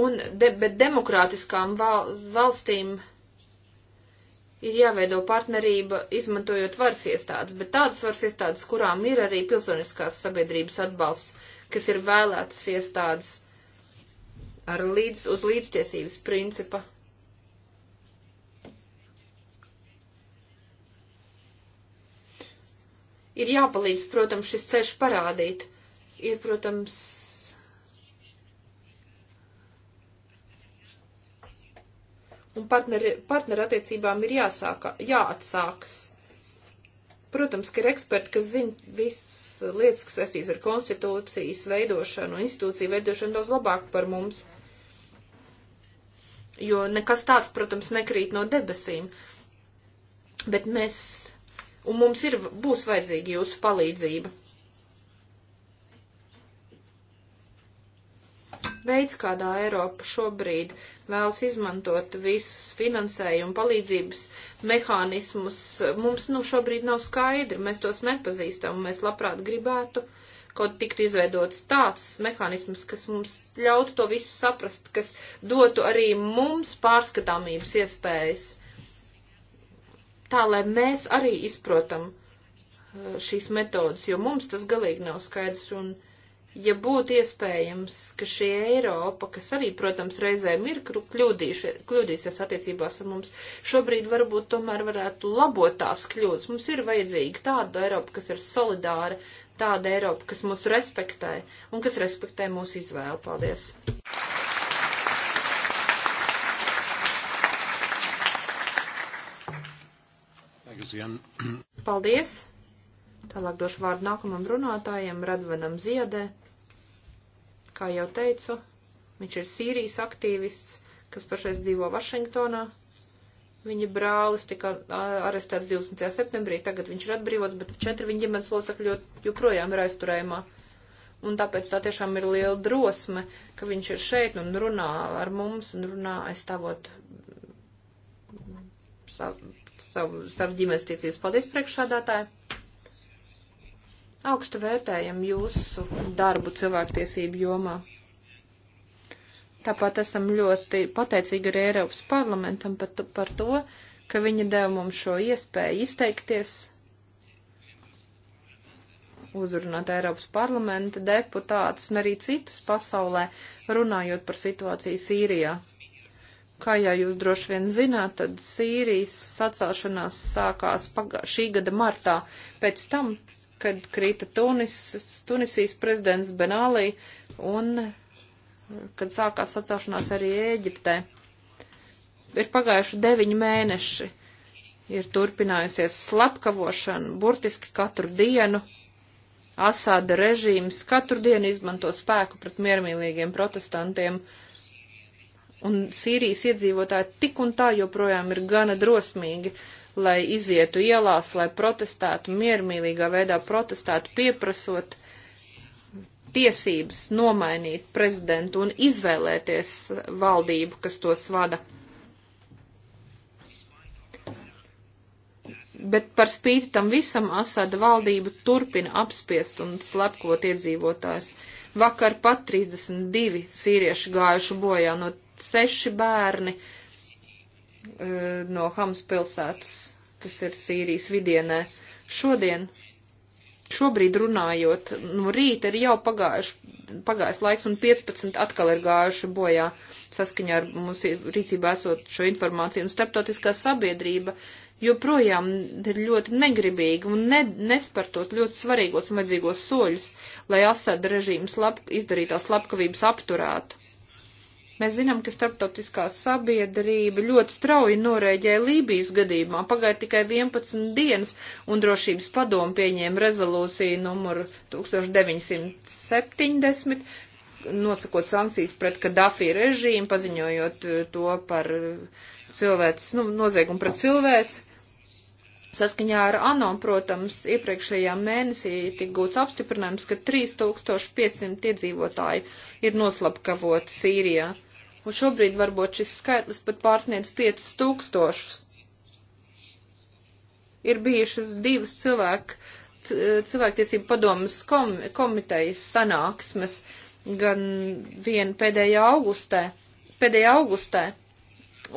S3: Un, de, bet demokrātiskām val, valstīm ir jāveido partnerība, izmantojot varas iestādes, bet tādas varas iestādes, kurām ir arī pilsoniskās sabiedrības atbalsts, kas ir vēlētas iestādes, ar līdz, uz līdztiesības principa. Ir jāpalīdz, protams, šis ceļš parādīt. Ir, protams, un partneri, partnerattiecībām ir jāsāka, jāatsākas. Protams, ka ir eksperti, kas zina visas lietas, kas saistīs ar konstitūcijas veidošanu un institūciju veidošanu daudz labāk par mums. Jo nekas tāds, protams, nekrīt no debesīm. Bet mēs, un mums ir, būs vajadzīga jūsu palīdzība. veids, kādā Eiropa šobrīd vēlas izmantot visus finansējumu palīdzības mehānismus, mums nu šobrīd nav skaidri, mēs tos nepazīstam, mēs labprāt gribētu kaut tiktu izveidots tāds mehānisms, kas mums ļautu to visu saprast, kas dotu arī mums pārskatāmības iespējas. Tā, lai mēs arī izprotam uh, šīs metodas, jo mums tas galīgi nav skaidrs un skaidrs ja būtu iespējams, ka šī Eiropa, kas arī, protams, reizēm ir kļūdīsies attiecībās ar mums, šobrīd varbūt tomēr varētu labot tās kļūdas. Mums ir vajadzīga tāda Eiropa, kas ir solidāra, tāda Eiropa, kas mūs respektē un kas respektē mūsu izvēlu. Paldies! Paldies! Tālāk došu vārdu nākamam runātājam, Radvanam Ziedē. Kā jau teicu, viņš ir Sīrijas aktīvists, kas pašais dzīvo Vašingtonā. Viņa brālis tika arestēts 20. septembrī, tagad viņš ir atbrīvots, bet četri viņa ģimenes locekļi joprojām ir aizturējumā. Un tāpēc tā tiešām ir liela drosme, ka viņš ir šeit un runā ar mums un runā aizstāvot savu, savu, savu ģimenes tiesības. Paldies priekšādātāji! Augstu vērtējam jūsu darbu cilvēktiesību jomā. Tāpat esam ļoti pateicīgi arī Eiropas parlamentam par to, ka viņi deva mums šo iespēju izteikties, uzrunāt Eiropas parlamenta deputātus un arī citus pasaulē, runājot par situāciju Sīrijā. Kā jau jūs droši vien zināt, tad Sīrijas sacelšanās sākās šī gada martā. Pēc tam kad krita Tunis, Tunisijas prezidents Benālī un kad sākās sacelšanās arī Ēģiptē. Ir pagājuši deviņi mēneši, ir turpinājusies slepkavošana burtiski katru dienu. Asāda režīms katru dienu izmanto spēku pret miermīlīgiem protestantiem, un Sīrijas iedzīvotāji tik un tā joprojām ir gana drosmīgi lai izietu ielās, lai protestētu, miermīlīgā veidā protestētu, pieprasot tiesības nomainīt prezidentu un izvēlēties valdību, kas to svada. Bet par spīti tam visam Asada valdība turpina apspiest un slepkot iedzīvotājus. Vakar pat 32 sīrieši gājuši bojā no seši bērni, uh, Eh, no Hams pilsētas, kas ir Sīrijas vidienē. Šodien, šobrīd runājot, no rīta ir jau pagājuši, pagājis laiks un 15 atkal ir gājuši bojā saskaņā ar mums rīcībā esot šo informāciju. Un starptautiskā sabiedrība joprojām ir ļoti negribīgi un ne, nespar tos ļoti svarīgos un vajadzīgos soļus, lai Asada režīmas lab, izdarītās labkavības apturētu. Mēs zinām, ka starptautiskā sabiedrība ļoti strauji norēģēja Lībijas gadījumā. Pagāja tikai 11 dienas, un drošības padomu pieņēma rezolūciju numuru 1970, nosakot sankcijas pret Kadafī režīmu, paziņojot eh, to par eh, cilvēks, nu, noziegumu pret cilvēks. Saskaņā ar ANO, protams, iepriekšējā mēnesī tika gūts apstiprinājums, ka 3500 iedzīvotāji ir noslapkavoti Sīrijā. Un šobrīd varbūt šis skaitlis pat pārsniedz 5000. Ir bijušas divas cilvēku, cilvēktiesību padomas kom, komitejas sanāksmes, gan viena pēdējā augustē, pēdējā augustē.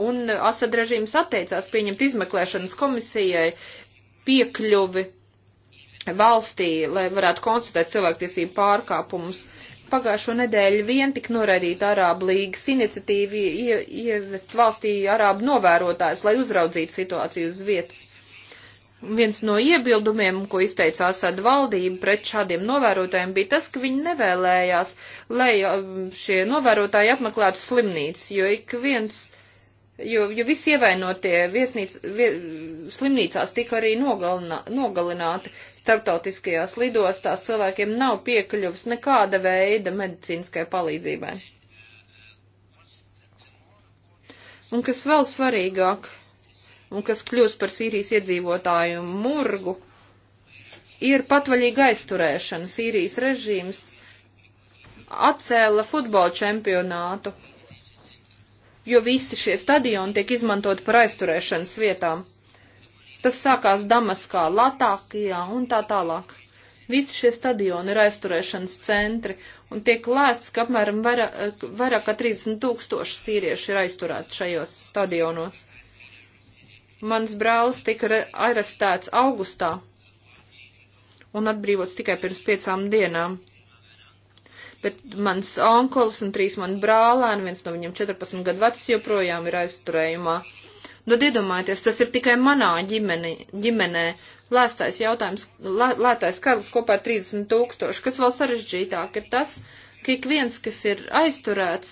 S3: Un Asad režīms atteicās pieņemt izmeklēšanas komisijai piekļuvi valstī, lai varētu konstatēt cilvēktiesību pārkāpumus. Uh, pagājušo nedēļu vien tik noraidīta Arābu līgas iniciatīva ie, ievest valstī Arābu novērotājus, lai uzraudzītu situāciju uz vietas. Viens no iebildumiem, ko izteica Asada valdība pret šādiem novērotājiem, bija tas, ka viņi nevēlējās, lai um, šie novērotāji apmeklētu slimnīcas, jo ik viens, jo, jo visi ievainotie viesnīc, vie, slimnīcās tika arī nogalina, nogalināti starptautiskajās lidostās cilvēkiem nav piekļuvs nekāda veida medicīniskai palīdzībai. Un kas vēl svarīgāk, un kas kļūst par Sīrijas iedzīvotāju murgu, ir patvaļīga aizturēšana. Sīrijas režīms atcēla futbola čempionātu, jo visi šie stadioni tiek izmantoti par aizturēšanas vietām. Tas sākās Damaskā, Latākijā un tā tālāk. Visi šie stadioni ir aizturēšanas centri, un tiek lēsts, ka apmēram vairāk, vairāk kā 30 tūkstoši sīrieši ir aizturēti šajos stadionos. Mans brālis tika arestēts augustā un atbrīvots tikai pirms piecām dienām. Bet mans onkulis un trīs mani brālēni, viens no viņiem 14 gadu vecs, joprojām ir aizturējumā. Uh, Nu, iedomājieties, tas ir tikai manā ģimeni, ģimenē. Lēstais jautājums, lē, lētais karls kopā ir 30 tūkstoši. Kas vēl sarežģītāk ir tas, ka ik viens, kas ir aizturēts,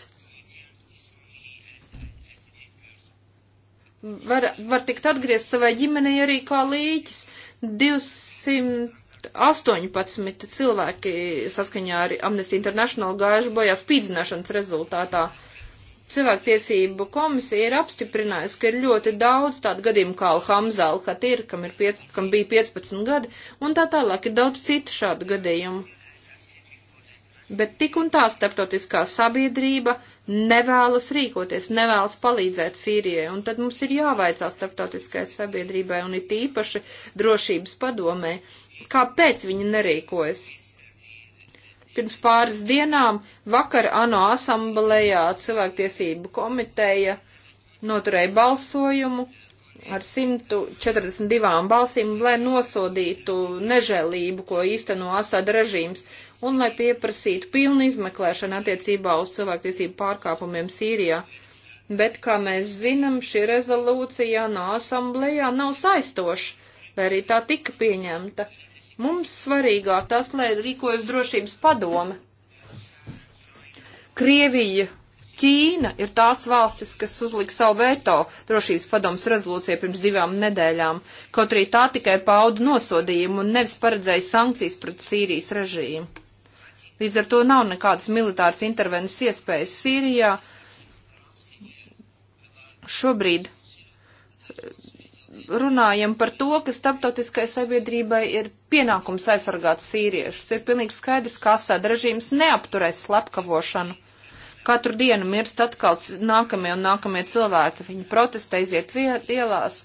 S3: var, var tikt atgriezt savai ģimenei arī kā līķis. 218 cilvēki saskaņā ar Amnesty International gājuši bojā spīdzināšanas rezultātā. Uh, Cilvēktiesību komisija ir apstiprinājusi, ka ir ļoti daudz tādu gadījumu kā Alhamzāla, kā ir, kam, ir piet, kam bija 15 gadi, un tā tālāk ir daudz citu šādu gadījumu. Bet tik un tā starptautiskā sabiedrība nevēlas rīkoties, nevēlas palīdzēt Sīrijai, un tad mums ir jāvaicā starptautiskai sabiedrībai un it īpaši drošības padomē, kāpēc viņi nerīkojas. Pirms pāris dienām vakar ANO asamblējā cilvēktiesību komiteja noturēja balsojumu ar 142 balsīm, lai nosodītu nežēlību, ko īsteno Asada režīms, un lai pieprasītu pilnu izmeklēšanu attiecībā uz cilvēktiesību pārkāpumiem Sīrijā. Bet, kā mēs zinām, šī rezolūcija no asamblējā nav saistoša, vai arī tā tika pieņemta. Mums svarīgāk tas, lai rīkojas drošības padome. Krievija, Ķīna ir tās valstis, kas uzlika savu veto drošības padomas rezolūcijai pirms divām nedēļām, kaut arī tā tikai pauda nosodījumu un nevis paredzēja sankcijas pret Sīrijas režīmu. Līdz ar to nav nekādas militāras intervences iespējas Sīrijā. Šobrīd runājam par to, ka starptautiskai sabiedrībai ir pienākums aizsargāt sīriešus. Ir pilnīgi skaidrs, ka Asad režīms neapturēs slepkavošanu. Katru dienu mirst atkal nākamie un nākamie cilvēki. Viņi protestē, iziet ielās,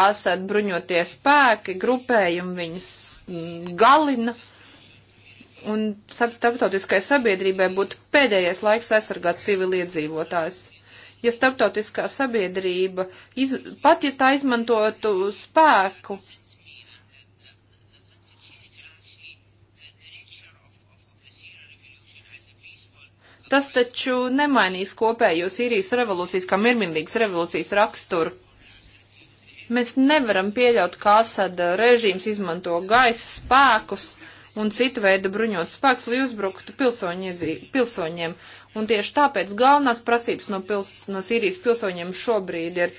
S3: Asad bruņotie spēki, grupējumi viņus mm, galina. Un starptautiskai sabiedrībai būtu pēdējais laiks aizsargāt civiliedzīvotājus ja starptautiskā sabiedrība, iz, pat ja tā izmantotu spēku, tas taču nemainīs kopējo Sīrijas revolūcijas, kā miermīlīgas revolūcijas raksturu. Mēs nevaram pieļaut, ka Asada režīms izmanto gaisa spēkus un citu veidu bruņot spēks, lai uzbruktu pilsoņiem. Un tieši tāpēc galvenās prasības no, pils, no Sīrijas pilsoņiem šobrīd ir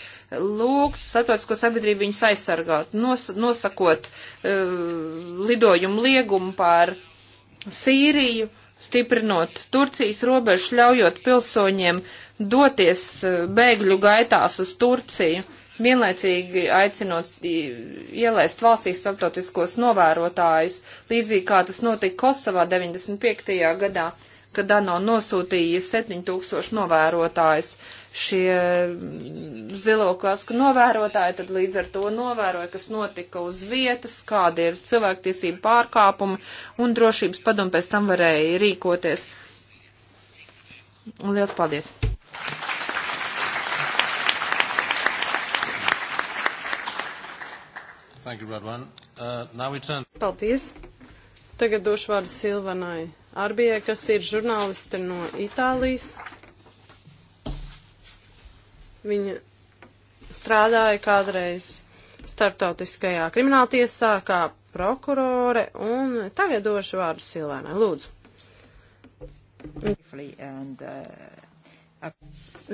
S3: lūgt starptautisko sabiedrību viņus aizsargāt, nos, nosakot uh, lidojumu liegumu pār Sīriju, stiprinot Turcijas robežu, ļaujot pilsoņiem doties eh, bēgļu gaitās uz Turciju vienlaicīgi aicinot ielaist valstīs starptautiskos novērotājus, līdzīgi kā tas notika Kosovā 95. gadā kad ANO nosūtīja 7000 novērotājus. Šie zilo klasku novērotāji tad līdz ar to novēroja, kas notika uz vietas, kādi ir cilvēktiesību pārkāpumi, un drošības padomu pēc tam varēja rīkoties. Un liels paldies! Thank you, Radwan. Uh, now we turn...
S1: Paldies! tagad došu vārdu Silvanai Arbijai, kas ir žurnāliste no Itālijas. Viņa strādāja kādreiz starptautiskajā krimināltiesā kā prokurore, un tagad došu vārdu Silvanai. Lūdzu. And, uh...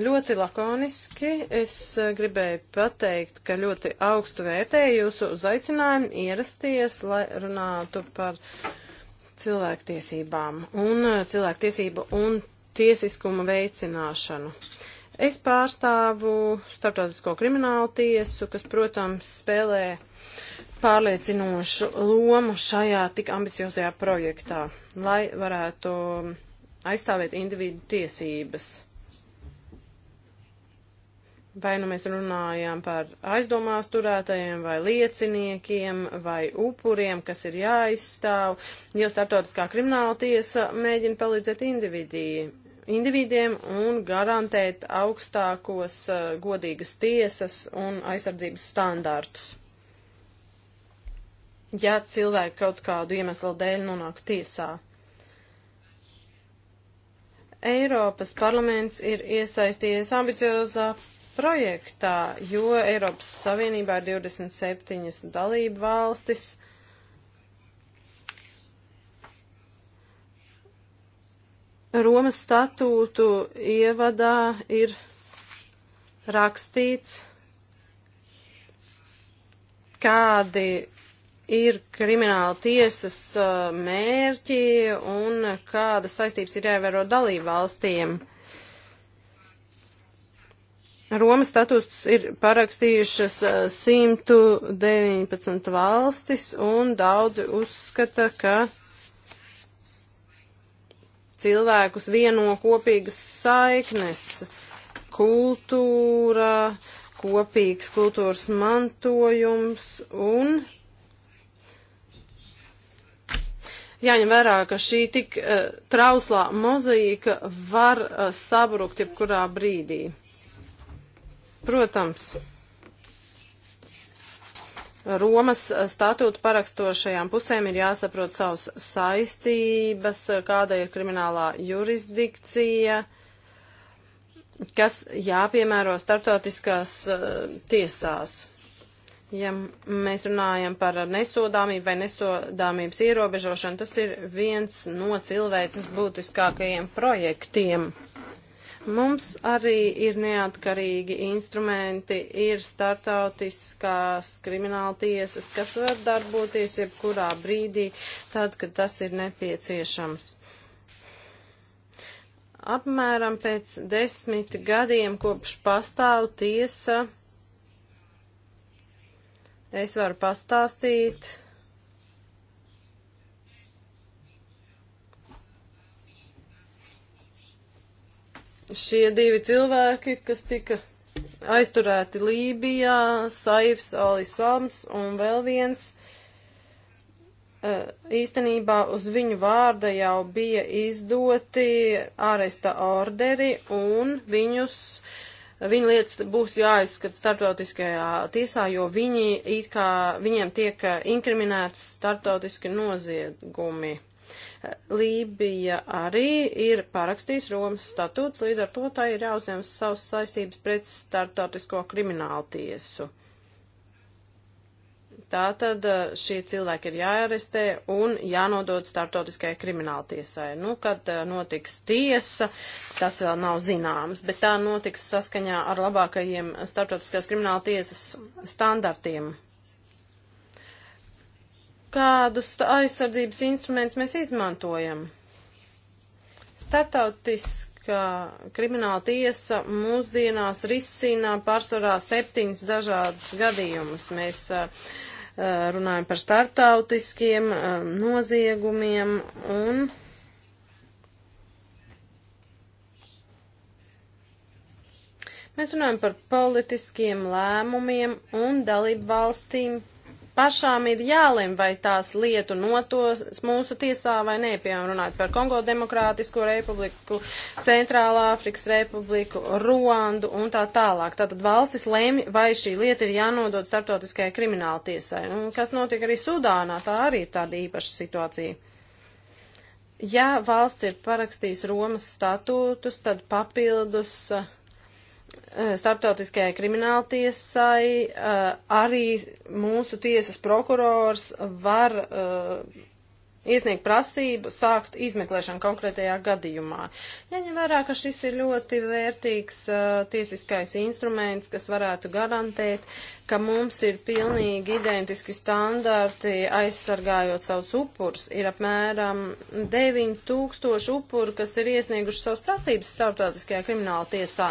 S1: Ļoti lakoniski es eh, gribēju pateikt, ka ļoti augstu vērtēju jūsu uzaicinājumu ierasties, lai runātu par cilvēktiesībām un eh, cilvēktiesību un tiesiskuma veicināšanu. Es pārstāvu starptautisko kriminālu tiesu, kas, protams, spēlē pārliecinošu lomu šajā tik ambiciozajā projektā, lai varētu aizstāvēt individu tiesības vai nu mēs runājam par aizdomās turētajiem, vai lieciniekiem, vai upuriem, kas ir jāizstāv, jo starptautiskā krimināla tiesa mēģina palīdzēt individiem, individiem un garantēt augstākos uh, godīgas tiesas un aizsardzības standārtus. Ja cilvēki kaut kādu iemeslu dēļ nonāk tiesā. Eiropas parlaments ir iesaistījies ambiciozā projektā, jo Eiropas Savienībā ir 27 dalību valstis. Romas statūtu ievadā ir rakstīts, kādi ir krimināla tiesas uh, mērķi un kādas saistības ir jāievēro dalību valstīm. Uh, Romas status ir parakstījušas 119 valstis, un daudzi uzskata, ka cilvēkus vieno kopīgas saiknes, kultūra, kopīgs kultūras mantojums un jāņem vērā, ka šī tik uh, trauslā mozaīka var uh, sabrukt jebkurā brīdī. Protams. Romas statūtu parakstošajām pusēm ir jāsaprot savas saistības, kāda ir kriminālā jurisdikcija, kas jāpiemēro starptautiskās uh, tiesās. Ja mēs runājam par nesodāmību vai nesodāmības ierobežošanu, tas ir viens no cilvēces būtiskākajiem projektiem. Mums arī ir neatkarīgi instrumenti, ir startautiskās krimināla tiesas, kas var darboties jebkurā brīdī, tad, kad tas ir nepieciešams. Apmēram pēc desmit gadiem kopš pastāv tiesa, es varu pastāstīt Šie divi cilvēki, kas tika aizturēti Lībijā, Saifs Alisams un vēl viens, eh, īstenībā uz viņu vārda jau bija izdoti āresta orderi un viņus, viņu lietas būs jāizskat starptautiskajā tiesā, jo viņi it kā, viņiem tiek eh, inkriminēts starptautiski noziegumi. Lībija arī ir parakstījis Romas statūts, līdz ar to tā ir jāuzņemas savas saistības pret startautisko kriminālu tiesu. Tātad eh, šie cilvēki ir jāarestē un jānodod startautiskajai krimināltiesai. Nu, kad eh, notiks tiesa, tas vēl nav zināms, bet tā notiks saskaņā ar labākajiem startautiskās krimināltiesas standartiem kādus aizsardzības instrumentus mēs izmantojam. Startautiskā krimināla tiesa mūsdienās risina pārsvarā septiņus dažādus gadījumus. Mēs uh, runājam par startautiskiem uh, noziegumiem un. Mēs runājam par politiskiem lēmumiem un dalību valstīm pašām ir jālem, vai tās lietu notos mūsu tiesā vai nē, piemēram, runājot par Kongo Demokrātisko republiku, Centrālā Afrikas republiku, Ruandu un tā tālāk. Tātad valstis lēmi, vai šī lieta ir jānodod starptautiskajai krimināla tiesai. Un kas notiek arī Sudānā, tā arī ir tāda īpaša situācija. Ja valsts ir parakstījis Romas statūtus, tad papildus uh, Eh, starptautiskajai krimināla tiesai, eh, arī mūsu tiesas prokurors var eh, iesniegt prasību, sākt izmeklēšanu konkrētajā gadījumā. Jaņem vērā, ka šis ir ļoti vērtīgs uh, tiesiskais instruments, kas varētu garantēt, ka mums ir pilnīgi identiski standarti aizsargājot savus upurus. Ir apmēram 9000 upuru, kas ir iesnieguši savus prasības starptautiskajā krimināla tiesā.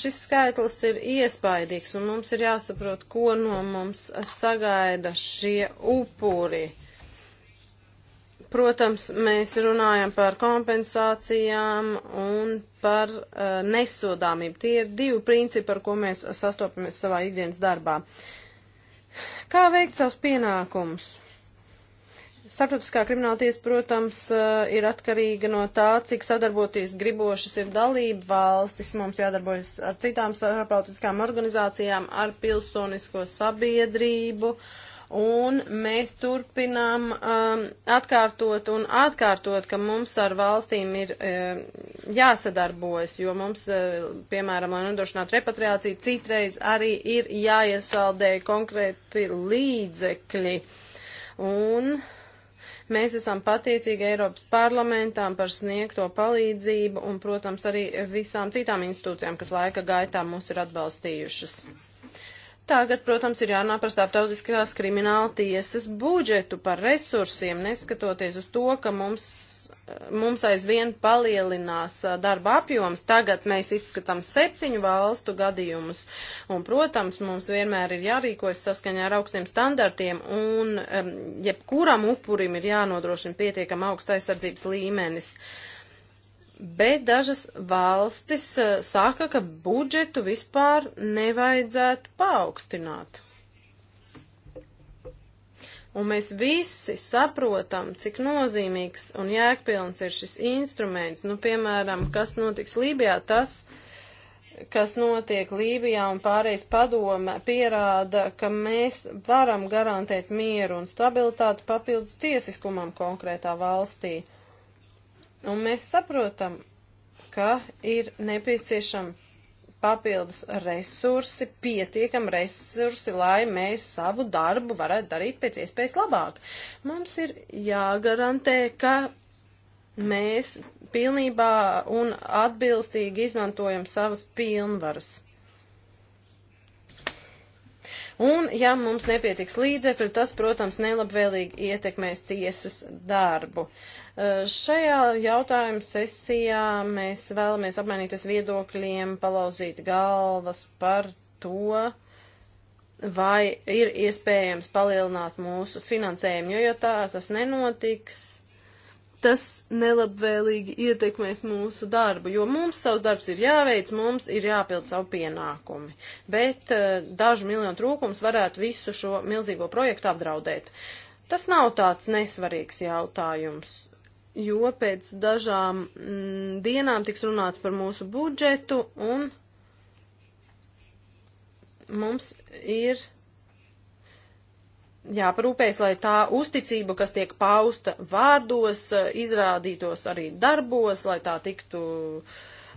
S1: Šis skaitlis ir iespaidīgs, un mums ir jāsaprot, ko no mums sagaida šie upuri. Protams, mēs runājam par kompensācijām un par uh, nesodāmību. Tie ir divi principi, par ko mēs sastopamies savā ikdienas darbā. Kā veikt savus pienākumus? Starptautiskā krimināltiesa, protams, eh, ir atkarīga no tā, cik sadarboties gribošas ir dalība valstis. Mums jādarbojas ar citām starptautiskām organizācijām, ar pilsonisko sabiedrību. Uh, un mēs turpinām um, atkārtot un atkārtot, ka mums ar valstīm ir um, jāsadarbojas, jo mums, um, piemēram, lai nodrošinātu repatriāciju, citreiz arī ir jāiesaldē konkrēti līdzekļi. Un mēs esam pateicīgi Eiropas parlamentām par sniegto palīdzību un, protams, arī visām citām institūcijām, kas laika gaitā mūs ir atbalstījušas tagad, protams, ir jārunā par starptautiskās krimināla tiesas budžetu, par resursiem, neskatoties uz to, ka mums, mums aizvien palielinās darba apjoms. Tagad mēs izskatām septiņu valstu gadījumus, un, protams, mums vienmēr ir jārīkojas saskaņā ar augstiem standartiem, un jebkuram upurim ir jānodrošina pietiekam augsts aizsardzības līmenis. Uh, bet dažas valstis eh, saka, ka budžetu vispār nevajadzētu paaugstināt. Un mēs visi saprotam, cik nozīmīgs un jēgpilns ir šis instruments. Nu, piemēram, kas notiks Lībijā, tas, kas notiek Lībijā un pārējais padome, pierāda, ka mēs varam garantēt mieru un stabilitāti papildus tiesiskumam konkrētā valstī. Uh, Un mēs saprotam, ka ir nepieciešami papildus resursi, pietiekami resursi, lai mēs savu darbu varētu darīt pēc iespējas labāk. Mums ir jāgarantē, ka mēs pilnībā un atbilstīgi izmantojam savas pilnvaras. Un, ja mums nepietiks līdzekļu, tas, protams, nelabvēlīgi ietekmēs tiesas darbu. Uh, šajā jautājuma sesijā mēs vēlamies apmainīties viedokļiem, palauzīt galvas par to, vai ir iespējams palielināt mūsu finansējumu, jo, ja tā tas nenotiks, tas nelabvēlīgi ietekmēs mūsu darbu, jo mums savs darbs ir jāveic, mums ir jāpild savu pienākumi. Bet uh, dažu miljonu trūkums varētu visu šo milzīgo projektu apdraudēt. Tas nav tāds nesvarīgs jautājums, jo pēc dažām mm, dienām tiks runāts par mūsu budžetu un mums ir jāparūpējas, lai tā uzticība, kas tiek pausta vārdos, izrādītos arī darbos, lai tā tiktu,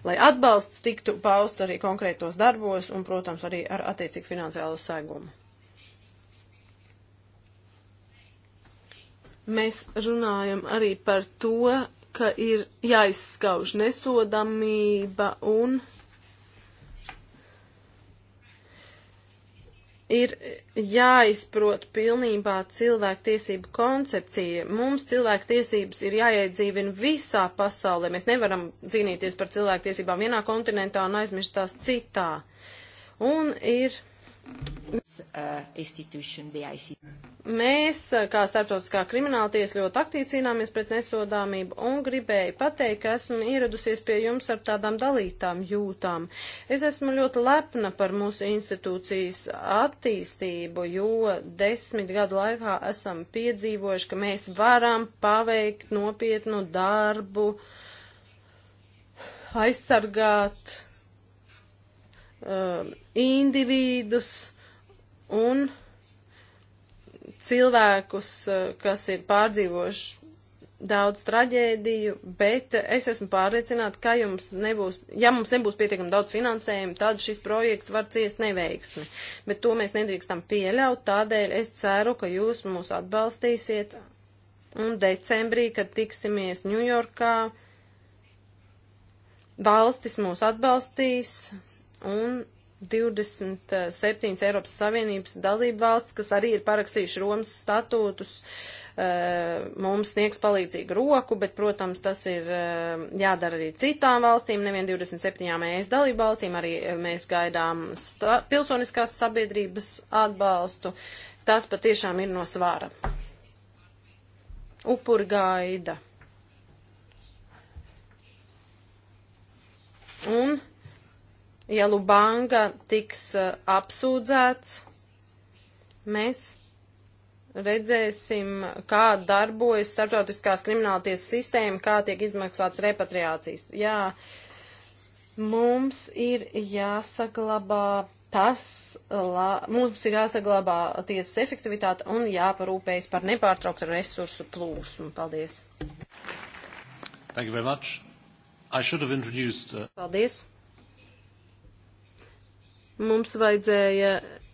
S1: lai atbalsts tiktu paust arī konkrētos darbos un, protams, arī ar attiecīgu finansiālo segumu. Mēs runājam arī par to, ka ir jāizskauž nesodamība un ir jāizprot pilnībā cilvēktiesību koncepcija. Mums cilvēktiesības ir jāiedzīvina visā pasaulē. Mēs nevaram cīnīties par cilvēktiesībām vienā kontinentā un aizmirst tās citā. Un ir Uh, institution, the ICC. Mēs, uh, kā starptautiskā krimināltiesa, ļoti aktīvi cīnāmies pret nesodāmību un gribēju pateikt, ka esmu ieradusies pie jums ar tādām dalītām jūtām. Es esmu ļoti lepna par mūsu institūcijas attīstību, jo desmit gadu laikā esam piedzīvojuši, ka mēs varam paveikt nopietnu darbu, aizsargāt uh, individus un cilvēkus, eh, kas ir pārdzīvojuši daudz traģēdiju, bet es esmu pārliecināta, ka jums nebūs, ja mums nebūs pietiekami daudz finansējumu, tad šis projekts var ciest neveiksmi. Bet to mēs nedrīkstam pieļaut, tādēļ es ceru, ka jūs mūs atbalstīsiet. Un decembrī, kad tiksimies Ņujorkā, valstis mūs atbalstīs un 27 Eiropas Savienības dalību valsts, kas arī ir parakstījuši Romas statūtus, eh, mums sniegs palīdzīgu roku, bet, protams, tas ir eh, jādara arī citām valstīm, nevien 27 ES dalību valstīm, arī eh, mēs gaidām pilsoniskās sabiedrības atbalstu. Tas patiešām ir no svāra. Upur gaida. Un ja Lubanga tiks eh, apsūdzēts, mēs redzēsim, kā darbojas starptautiskās krimināltiesas sistēma, kā tiek izmaksāts repatriācijas. Jā, mums ir jāsaglabā tas, la, mums ir jāsaglabā tiesas efektivitāte un jāparūpējas par nepārtrauktu resursu plūsmu. Paldies!
S2: Thank you very much. I should have introduced. Uh...
S1: Paldies! mums vajadzēja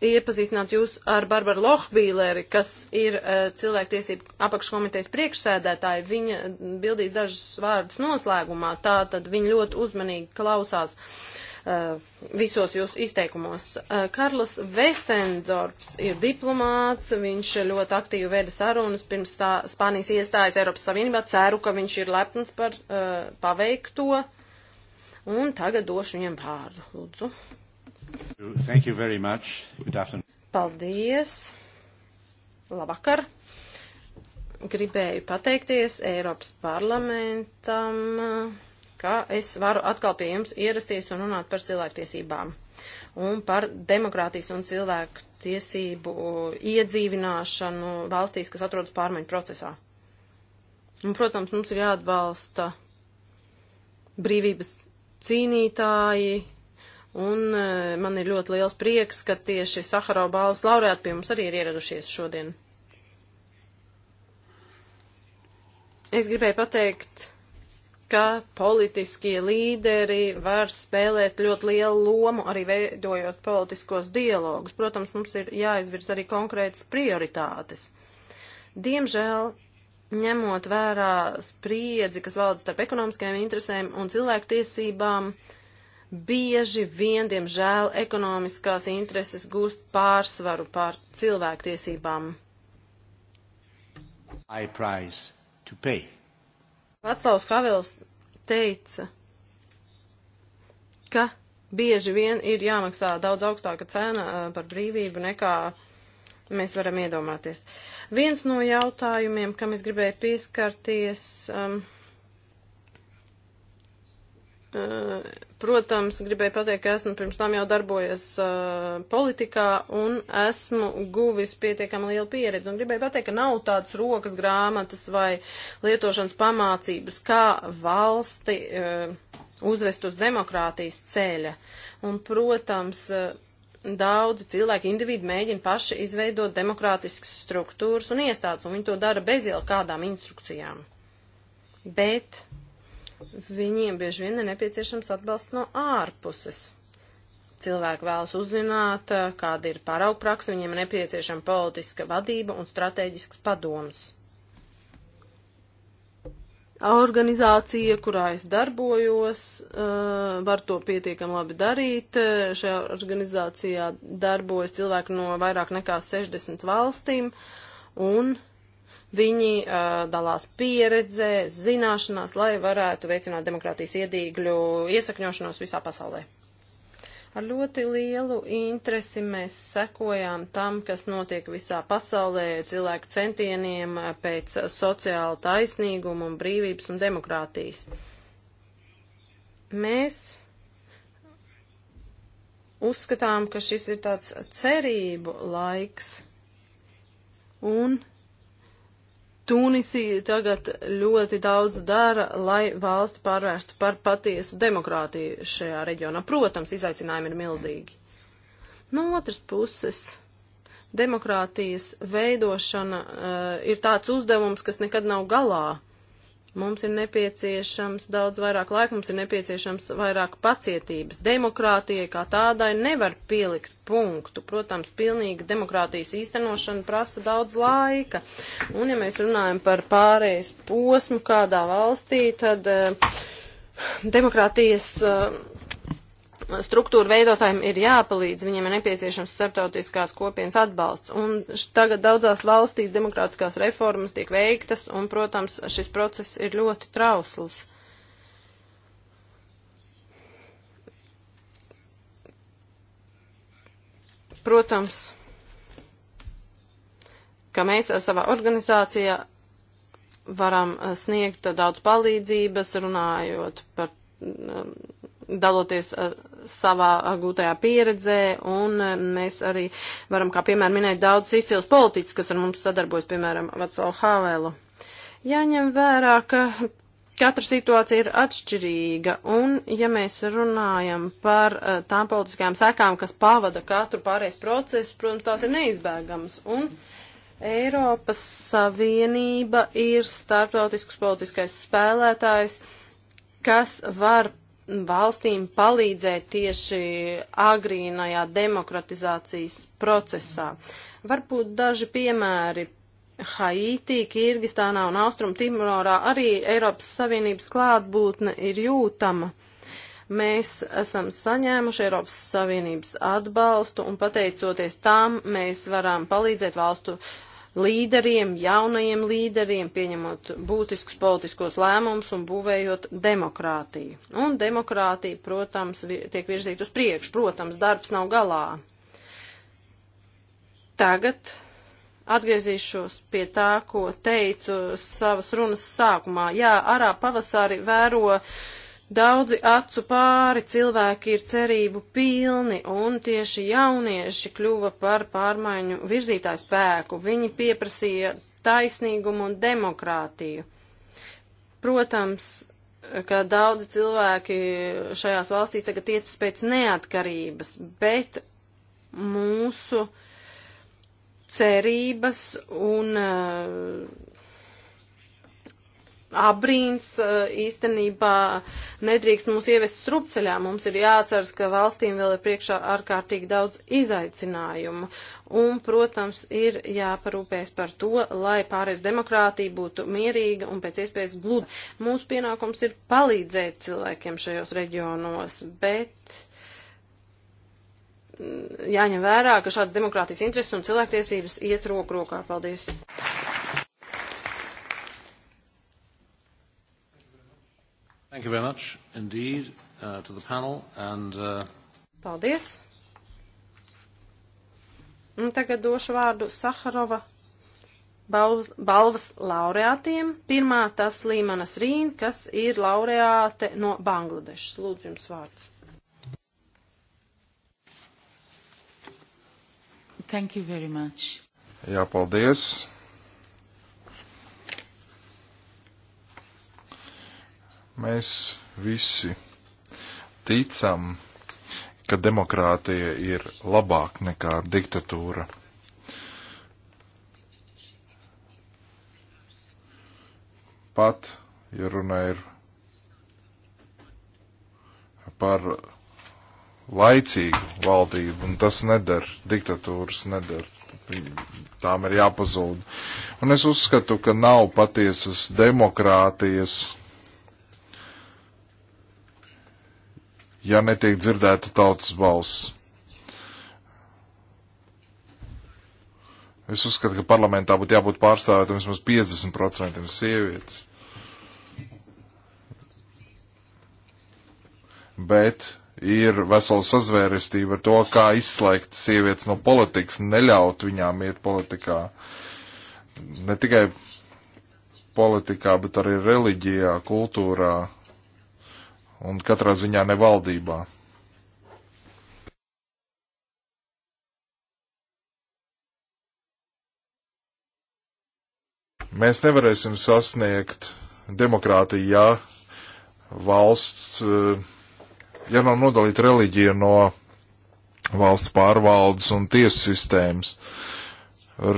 S1: iepazīstināt jūs ar Barbaru Lohbīleri, kas ir uh, cilvēktiesību apakškomitejas priekšsēdētāja. Viņa bildīs dažus vārdus noslēgumā, tā tad viņa ļoti uzmanīgi klausās uh, visos jūs izteikumos. Uh, Karls Vestendorps ir diplomāts, viņš ļoti aktīvi veda sarunas pirms tā, Spānijas iestājas Eiropas Savienībā. Ceru, ka viņš ir lepns par uh, paveikto. Un tagad došu viņam vārdu, lūdzu.
S3: Thank you very much. Good afternoon.
S1: Paldies. Labvakar. Gribēju pateikties Eiropas parlamentam, ka es varu atkal pie jums ierasties un runāt par cilvēktiesībām un par demokrātijas un cilvēku tiesību iedzīvināšanu valstīs, kas atrodas pārmaiņu procesā. Un, protams, mums ir jāatbalsta brīvības cīnītāji, Un e, man ir ļoti liels prieks, ka tieši Sahara balvas laureāti pie mums arī ir ieradušies šodien. Es gribēju pateikt, ka politiskie līderi var spēlēt ļoti lielu lomu arī veidojot politiskos dialogus. Protams, mums ir jāizvirz arī konkrētas prioritātes. Diemžēl ņemot vērā spriedzi, kas valda starp ekonomiskajām interesēm un cilvēktiesībām, uh, Bieži vien, diemžēl, ekonomiskās intereses gūst pārsvaru pār cilvēktiesībām. Vaclavs Havels teica, ka bieži vien ir jāmaksā daudz augstāka cena eh, par brīvību nekā mēs varam iedomāties. Viens no jautājumiem, kam es gribēju pieskarties, um, Protams, gribēju pateikt, ka esmu pirms tam jau darbojies uh, politikā un esmu guvis pietiekami lielu pieredzi. Un gribēju pateikt, ka nav tādas rokas grāmatas vai lietošanas pamācības, kā valsti uh, uzvest uz demokrātijas ceļa. Un, protams, uh, daudzi cilvēki, individu mēģina paši izveidot demokrātiskas struktūras un iestādes, un viņi to dara bez jau kādām instrukcijām. Bet Viņiem bieži vien ir nepieciešams atbalsts no ārpuses. Cilvēki vēlas uzzināt, eh, kāda ir paraugpraksa, viņiem ir nepieciešama politiska vadība un strateģisks padoms. Organizācija, kurā es darbojos, eh, var to pietiekami labi darīt. Eh, šajā organizācijā darbojas cilvēki no vairāk nekā 60 valstīm, un Viņi uh, dalās pieredzē, zināšanās, lai varētu veicināt demokrātijas iedīgļu iesakņošanos visā pasaulē. Ar ļoti lielu interesi mēs sekojām tam, kas notiek visā pasaulē, cilvēku centieniem pēc sociāla taisnīguma un brīvības un demokrātijas. Mēs uzskatām, ka šis ir tāds cerību laiks un Tunisija tagad ļoti daudz dara, lai valsti pārvērstu par patiesu demokrātiju šajā reģionā. Protams, izaicinājumi ir milzīgi. No otras puses, demokrātijas veidošana uh, ir tāds uzdevums, kas nekad nav galā. Mums ir nepieciešams daudz vairāk laika, mums ir nepieciešams vairāk pacietības. Demokrātijai kā tādai nevar pielikt punktu. Protams, pilnīga demokrātijas īstenošana prasa daudz laika. Un ja mēs runājam par pārējais posmu kādā valstī, tad uh, demokrātijas. Uh, struktūru veidotājiem ir jāpalīdz, viņiem ir nepieciešams starptautiskās kopienas atbalsts. Un tagad daudzās valstīs demokrātiskās reformas tiek veiktas, un, protams, šis process ir ļoti trausls. Protams, ka mēs savā organizācijā varam eh, sniegt daudz palīdzības, runājot par daloties savā gūtajā pieredzē, un mēs arī varam, kā piemēram, minēt daudzus izcils politiķus, kas ar mums sadarbojas, piemēram, Vaclavu Havelu. Jāņem vērā, ka katra situācija ir atšķirīga, un ja mēs runājam par tām politiskajām sekām, kas pavada katru pārējais procesu, protams, tās ir neizbēgamas. Un, Eiropas Savienība ir starptautisks politiskais spēlētājs, uh, kas var valstīm palīdzēt tieši agrīnajā demokratizācijas procesā. Varbūt daži piemēri. Haitī, Kirgistānā un Austrum Timorā arī Eiropas Savienības klātbūtne ir jūtama. Mēs esam saņēmuši Eiropas Savienības atbalstu un pateicoties tam mēs varam palīdzēt valstu uh, līderiem, jaunajiem līderiem, pieņemot būtiskus politiskos lēmumus un būvējot demokrātiju. Un demokrātija, protams, tiek virzīta uz priekšu, protams, darbs nav galā. Tagad atgriezīšos pie tā, ko teicu savas runas sākumā. Jā, arā pavasari vēro uh, Daudzi acu pāri cilvēki ir cerību pilni, un tieši jaunieši kļuva par pārmaiņu virzītāju spēku. Viņi pieprasīja taisnīgumu un demokrātiju. Protams, ka daudzi cilvēki šajās valstīs tagad tiecas pēc neatkarības, bet mūsu cerības un uh, abrīns eh, īstenībā nedrīkst mūs ievest strupceļā. Mums ir jāatceras, ka valstīm vēl ir priekšā ārkārtīgi daudz izaicinājumu. Un, protams, ir jāparūpēs par to, lai pārējais demokrātija būtu mierīga un pēc iespējas gluda. Mūsu pienākums ir palīdzēt cilvēkiem šajos reģionos, bet mm, jāņem vērā, ka šāds demokrātijas intereses un cilvēktiesības iet roku rokā. Paldies!
S3: Thank you very much indeed uh, to the panel and... Uh...
S1: Paldies. Un tagad došu vārdu Saharova balvas, balvas laureātiem. Pirmā tas Līmanas Rīna, kas ir laureāte no Bangladešas. Lūdzu, jums vārds. Thank you very much.
S2: Jā, paldies. Mēs visi ticam, ka demokrātija ir labāk nekā diktatūra. Pat, ja runa ir par laicīgu valdību, un tas nedara, diktatūras nedara. Tām ir jāpazūd. Un es uzskatu, ka nav patiesas demokrātijas ja netiek dzirdēta tautas balss. Es uzskatu, ka parlamentā būtu jābūt pārstāvētam vismaz 50% sievietes. Bet ir vesela sazvērestība ar to, kā izslēgt sievietes no politikas, neļaut viņām iet politikā. Ne tikai politikā, bet arī reliģijā, kultūrā un katrā ziņā ne valdībā. Mēs nevarēsim sasniegt demokrātiju, ja valsts, eh, ja nav nodalīta reliģija no valsts pārvaldes un tiesu sistēmas.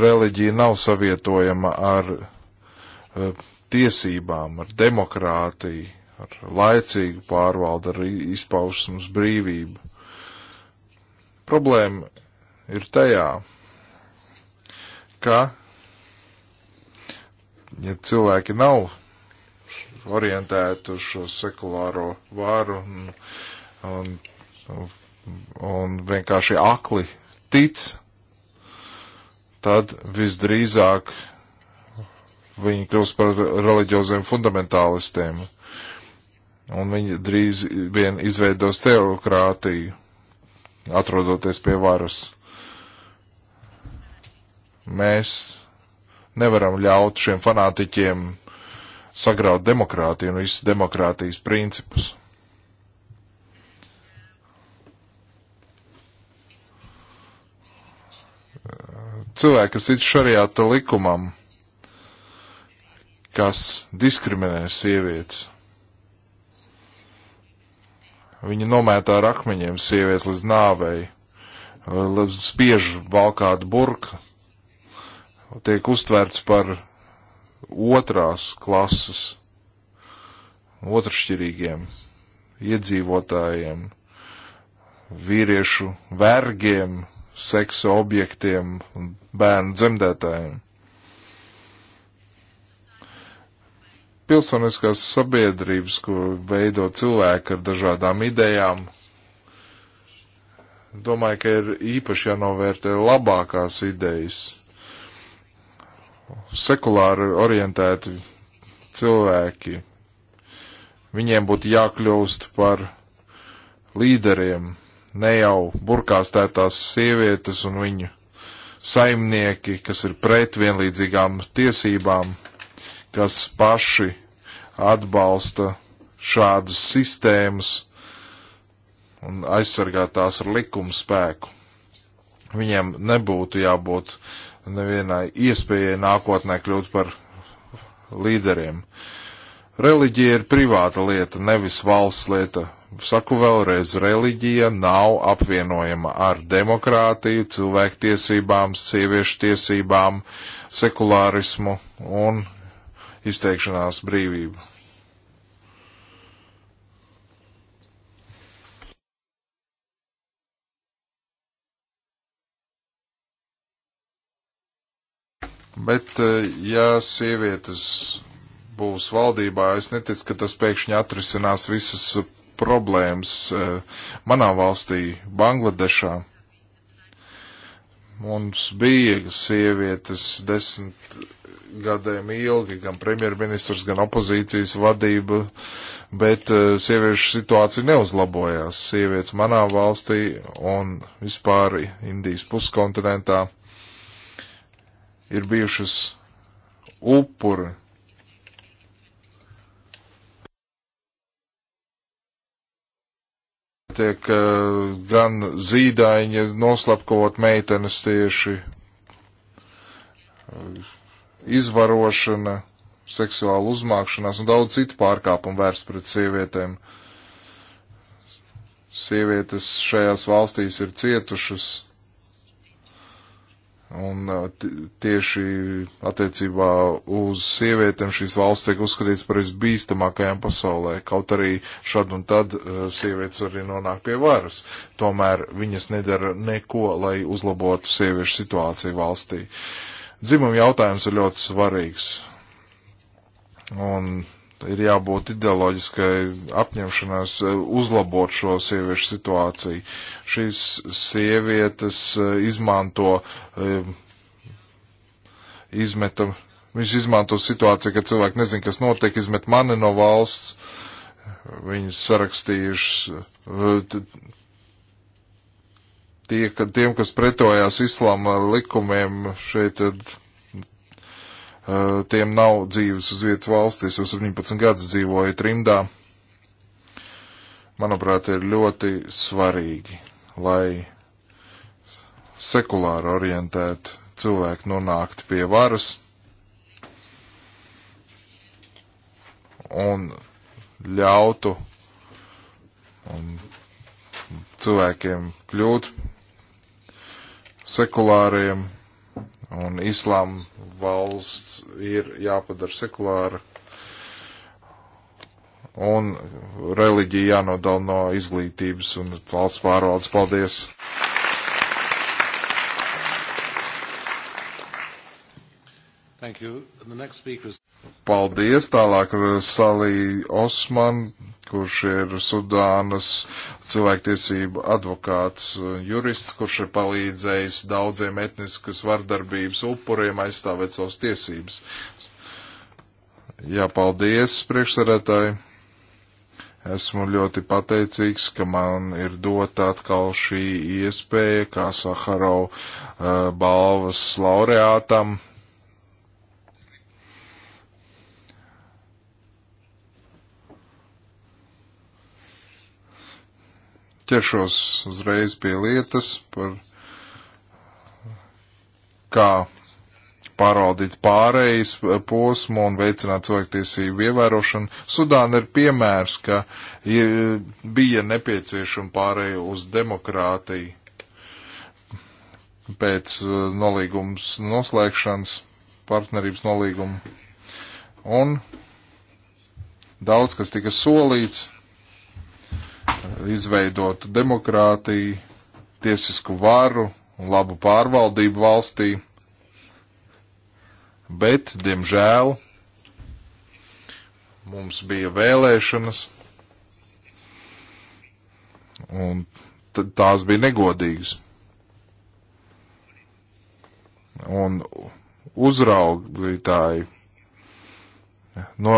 S2: Reliģija nav savietojama ar eh, tiesībām, ar demokrātiju ar laicīgu pārvaldu, ar izpausmas brīvību. Problēma ir tajā, ka, ja cilvēki nav orientēti uz šo sekulāro varu un, un, un vienkārši akli tic, tad visdrīzāk viņi kļūst par reliģioziem fundamentālistiem un viņi drīz vien izveidos teokrātiju, atrodoties pie varas. Mēs nevaram ļaut šiem fanātiķiem sagraut demokrātiju un visas demokrātijas principus. Cilvēki, kas ir šariāta likumam, kas diskriminē sievietes. Viņa nomētā ar akmeņiem sievietes līdz nāvei, spiež valkāt burka, tiek uztverts par otrās klases, otršķirīgiem iedzīvotājiem, vīriešu vergiem, seksa objektiem un bērnu dzemdētājiem. pilsoniskās sabiedrības, ko veido cilvēki ar dažādām idejām. Domāju, ka ir īpaši jānovērtē labākās idejas. Sekulāri orientēti cilvēki. Viņiem būtu jākļūst par līderiem, ne jau burkāstētās sievietes un viņu saimnieki, kas ir pret vienlīdzīgām tiesībām, kas paši atbalsta šādas sistēmas un aizsargā tās ar likumu spēku. Viņiem nebūtu jābūt nevienai iespējai nākotnē kļūt par līderiem. Reliģija ir privāta lieta, nevis valsts lieta. Saku vēlreiz, reliģija nav apvienojama ar demokrātiju, cilvēktiesībām, sieviešu tiesībām, sekulārismu un izteikšanās brīvību. Bet, eh, ja sievietes būs valdībā, es neticu, ka tas pēkšņi atrisinās visas eh, problēmas eh, manā valstī, Bangladešā. Mums bija sievietes desmit gadiem ilgi, gan premjerministrs, gan opozīcijas vadība, bet sieviešu situācija neuzlabojās. Sievietes manā valstī un vispār Indijas puskontinentā ir bijušas upuri. Tiek eh, gan zīdaiņa noslapkavot meitenes tieši eh, izvarošana, seksuāla uzmākšanās un daudz citu pārkāpumu vērsts pret sievietēm. Sievietes šajās valstīs ir cietušas Un tieši attiecībā uz sievietēm šīs valsts tiek uzskatīts par visbīstamākajām pasaulē, kaut arī šad un tad sievietes arī nonāk pie varas. Tomēr viņas nedara neko, lai uzlabotu sieviešu situāciju valstī. Dzimuma jautājums ir ļoti svarīgs. Un ir jābūt ideoloģiskai apņemšanās eh, uzlabot šo sieviešu situāciju. Šīs sievietes eh, izmanto, eh, izmeta, viņas izmanto situāciju, kad cilvēki nezin, kas notiek, izmet mani no valsts, viņas sarakstījušas. Tie, ka, tiem, kas pretojās islāma likumiem, šeit tad Eh, tiem nav dzīves uz vietas valstis, uz 17 gadus dzīvoju trimdā. Manuprāt, ir ļoti svarīgi, lai sekulāri orientēti cilvēki nonāktu pie varas un ļautu un cilvēkiem kļūt sekulāriem Un islāma valsts ir jāpadara sekulāra un reliģija jānodala no izglītības un valsts pārvaldes. Paldies! Paldies! Tālāk Salī Osman, kurš ir Sudānas cilvēktiesību advokāts, jurists, kurš ir palīdzējis daudziem etniskas vardarbības upuriem aizstāvēt savas tiesības. Jā, paldies, priekšsarētāji! Esmu ļoti pateicīgs, ka man ir dota atkal šī iespēja kā Saharau uh, eh, balvas laureātam ķeršos uzreiz pie lietas par kā pārvaldīt pārējais posmu un veicināt cilvēktiesību ievērošanu. Sudāna ir piemērs, ka ir, bija nepieciešama pārēja uz demokrātiju pēc uh, nolīgums noslēgšanas, partnerības nolīguma. Un daudz, kas tika solīts, izveidot demokrātiju, tiesisku varu un labu pārvaldību valstī. Bet, diemžēl, mums bija vēlēšanas, un tās bija negodīgas. Un uzraudzītāji no,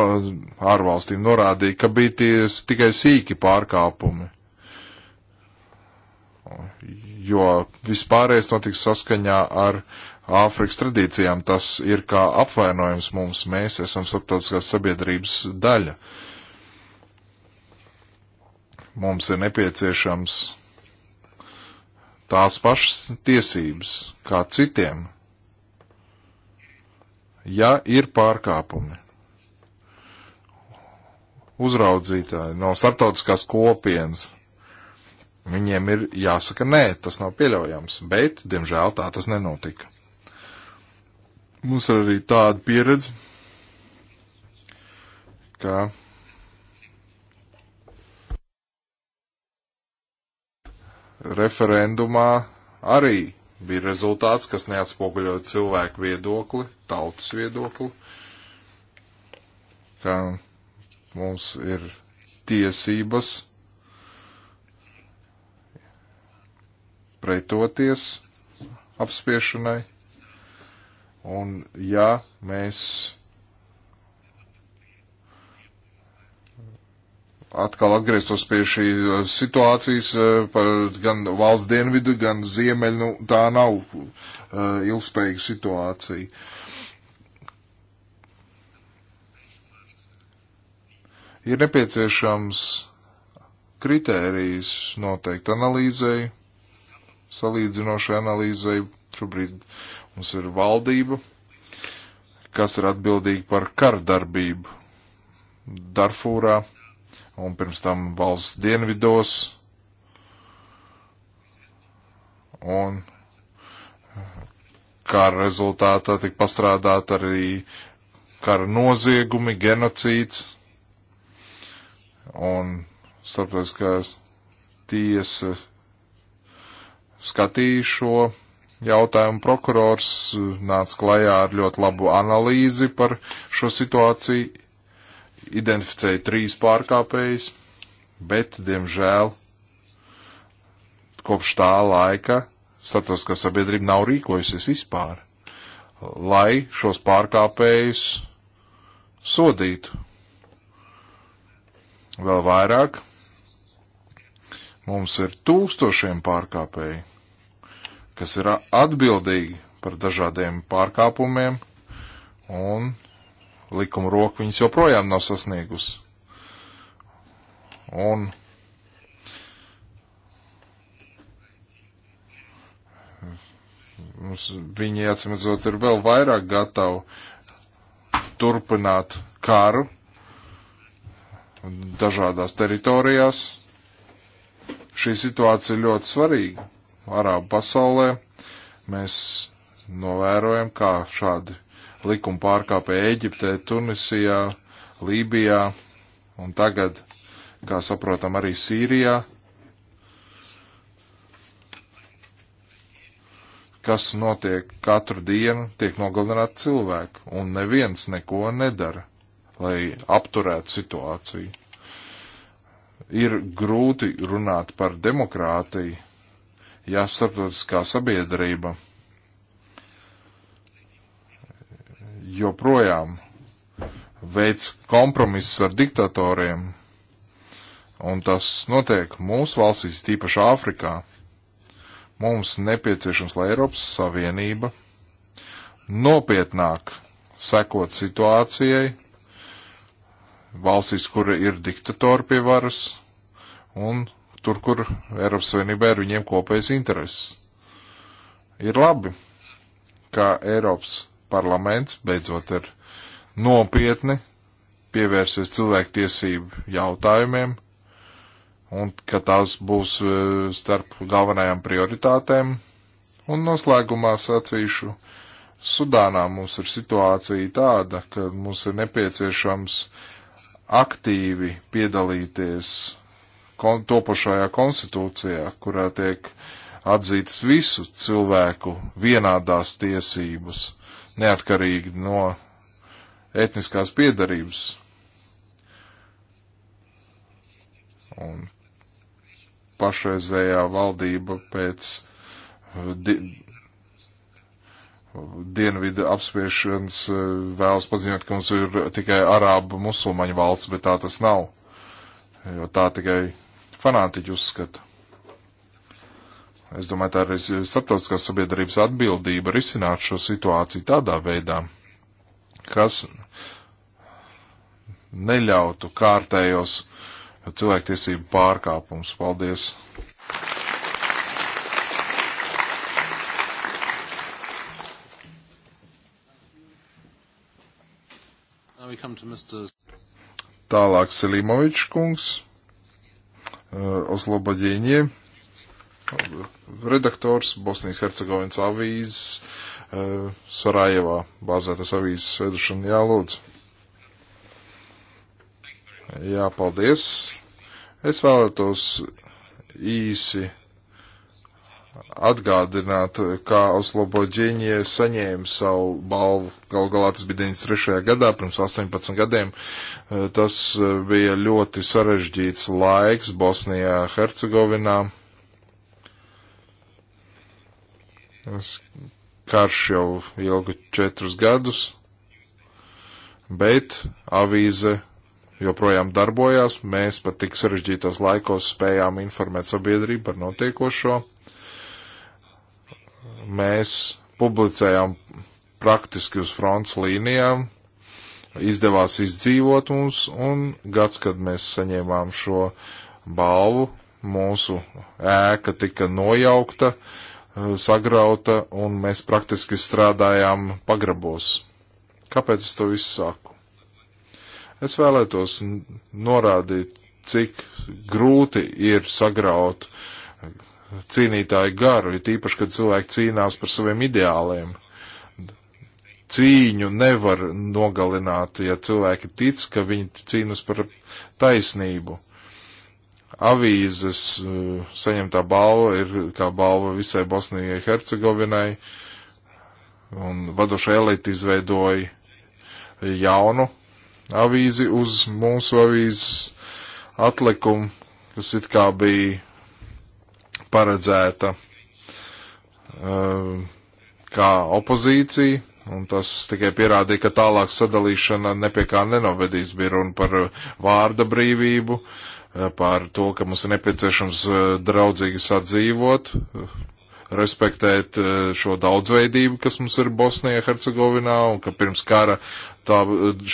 S2: ārvalstīm norādīja, ka bija ties, tikai sīki pārkāpumi, jo vispārējais notiks saskaņā ar Āfrikas tradīcijām. Tas ir kā apvainojums mums, mēs esam starptautiskās sabiedrības daļa. Mums ir nepieciešams tās pašas tiesības kā citiem, ja ir pārkāpumi uzraudzītāji, no starptautiskās kopienas. Viņiem ir jāsaka, nē, tas nav pieļaujams, bet, diemžēl, tā tas nenotika. Mums ir arī tāda pieredze, ka referendumā arī bija rezultāts, kas neatspoguļoja cilvēku viedokli, tautas viedokli, ka Mums ir tiesības pretoties apspiešanai, un ja mēs atkal atgrieztos pie šī uh, situācijas, uh, par gan valsts dienvidu, gan ziemeļu, nu, tā nav uh, ilgspējīga situācija. Ir nepieciešams kritērijas noteikti analīzēji, salīdzinošai analīzēji. Šobrīd mums ir valdība, kas ir atbildīga par kardarbību Darfūrā un pirms tam valsts dienvidos. Un kā rezultātā tika pastrādāt arī kara noziegumi, genocīds un starptautiskā tiesa skatīja šo jautājumu. Prokurors eh, nāca klajā ar ļoti labu analīzi par šo situāciju, identificēja trīs pārkāpējus, bet, diemžēl, kopš tā laika starptautiskā sabiedrība nav rīkojusies vispār, lai šos pārkāpējus sodītu. Vēl vairāk mums ir tūkstošiem pārkāpēji, kas ir atbildīgi par dažādiem pārkāpumiem, un likuma roku viņas joprojām nav sasniegusi. Un mums viņi, atsimedzot, ir vēl vairāk gatavi turpināt karu, dažādās teritorijās. Šī situācija ir ļoti svarīga. Arābu pasaulē mēs novērojam, kā šādi likuma pārkāpē Eģiptē, Tunisijā, Lībijā un tagad, kā saprotam, arī Sīrijā, kas notiek katru dienu, tiek nogalināti cilvēki, un neviens neko nedara lai apturētu situāciju. Ir grūti runāt par demokrātiju, ja starptautiskā sabiedrība joprojām veids kompromiss ar diktatoriem, un tas notiek mūsu valstīs, tīpaši Āfrikā. Mums nepieciešams, lai Eiropas Savienība nopietnāk sekot situācijai valstīs, kur ir diktatori pie varas, un tur, kur Eiropas Savienībā ir viņiem kopējs intereses. Ir labi, ka Eiropas parlaments beidzot ir nopietni pievērsies cilvēktiesību jautājumiem, un ka tās būs e, starp galvenajām prioritātēm. Un noslēgumā sacīšu, Sudānā mums ir situācija tāda, ka mums ir nepieciešams uh, aktīvi piedalīties kon topošajā konstitūcijā, kurā tiek atzītas visu cilvēku vienādās tiesības, neatkarīgi no etniskās piedarības. Un pašreizējā valdība pēc eh, di dienvidu apspiešanas eh, vēlas paziņot, ka mums ir tikai arābu musulmaņu valsts, bet tā tas nav, jo tā tikai fanātiķi uzskata. Es domāju, tā ir starptautiskās sabiedrības atbildība risināt šo situāciju tādā veidā, kas neļautu kārtējos cilvēktiesību pārkāpums. Paldies! Tālāk Selimovičs kungs, eh, Oslobaģīņie, redaktors Bosnijas Hercegovinas avīzes, eh, Sarajevā bāzētas avīzes vedušana jālūdz. Jā, paldies. Es vēlētos īsi atgādināt, kā Osloboģiņie saņēma savu balvu. Gal galā tas bija 93. gadā, pirms 18 gadiem. Eh, tas eh, bija ļoti sarežģīts laiks Bosnijā, Hercegovinā. Karš jau ilga četrus gadus, bet avīze joprojām darbojās. Mēs pat tik sarežģītos laikos spējām informēt sabiedrību par notiekošo mēs publicējām praktiski uz fronts līnijām, izdevās izdzīvot mums, un gads, kad mēs saņēmām šo balvu, mūsu ēka tika nojaukta, eh, sagrauta, un mēs praktiski strādājām pagrabos. Kāpēc es to visu saku? Es vēlētos norādīt, cik grūti ir sagraut cīnītāju garu, ir tīpaši, kad cilvēki cīnās par saviem ideāliem. Cīņu nevar nogalināt, ja cilvēki tic, ka viņi cīnas par taisnību. Avīzes uh, saņemtā balva ir kā balva visai Bosnijai Hercegovinai, un vadoša elita izveidoja jaunu avīzi uz mūsu avīzes atlikumu, kas it kā bija paredzēta uh, kā opozīcija, un tas tikai pierādīja, ka tālāk sadalīšana nepie kā nenovedīs. Bija runa par vārda brīvību, uh, par to, ka mums ir nepieciešams uh, draudzīgi sadzīvot, respektēt šo daudzveidību, kas mums ir Bosnijā, Hercegovinā, un ka pirms kara tā,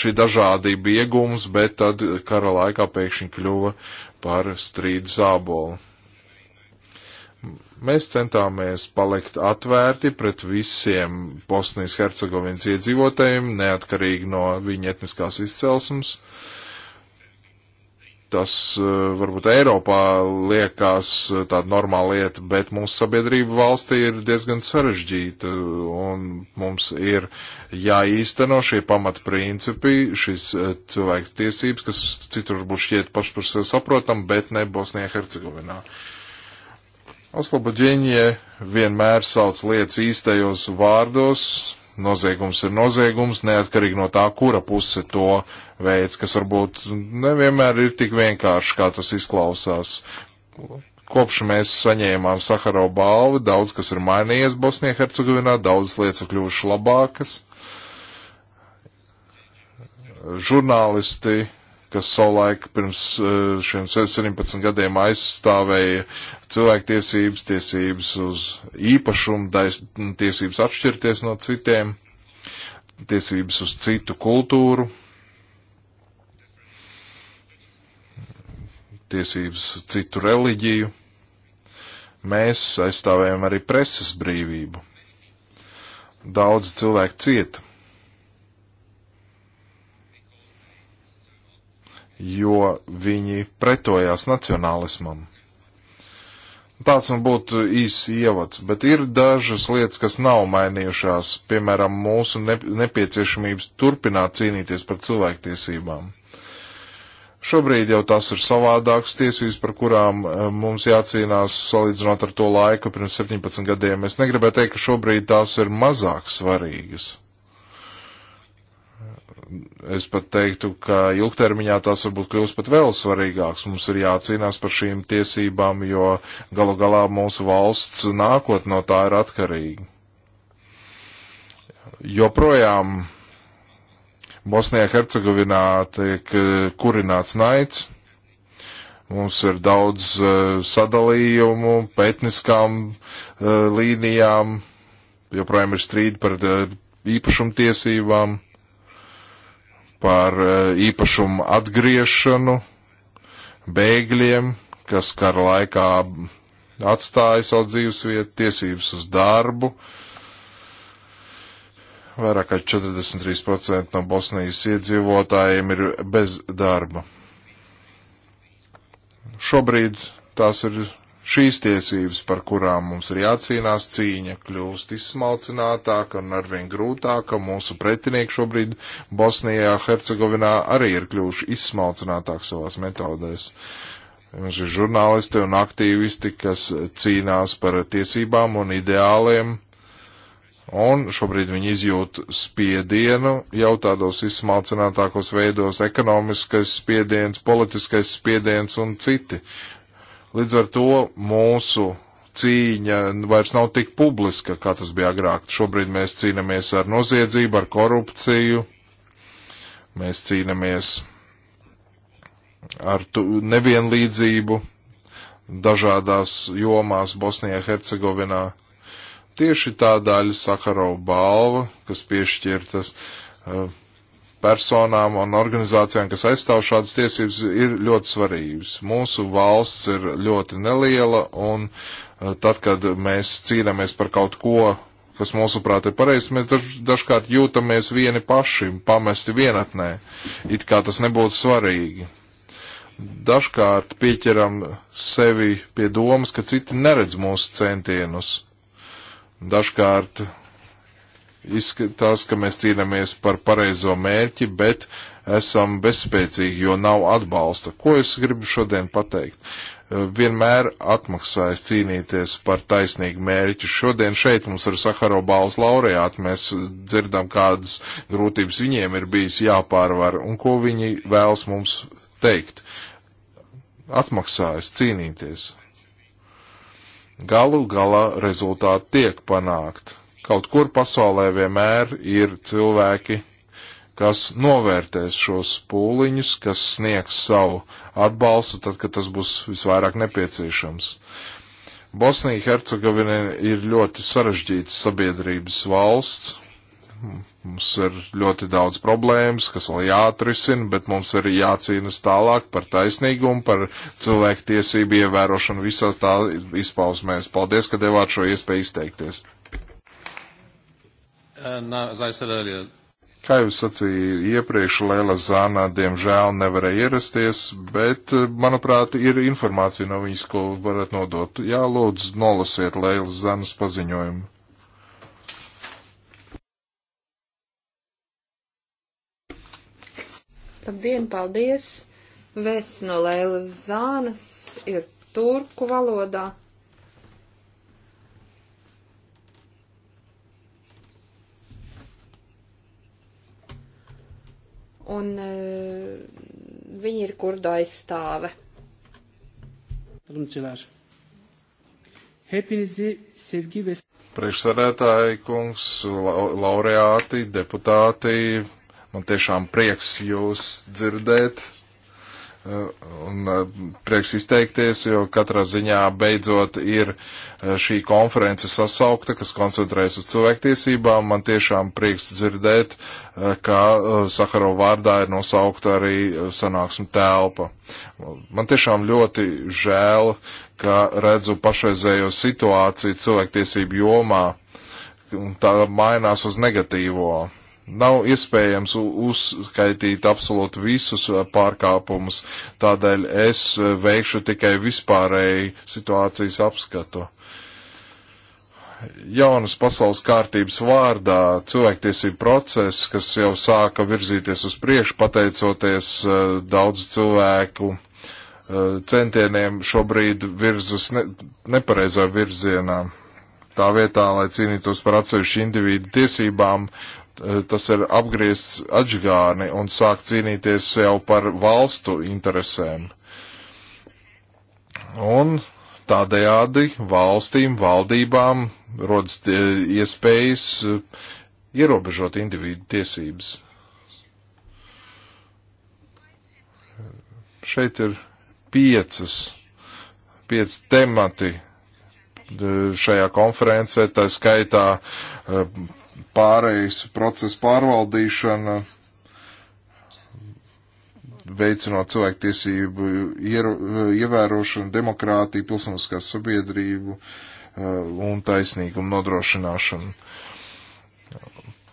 S2: šī dažādība iegums, bet tad kara laikā pēkšņi kļuva par strīdu zābolu. Mēs centāmies palikt atvērti pret visiem Bosnijas Hercegovinas iedzīvotājiem, neatkarīgi no viņa etniskās izcelsmes. Tas eh, varbūt Eiropā liekas eh, tāda normāla lieta, bet mūsu sabiedrība valstī ir diezgan sarežģīta, un mums ir jāīsteno šie pamatprincipi, šis eh, cilvēks tiesības, kas citur varbūt šķiet paši par sevi saprotam, bet ne Bosnijā Hercegovinā. Uh, Oslabaģiņie vienmēr sauc lietas īstajos vārdos. Noziegums ir noziegums, neatkarīgi no tā, kura puse to veids, kas varbūt nevienmēr ir tik vienkārši, kā tas izklausās. Kopš mēs saņēmām Sakaro balvu, daudz kas ir mainījies Bosnijā, Hercegovinā, daudzas lietas ir kļuvušas labākas. Žurnālisti kas savulaik pirms eh, šiem 17 gadiem aizstāvēja cilvēktiesības, tiesības uz īpašumu, tiesības atšķirties no citiem, tiesības uz citu kultūru, tiesības uz citu reliģiju. Mēs aizstāvējam arī preses brīvību. Daudz cilvēku cieta jo viņi pretojās nacionālismam. Tāds man nu būtu īsts ievads, bet ir dažas lietas, kas nav mainījušās, piemēram, mūsu nepieciešamības turpināt cīnīties par cilvēktiesībām. Šobrīd jau tas ir savādāks tiesības, par kurām eh, mums jācīnās salīdzinot ar to laiku pirms 17 gadiem. Es negribēju teikt, ka šobrīd tās ir mazāk svarīgas es pat teiktu, ka ilgtermiņā tās varbūt kļūs pat vēl svarīgāks. Mums ir jācīnās par šīm tiesībām, jo galu galā mūsu valsts nākot no tā ir atkarīga. Joprojām Bosnijā Hercegovinā tiek eh, kurināts naids. Mums ir daudz eh, sadalījumu, pētniskām eh, līnijām, joprojām ir strīdi par īpašumtiesībām par eh, īpašumu atgriešanu bēgļiem, kas kara laikā atstāja savu dzīvesvietu, tiesības uz darbu. Vairāk kā 43% no Bosnijas iedzīvotājiem ir bez darba. Šobrīd tās ir Šīs tiesības, par kurām mums ir jācīnās, cīņa kļūst izsmalcinātāka un arvien grūtāka. Mūsu pretinieki šobrīd Bosnijā, Hercegovinā arī ir kļuvuši izsmalcinātāki savās metodēs. Mums ir žurnālisti un aktīvisti, kas cīnās par tiesībām un ideāliem, un šobrīd viņi izjūt spiedienu jau tādos izsmalcinātākos veidos - ekonomiskais spiediens, politiskais spiediens un citi. Līdz ar to mūsu cīņa vairs nav tik publiska, kā tas bija agrāk. Šobrīd mēs cīnāmies ar noziedzību, ar korupciju, mēs cīnāmies ar nevienlīdzību dažādās jomās Bosnijā, Hercegovinā. Tieši tā daļa Sakarova balva, kas piešķirtas uh, personām un organizācijām, kas aizstāv šādas tiesības, ir ļoti svarīgas. Mūsu valsts ir ļoti neliela, un eh, tad, kad mēs cīnāmies par kaut ko, kas mūsuprāt ir pareizs, mēs daž, dažkārt jūtamies vieni paši, pamesti vienatnē, it kā tas nebūtu svarīgi. Dažkārt pieķeram sevi pie domas, ka citi neredz mūsu centienus. Dažkārt Izskatās, ka mēs cīnāmies par pareizo mērķi, bet esam bezspēcīgi, jo nav atbalsta. Ko es gribu šodien pateikt? Eh, vienmēr atmaksājas cīnīties par taisnīgu mērķi. Šodien šeit mums ir Sakaro balvas laureāti. Mēs dzirdam, kādas grūtības viņiem ir bijis jāpārvar un ko viņi vēlas mums teikt. Atmaksājas cīnīties galu galā rezultāti tiek panākt. Kaut kur pasaulē vienmēr ir cilvēki, kas novērtēs šos pūliņus, kas sniegs savu atbalstu tad, kad tas būs visvairāk nepieciešams. Bosnija Hercegovina ir ļoti sarežģīts sabiedrības valsts. Mums ir ļoti daudz problēmas, kas vēl jāatrisina, bet mums ir jācīnas tālāk par taisnīgumu, par cilvēku tiesību ievērošanu visā tā izpausmēs. Paldies, ka devāt šo iespēju izteikties. Uh, no, Kā jau sacīju iepriekš, Lēla Zānā diemžēl nevarēja ierasties, bet, uh, manuprāt, ir informācija no viņas, ko varat nodot. Jā, lūdzu, nolasiet Lēla Zānas paziņojumu.
S3: Labdien, paldies! Vēsts no Lēlas Zānas ir turku valodā. un uh, viņi ir kurdu aizstāve.
S2: Priekšsarētāji kungs, laureāti, deputāti, man tiešām prieks jūs dzirdēt. Un uh, prieks izteikties, jo katrā ziņā beidzot ir uh, šī konference sasaukta, kas koncentrējas uz cilvēktiesībām. Man tiešām prieks dzirdēt, uh, ka Sakaro vārdā ir nosaukta arī sanāksme telpa. Man tiešām ļoti žēl, ka redzu pašreizējo situāciju cilvēktiesību jomā. Tā mainās uz negatīvo Nav iespējams uzskaitīt absolūti visus uh, pārkāpumus, tādēļ es uh, veikšu tikai vispārēju situācijas apskatu. Jaunas pasaules kārtības vārdā cilvēktiesība process, kas jau sāka virzīties uz priekšu, pateicoties uh, daudz cilvēku centieniem, šobrīd virzas ne, nepareizā virzienā tā vietā, lai cīnītos par atsevišķu individu tiesībām, Eh, tas ir apgriezt atžgāni un sākt cīnīties jau par valstu interesēm. Un tādējādi valstīm, valdībām rodas iespējas eh, ierobežot individu tiesības. Šeit ir piecas, pieci temati eh, šajā konferencē, tā skaitā pārējais procesa pārvaldīšana, veicinot cilvēktiesību ievērošanu, demokrātiju, pilsoniskās sabiedrību eh, un taisnīgumu nodrošināšanu. Uh,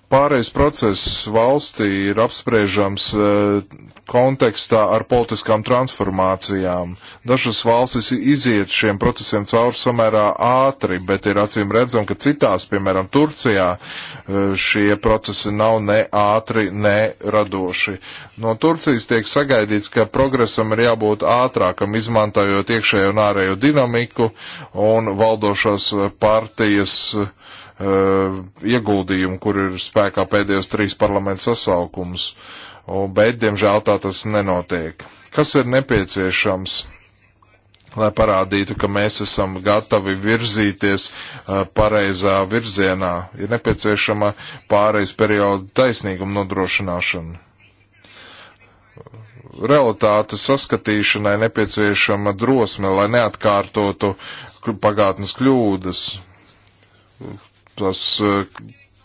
S2: Pārējais process valstī ir apspriežams e, kontekstā ar politiskām transformācijām. Dažas valstis iziet šiem procesiem cauri samērā ātri, bet ir acīm redzam, ka citās, piemēram, Turcijā, e, šie procesi nav ne ātri, ne radoši. No Turcijas tiek sagaidīts, ka progresam ir jābūt ātrākam, izmantojot iekšējo un ārējo dinamiku un valdošās partijas uh, uh, ieguldījumu, kur ir spēkā pēdējos trīs parlamentu sasaukums, un, bet, diemžēl, tā tas nenotiek. Kas ir nepieciešams, lai parādītu, ka mēs esam gatavi virzīties uh, pareizā virzienā? Ir nepieciešama pāreiz perioda taisnīguma nodrošināšana realitātes saskatīšanai nepieciešama drosme, lai neatkārtotu pagātnes kļūdas tas eh,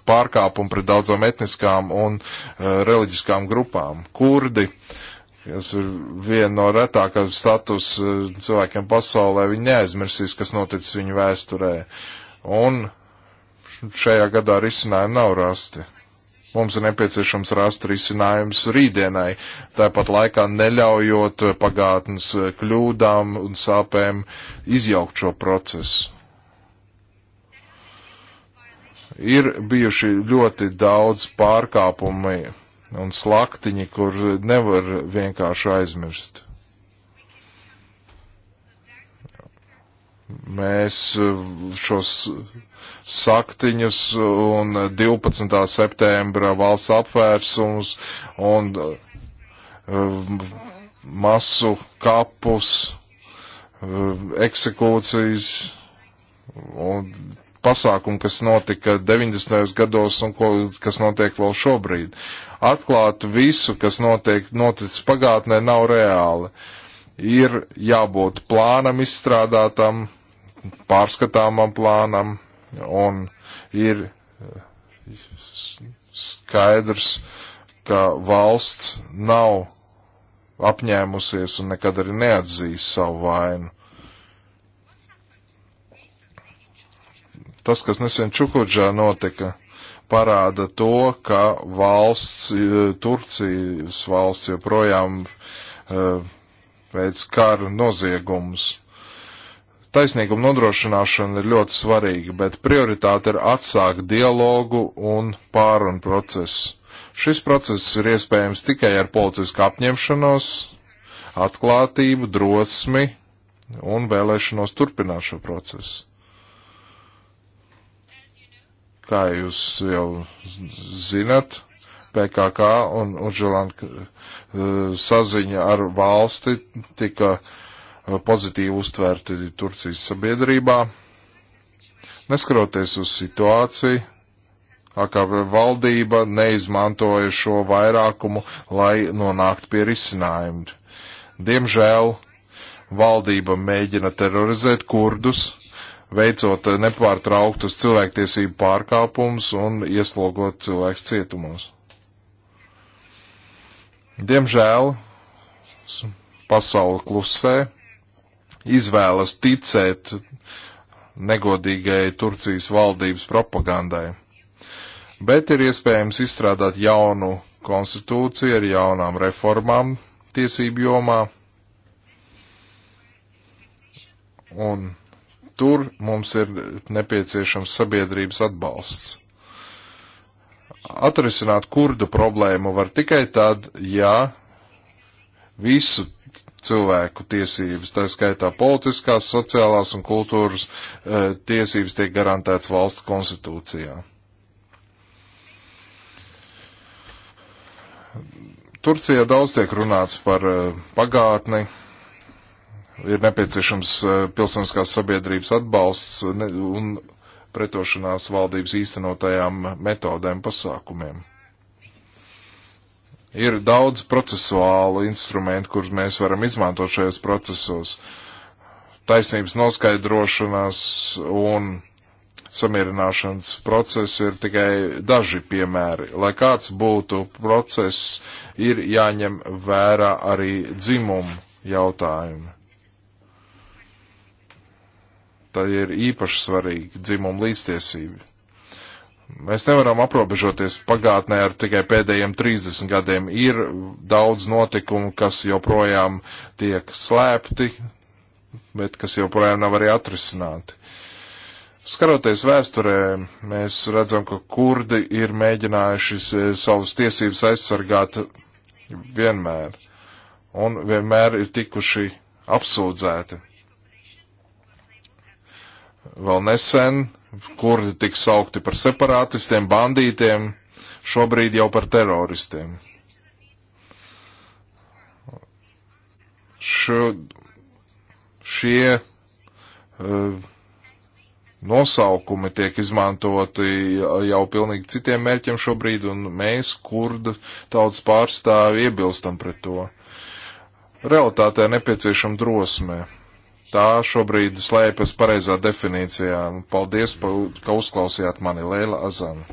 S2: pārkāpumi pret daudzām etniskām un eh, reliģiskām grupām. Kurdi, kas ir viena no retākā status eh, cilvēkiem pasaulē, viņi neaizmirsīs, kas noticis viņu vēsturē. Un šajā gadā risinājumi nav rasti. Mums ir nepieciešams rast risinājums rītdienai, tāpat laikā neļaujot pagātnes kļūdām un sāpēm izjaukt šo procesu. Ir bijuši ļoti daudz pārkāpumi un slaktiņi, kur nevar vienkārši aizmirst. Mēs šos saktiņus un 12. septembra valsts apvērsums un um, masu kapus, um, eksekūcijas un pasākumu, kas notika 90. gados un ko, kas notiek vēl šobrīd. Atklāt visu, kas notiek, noticis pagātnē, nav reāli. Ir jābūt plānam izstrādātam, pārskatāmam plānam un ir eh, skaidrs, ka valsts nav apņēmusies un nekad arī neatzīs savu vainu. Tas, kas nesen Čukurģā notika, parāda to, ka valsts, e, Turcijas valsts joprojām e, veids karu noziegumus. Taisnīguma nodrošināšana ir ļoti svarīga, bet prioritāte ir atsākt dialogu un pārunu procesu. Šis process ir iespējams tikai ar politisku apņemšanos, atklātību, drosmi un vēlēšanos turpināt šo procesu. Kā jūs jau zinat, PKK un Uģelāna uh, eh, saziņa ar valsti tika eh, pozitīvi uztvērti Turcijas sabiedrībā. Neskaroties uz situāciju, AKV valdība neizmantoja šo vairākumu, lai nonāktu pie risinājumu. Diemžēl valdība mēģina terorizēt kurdus, veicot nepārtrauktus cilvēktiesību pārkāpumus un ieslogot cilvēks cietumos. Diemžēl pasauli klusē, izvēlas ticēt negodīgai Turcijas valdības propagandai. Bet ir iespējams izstrādāt jaunu konstitūciju ar jaunām reformām tiesību jomā. Un Tur mums ir nepieciešams sabiedrības atbalsts. Atrisināt kurdu problēmu var tikai tad, ja visu cilvēku tiesības, tā skaitā politiskās, sociālās un kultūras e, tiesības tiek garantēts valsts konstitūcijā. Turcijā daudz tiek runāts par e, pagātni, ir nepieciešams eh, pilsoniskās sabiedrības atbalsts eh, un pretošanās valdības īstenotajām metodēm pasākumiem. Ir daudz procesuālu instrumentu, kurus mēs varam izmantot šajos procesos. Taisnības noskaidrošanās un samierināšanas process ir tikai daži piemēri. Lai kāds būtu process, ir jāņem vērā arī dzimumu jautājumi tā ir īpaši svarīga dzimuma līdztiesība. Mēs nevaram aprobežoties pagātnē ar tikai pēdējiem 30 gadiem. Ir daudz notikumu, kas joprojām tiek slēpti, bet kas joprojām nav arī atrisināti. Skaroties vēsturē, mēs redzam, ka kurdi ir mēģinājuši e, savus tiesības aizsargāt vienmēr, un vienmēr ir tikuši apsūdzēti vēl nesen, kuri tika saukti par separātistiem, bandītiem, šobrīd jau par teroristiem. Šo, šie uh, nosaukumi tiek izmantoti jau pilnīgi citiem mērķiem šobrīd, un mēs, kurdu tautas pārstāvi, iebilstam pret to. Realtātē nepieciešama drosme tā šobrīd slēpjas pareizā definīcijā. Paldies, pa, ka uzklausījāt mani, Leila Azana.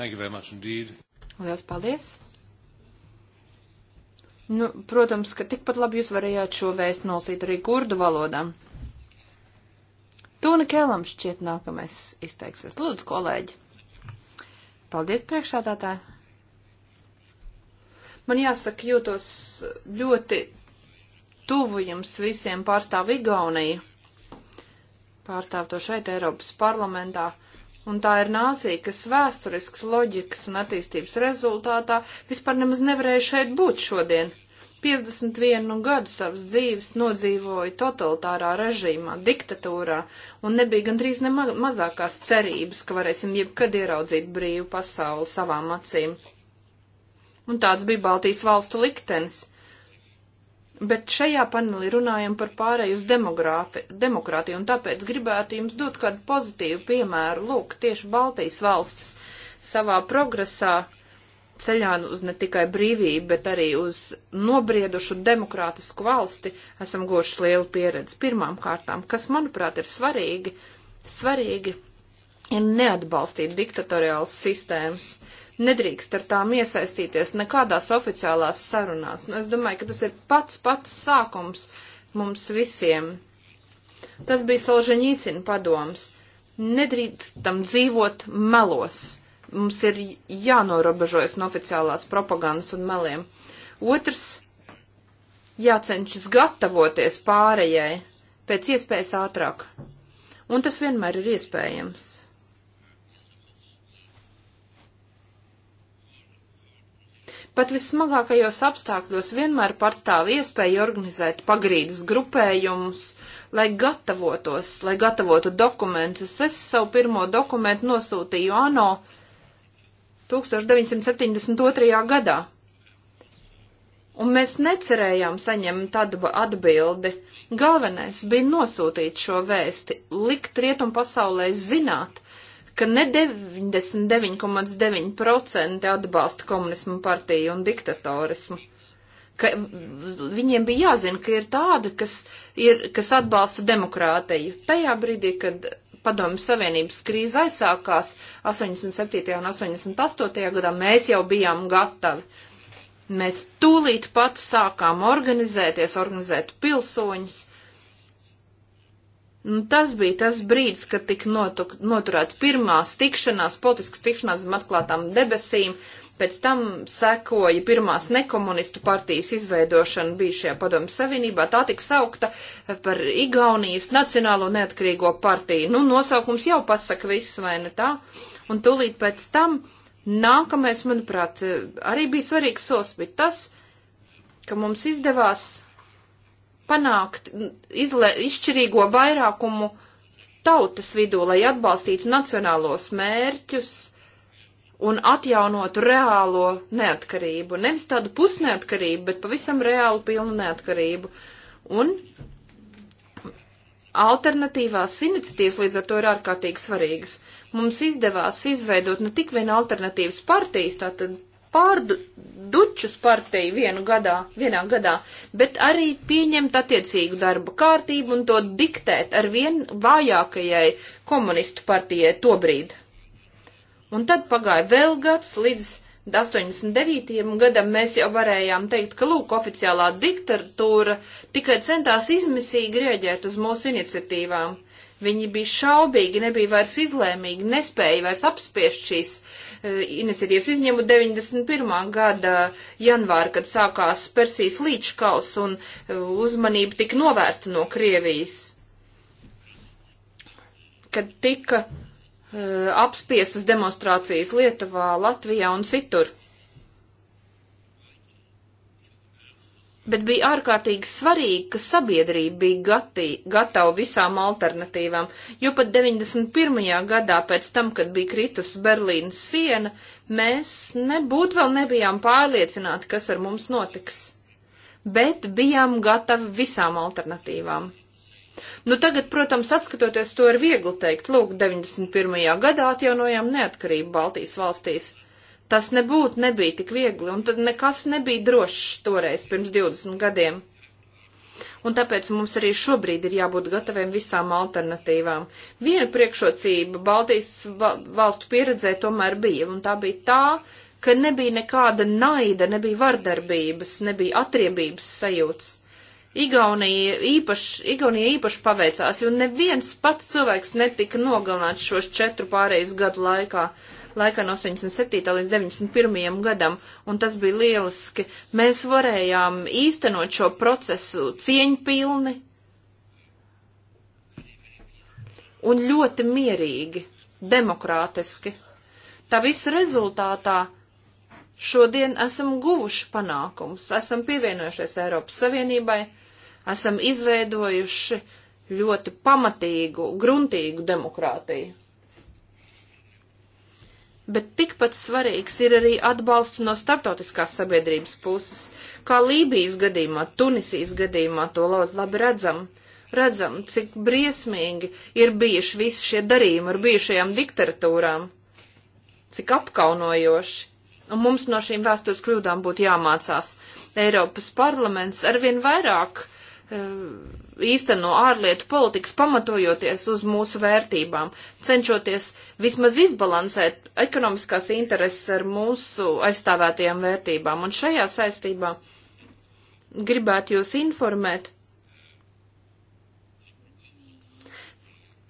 S2: Lielas
S3: paldies! Nu, protams, ka tikpat labi jūs varējāt šo vēstu nolasīt arī kurdu valodā. Tūna Kēlam šķiet nākamais izteiksies. Lūdzu, kolēģi! Paldies priekšādātāji! Man jāsaka, jūtos ļoti tuvu jums visiem pārstāv Igaunija, pārstāv to šeit Eiropas parlamentā, un tā ir nācija, kas vēsturisks loģikas un attīstības rezultātā vispār nemaz nevarēja šeit būt šodien. 51 gadu savas dzīves nodzīvoja totalitārā režīmā, diktatūrā, un nebija gandrīz ne mazākās cerības, ka varēsim jebkad ieraudzīt brīvu pasauli savām acīm un tāds bija Baltijas valstu liktenis. Bet šajā panelī runājam par pārēju uz demokrātiju, un tāpēc gribētu jums dot kādu pozitīvu piemēru. Lūk, tieši Baltijas valstis savā progresā ceļā nu uz ne tikai brīvību, bet arī uz nobriedušu demokrātisku valsti esam goši lielu pieredzi. Pirmām kārtām, kas, manuprāt, ir svarīgi, svarīgi ir neatbalstīt diktatoriālas sistēmas nedrīkst ar tām iesaistīties nekādās oficiālās sarunās. Nu, es domāju, ka tas ir pats pats sākums mums visiem. Tas bija Solženīcina padoms. Nedrīkstam dzīvot melos. Mums ir jānorobežojas no oficiālās propagandas un meliem. Otrs jācenšas gatavoties pārējai pēc iespējas ātrāk. Un tas vienmēr ir iespējams. Pat vissmagākajos apstākļos vienmēr pastāv iespēja organizēt pagrīdes grupējumus, lai gatavotos, lai gatavotu dokumentus. Es savu pirmo dokumentu nosūtīju ANO 1972. gadā. Un mēs necerējām saņemt atbildi. Galvenais bija nosūtīt šo vēsti, likt rietumu pasaulē zināt, ka ne 99,9% atbalsta komunismu partiju un diktatorismu. Ka viņiem bija jāzina, ka ir tāda, kas, ir, kas atbalsta demokrātiju. Tajā brīdī, kad Padomju Savienības krīze aizsākās 87. un 88. gadā, mēs jau bijām gatavi. Mēs tūlīt pat sākām organizēties, organizēt pilsoņus, Un nu, tas bija tas brīdis, kad tika notuk, noturēts pirmās tikšanās, politiskas tikšanās zem atklātām debesīm, pēc tam sekoja pirmās nekomunistu partijas izveidošana bijušajā padomu savienībā, tā tika saukta par Igaunijas Nacionālo neatkarīgo partiju. Nu, nosaukums jau pasaka visu, vai ne tā? Un tūlīt pēc tam nākamais, manuprāt, arī bija svarīgs solis, bija tas, ka mums izdevās panākt izle, izšķirīgo vairākumu tautas vidū, lai atbalstītu nacionālos mērķus un atjaunotu reālo neatkarību. Nevis tādu pusneatkarību, bet pavisam reālu pilnu neatkarību. Un alternatīvās iniciatīvas līdz ar to ir ārkārtīgi svarīgas. Mums izdevās izveidot ne tik vien alternatīvas partijas, tātad pārdučus partiju vienu gadā, vienā gadā, bet arī pieņemt attiecīgu darba kārtību un to diktēt ar vien vājākajai komunistu partijai tobrīd. Un tad pagāja vēl gads līdz 89. gadam mēs jau varējām teikt, ka lūk, oficiālā diktatūra tikai centās izmisīgi rieģēt uz mūsu iniciatīvām. Viņi bija šaubīgi, nebija vairs izlēmīgi, nespēja vairs apspiešt šīs uh, iniciatīvas. Izņemu 91. gada janvāru, kad sākās Persijas līčkals un uh, uzmanība tika novērsta no Krievijas. Kad tika uh, apspiestas demonstrācijas Lietuvā, Latvijā un citur. bet bija ārkārtīgi svarīgi, ka sabiedrība bija gati, gatava visām alternatīvām, jo pat 91. gadā pēc tam, kad bija kritusi Berlīnas siena, mēs nebūtu vēl nebijām pārliecināti, kas ar mums notiks, bet bijām gatavi visām alternatīvām. Nu, tagad, protams, atskatoties to ir viegli teikt, lūk, 91. gadā atjaunojām neatkarību Baltijas valstīs, Tas nebūtu nebija tik viegli, un tad nekas nebija drošs toreiz pirms 20 gadiem. Un tāpēc mums arī šobrīd ir jābūt gataviem visām alternatīvām. Viena priekšrocība Baltijas valstu pieredzē tomēr bija, un tā bija tā, ka nebija nekāda naida, nebija vardarbības, nebija atriebības sajūtas. Igaunija īpaši, Igaunija īpaši paveicās, jo neviens pats cilvēks netika nogalināts šos četru pārējais gadu laikā. Uh, laikā no 87. līdz 91. gadam, un tas bija lieliski. Mēs varējām īstenot šo procesu cieņpilni un ļoti mierīgi, demokrātiski. Tā visa rezultātā šodien esam guvuši panākums, esam pievienojušies Eiropas Savienībai, esam izveidojuši ļoti pamatīgu, gruntīgu demokrātiju bet tikpat svarīgs ir arī atbalsts no starptautiskās sabiedrības puses, kā Lībijas gadījumā, Tunisijas gadījumā to ļoti labi redzam. Redzam, cik briesmīgi ir bijuši visi šie darījumi ar bijušajām diktatūrām, cik apkaunojoši. Un mums no šīm vēstures kļūdām būtu jāmācās. Eiropas parlaments arvien vairāk uh, īsteno ārlietu politikas pamatojoties uz mūsu vērtībām, cenšoties vismaz izbalansēt ekonomiskās intereses ar mūsu aizstāvētajām vērtībām. Un šajā saistībā gribētu jūs informēt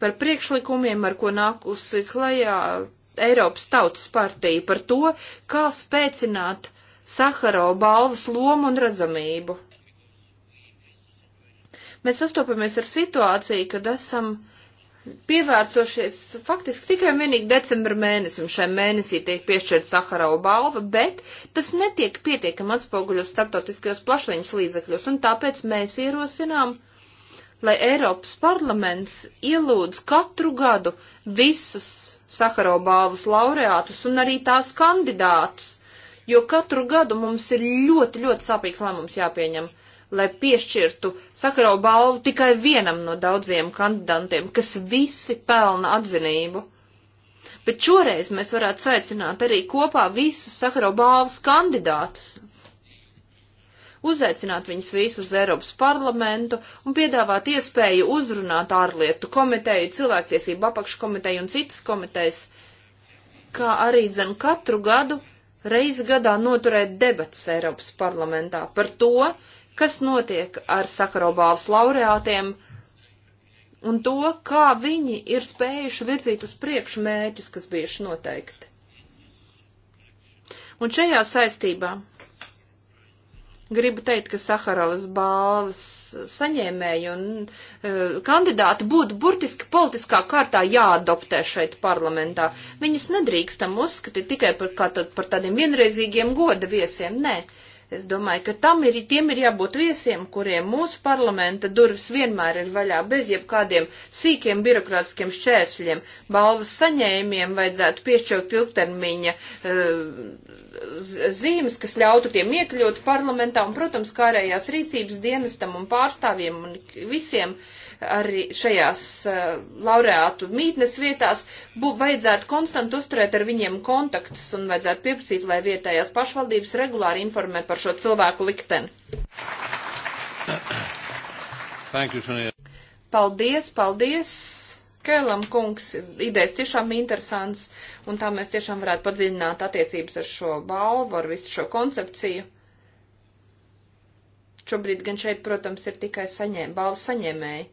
S3: par priekšlikumiem, ar ko nākusi klajā Eiropas Tautas partija, par to, kā spēcināt Saharo balvas lomu un redzamību Mēs sastopamies ar situāciju, kad esam pievērsošies faktiski tikai un vienīgi decembra mēnesim. Šai mēnesī tiek piešķirta Saharau balva, bet tas netiek pietiekami atspoguļos starptautiskajos plašsaziņas līdzekļos, un tāpēc mēs ierosinām, lai Eiropas parlaments ielūdz katru gadu visus Saharau balvas laureātus un arī tās kandidātus, jo katru gadu mums ir ļoti, ļoti sāpīgs lēmums jāpieņem. Uh, lai piešķirtu Sakarau balvu tikai vienam no daudziem kandidantiem, kas visi pelna atzinību. Bet šoreiz mēs varētu saicināt arī kopā visus Sakarau balvas kandidātus. Uzaicināt viņus visus uz Eiropas parlamentu un piedāvāt iespēju uzrunāt ārlietu komiteju, cilvēktiesību apakškomiteju un citas komitejas, kā arī dzen katru gadu reizi gadā noturēt debats Eiropas parlamentā par to, kas notiek ar Sakarobālas laureātiem un to, kā viņi ir spējuši virzīt uz priekšu mēķus, kas bieži noteikti. Un šajā saistībā gribu teikt, ka Saharovas balvas saņēmēji un uh, kandidāti būtu burtiski politiskā kārtā jāadoptē šeit parlamentā. Viņus nedrīkstam uzskatīt tikai par, kā, tad, par tādiem vienreizīgiem goda viesiem. Nē, uh, Es domāju, ka tam ir, tiem ir jābūt viesiem, kuriem mūsu parlamenta durvis vienmēr ir vaļā, bez jebkādiem sīkiem birokrātiskiem šķēršļiem. Balvas saņēmiem vajadzētu piešķirt ilgtermiņa eh, zīmes, kas ļautu tiem iekļūt parlamentā un, protams, kārējās rīcības dienestam un pārstāvjiem un visiem uh, arī šajās uh, laureātu mītnes vietās bū, vajadzētu konstant uzturēt ar viņiem kontaktus un vajadzētu pieprasīt, lai vietējās pašvaldības regulāri informē par šo cilvēku likteni.
S2: Thank you, Sonia.
S3: Paldies, paldies! Kēlam kungs, idejas tiešām interesants, un tā mēs tiešām varētu padziļināt attiecības ar šo balvu, ar visu šo koncepciju. Šobrīd gan šeit, protams, ir tikai saņēm, balvu saņēmēji.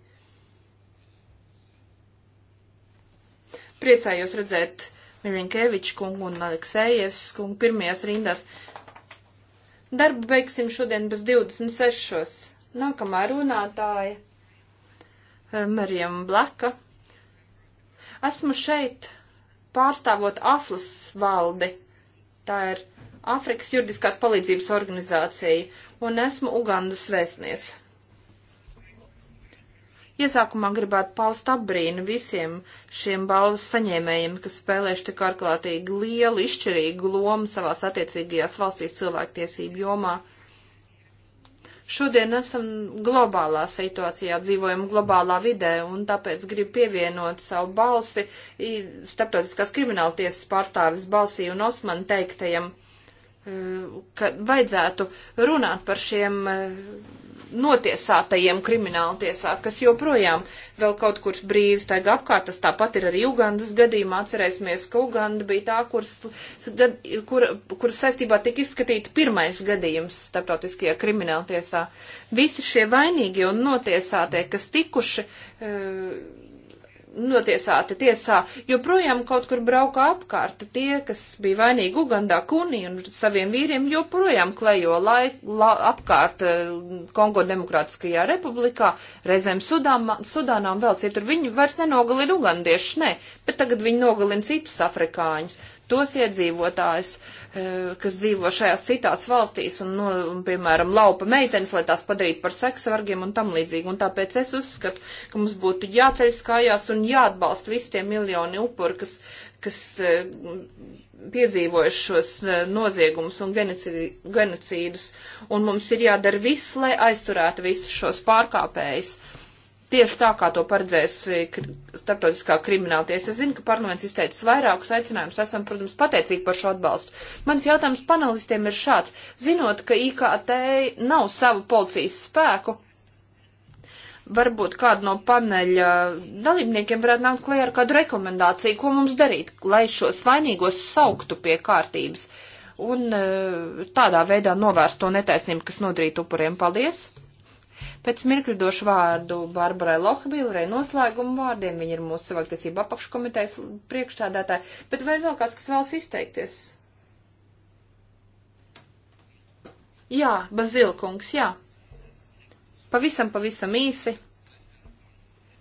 S3: Priecājos redzēt Miļņkeviču kungu un Aleksējas kungu pirmajās rindās. Darbu beigsim šodien bez 26. Nākamā runātāja eh, Marijam Blaka. Esmu šeit pārstāvot Aflas valdi. Tā ir Afrikas juridiskās palīdzības organizācija, un esmu Ugandas vēstniece. Iesākumā gribētu paust apbrīnu visiem šiem balvas saņēmējiem, kas spēlējuši tik ārkārtīgi lielu, izšķirīgu lomu savās attiecīgajās valstīs cilvēktiesību jomā. Šodien esam globālā situācijā, dzīvojam globālā vidē, un tāpēc gribu pievienot savu balsi starptautiskās krimināla tiesas pārstāvis balsī un Osman teiktajam, e, ka vajadzētu runāt par šiem e, notiesātajiem krimināltiesā, kas joprojām vēl kaut kur brīvi staigā apkārt. Tas tāpat ir arī Ugandas gadījumā. Atcerēsimies, ka Uganda bija tā, kuras, kur, kur saistībā tika izskatīta pirmais gadījums starptautiskajā krimināltiesā. Visi šie vainīgie un notiesātie, kas tikuši. Uh, notiesāti tiesā, joprojām kaut kur brauka apkārt. Tie, kas bija vainīgi Ugandā, Kunī un saviem vīriem, joprojām klejo laik, la, apkārt eh, Kongo Demokrātiskajā republikā, reizēm Sudāma, Sudānā un vēl citur. Viņi vairs nenogalina ugandiešus, nē, bet tagad viņi nogalina citus afrikāņus, tos iedzīvotājus, E, kas dzīvo šajās citās valstīs un, no, un, piemēram, laupa meitenes, lai tās padarītu par seksvargiem un tam līdzīgi. Un tāpēc es uzskatu, ka mums būtu jāceļ kājās un jāatbalsta visi tie miljoni upuri, kas, kas e, piedzīvojuši šos e, noziegumus un genocīdus. Un mums ir jādara viss, lai aizturētu visus šos pārkāpējus. Tieši tā, kā to paredzēs e, starptautiskā krimināla tiesa. Es zinu, ka parlaments izteicis vairākus aicinājumus, esam, protams, pateicīgi par šo atbalstu. Mans jautājums panelistiem ir šāds. Zinot, ka IKT nav savu policijas spēku, varbūt kādu no paneļa dalībniekiem varētu nākt klajā ar kādu rekomendāciju, ko mums darīt, lai šos vainīgos sauktu pie kārtības un e, tādā veidā novērst to netaisnību, kas nodrīt upuriem. Paldies! Pēc mirkļu došu vārdu Barbarai Lohbīlrei noslēgumu vārdiem. Viņa ir mūsu cilvēktiesība apakškomitejas priekšstādātāja. Bet vai ir vēl kāds, kas vēlas izteikties? Jā, Bazilkungs, jā. Pavisam, pavisam īsi.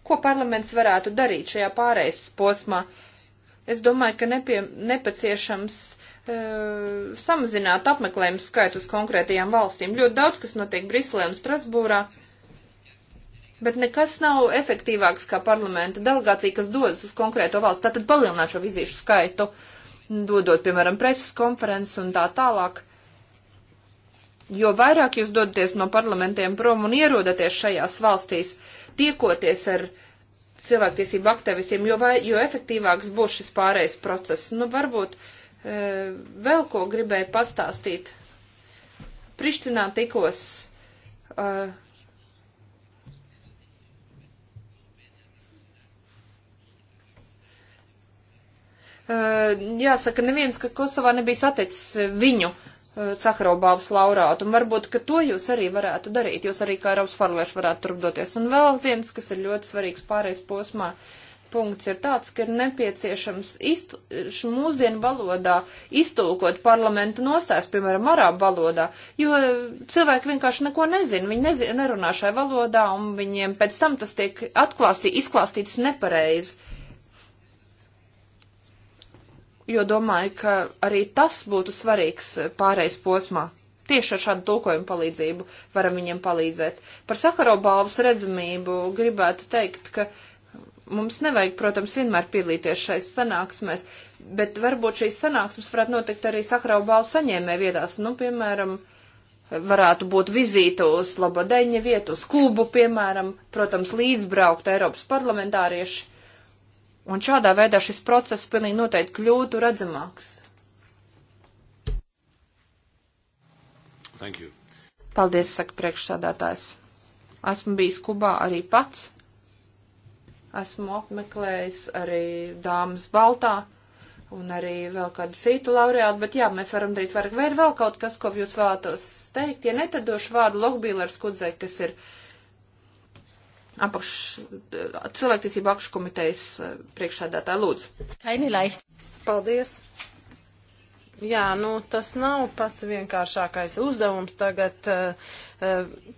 S3: Ko parlaments varētu darīt šajā pārējais posmā? Es domāju, ka nepie, nepieciešams e, samazināt apmeklējumu skaitu uz konkrētajām valstīm. Ļoti daudz, kas notiek Briselē un Strasbūrā. E, Bet nekas nav efektīvāks kā parlamenta delegācija, kas dodas uz konkrēto valsts. Tātad palielināt šo vizīšu skaitu, dodot, piemēram, preses konferences un tā tālāk. Jo vairāk jūs dodaties no parlamentiem prom un ierodaties šajās valstīs, tiekoties ar cilvēktiesību aktivistiem, jo, vai, jo efektīvāks būs šis pārējais process. Nu, varbūt e, vēl ko gribēju pastāstīt. Prištinā tikos. E, Eh, jāsaka, neviens, ka Kosovā nebija saticis viņu Cakarovbāvas eh, laurātu, un varbūt, ka to jūs arī varētu darīt, jūs arī kā Eiropas parlamentieši varētu turpdoties. Un vēl viens, kas ir ļoti svarīgs pārējais posmā, punkts ir tāds, ka ir nepieciešams iztu, mūsdienu valodā iztulkot parlamenta nostājas, piemēram, arābu valodā, jo cilvēki vienkārši neko nezina, viņi nezina, nerunā šai valodā, un viņiem pēc tam tas tiek atklāstī, izklāstīts nepareizi jo domāju, ka arī tas būtu svarīgs pārejas posmā. Tieši ar šādu tulkojumu palīdzību varam viņiem palīdzēt. Par Sakaro balvas redzamību gribētu teikt, ka mums nevajag, protams, vienmēr piedalīties šais sanāksmēs, bet varbūt šīs sanāksmes varētu notikt arī Sakaro balvu saņēmē vietās. Nu, piemēram, varētu būt vizīte uz Labadeņa vietu, uz klubu, piemēram, protams, līdzbraukt Eiropas parlamentārieši Un šādā veidā šis process pilnīgi noteikti kļūtu redzamāks. Thank you. Paldies, saka priekšsādātājs. Esmu bijis Kubā arī pats. Esmu apmeklējis arī dāmas Baltā un arī vēl kādu citu laureātu, bet jā, mēs varam darīt vairāk. Vai ir vēl kaut kas, ko jūs vēlētos teikt? Ja ne, tad došu vārdu Lokbīlers kudzei, kas ir uh, apakš, cilvēktiesību apakškomitejas eh, priekšādātā lūdzu. Kaini Laicht. Paldies. Jā, nu tas nav
S1: pats vienkāršākais uzdevums tagad uh,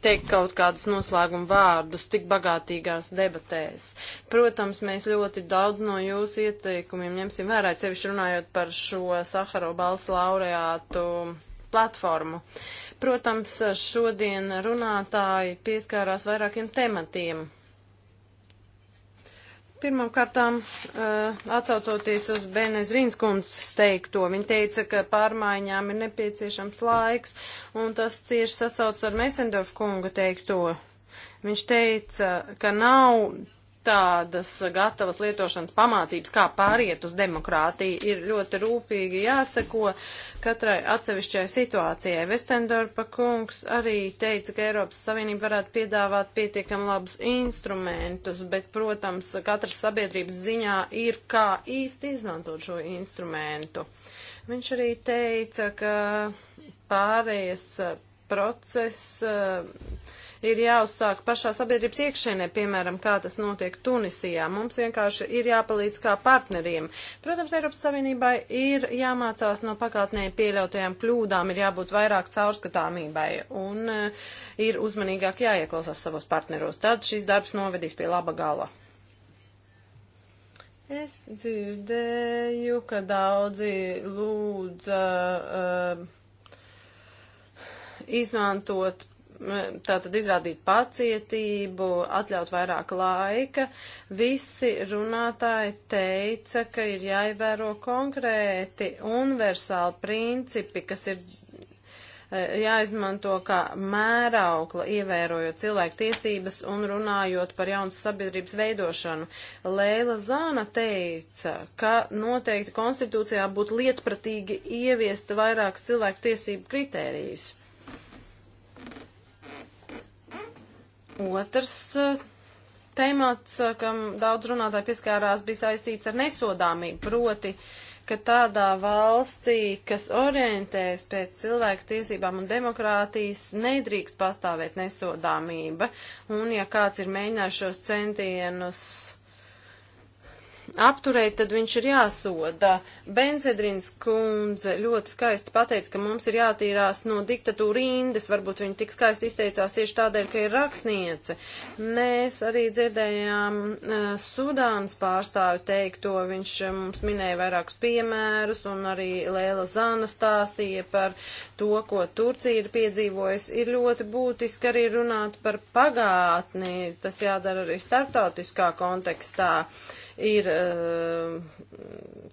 S1: teikt kaut kādus noslēgumu vārdus tik bagātīgās debatēs. Protams, mēs ļoti daudz no jūsu ieteikumiem ņemsim vērā, sevišķi runājot par šo Saharo balss laureātu platformu. Uh, Protams, šodien runātāji pieskārās vairākiem tematiem. Pirmkārtām, eh, atcaucoties uz Bēnēs Rīnskundas teikto, viņa teica, ka pārmaiņām ir nepieciešams laiks, un tas cieši sasauc ar Mesendorf kunga teikto. Viņš teica, ka nav tādas gatavas lietošanas pamācības, kā pāriet uz demokrātiju, ir ļoti rūpīgi jāseko katrai atsevišķai situācijai. Vestendorpa kungs arī teica, ka Eiropas Savienība varētu piedāvāt pietiekam labus instrumentus, bet, protams, katras sabiedrības ziņā ir, kā īsti izmantot šo instrumentu. Viņš arī teica, ka pārējas process eh, ir jāuzsāk pašā sabiedrības iekšēnē, piemēram, kā tas notiek Tunisijā. Mums vienkārši ir jāpalīdz kā partneriem. Protams, Eiropas Savienībai ir jāmācās no pagātnē pieļautajām kļūdām, ir jābūt vairāk caurskatāmībai un eh, ir uzmanīgāk jāieklausās savos partneros. Tad šis darbs novedīs pie laba gala. Es dzirdēju, ka daudzi lūdza. Uh, izmantot tātad izrādīt pacietību, atļaut vairāk laika. Visi runātāji teica, ka ir jāievēro konkrēti universāli principi, kas ir e, jāizmanto kā mēraukla, ievērojot cilvēku tiesības un runājot par jaunas sabiedrības veidošanu. Leila Zāna teica, ka noteikti konstitūcijā būtu lietpratīgi ieviest vairākas cilvēku tiesību kritērijas. Otrs eh, temats, eh, kam daudz runātāji pieskārās, bija saistīts ar nesodāmību, proti, ka tādā valstī, kas orientēs pēc cilvēku tiesībām un demokrātijas, nedrīkst pastāvēt nesodāmība. Un ja kāds ir mēģinājis šos centienus apturēt, tad viņš ir jāsoda. Benzedrins kundze ļoti skaisti pateica, ka mums ir jātīrās no diktatūra indes, varbūt viņa tik skaisti izteicās tieši tādēļ, ka ir rakstniece. Mēs arī dzirdējām uh, Sudānas pārstāvi teikto, viņš eh, mums minēja vairākus piemērus, un arī Lēla Zana stāstīja par to, ko Turcija ir piedzīvojusi. Ir ļoti būtiski arī runāt par pagātni, tas jādara arī starptautiskā kontekstā. Uh, ir eh,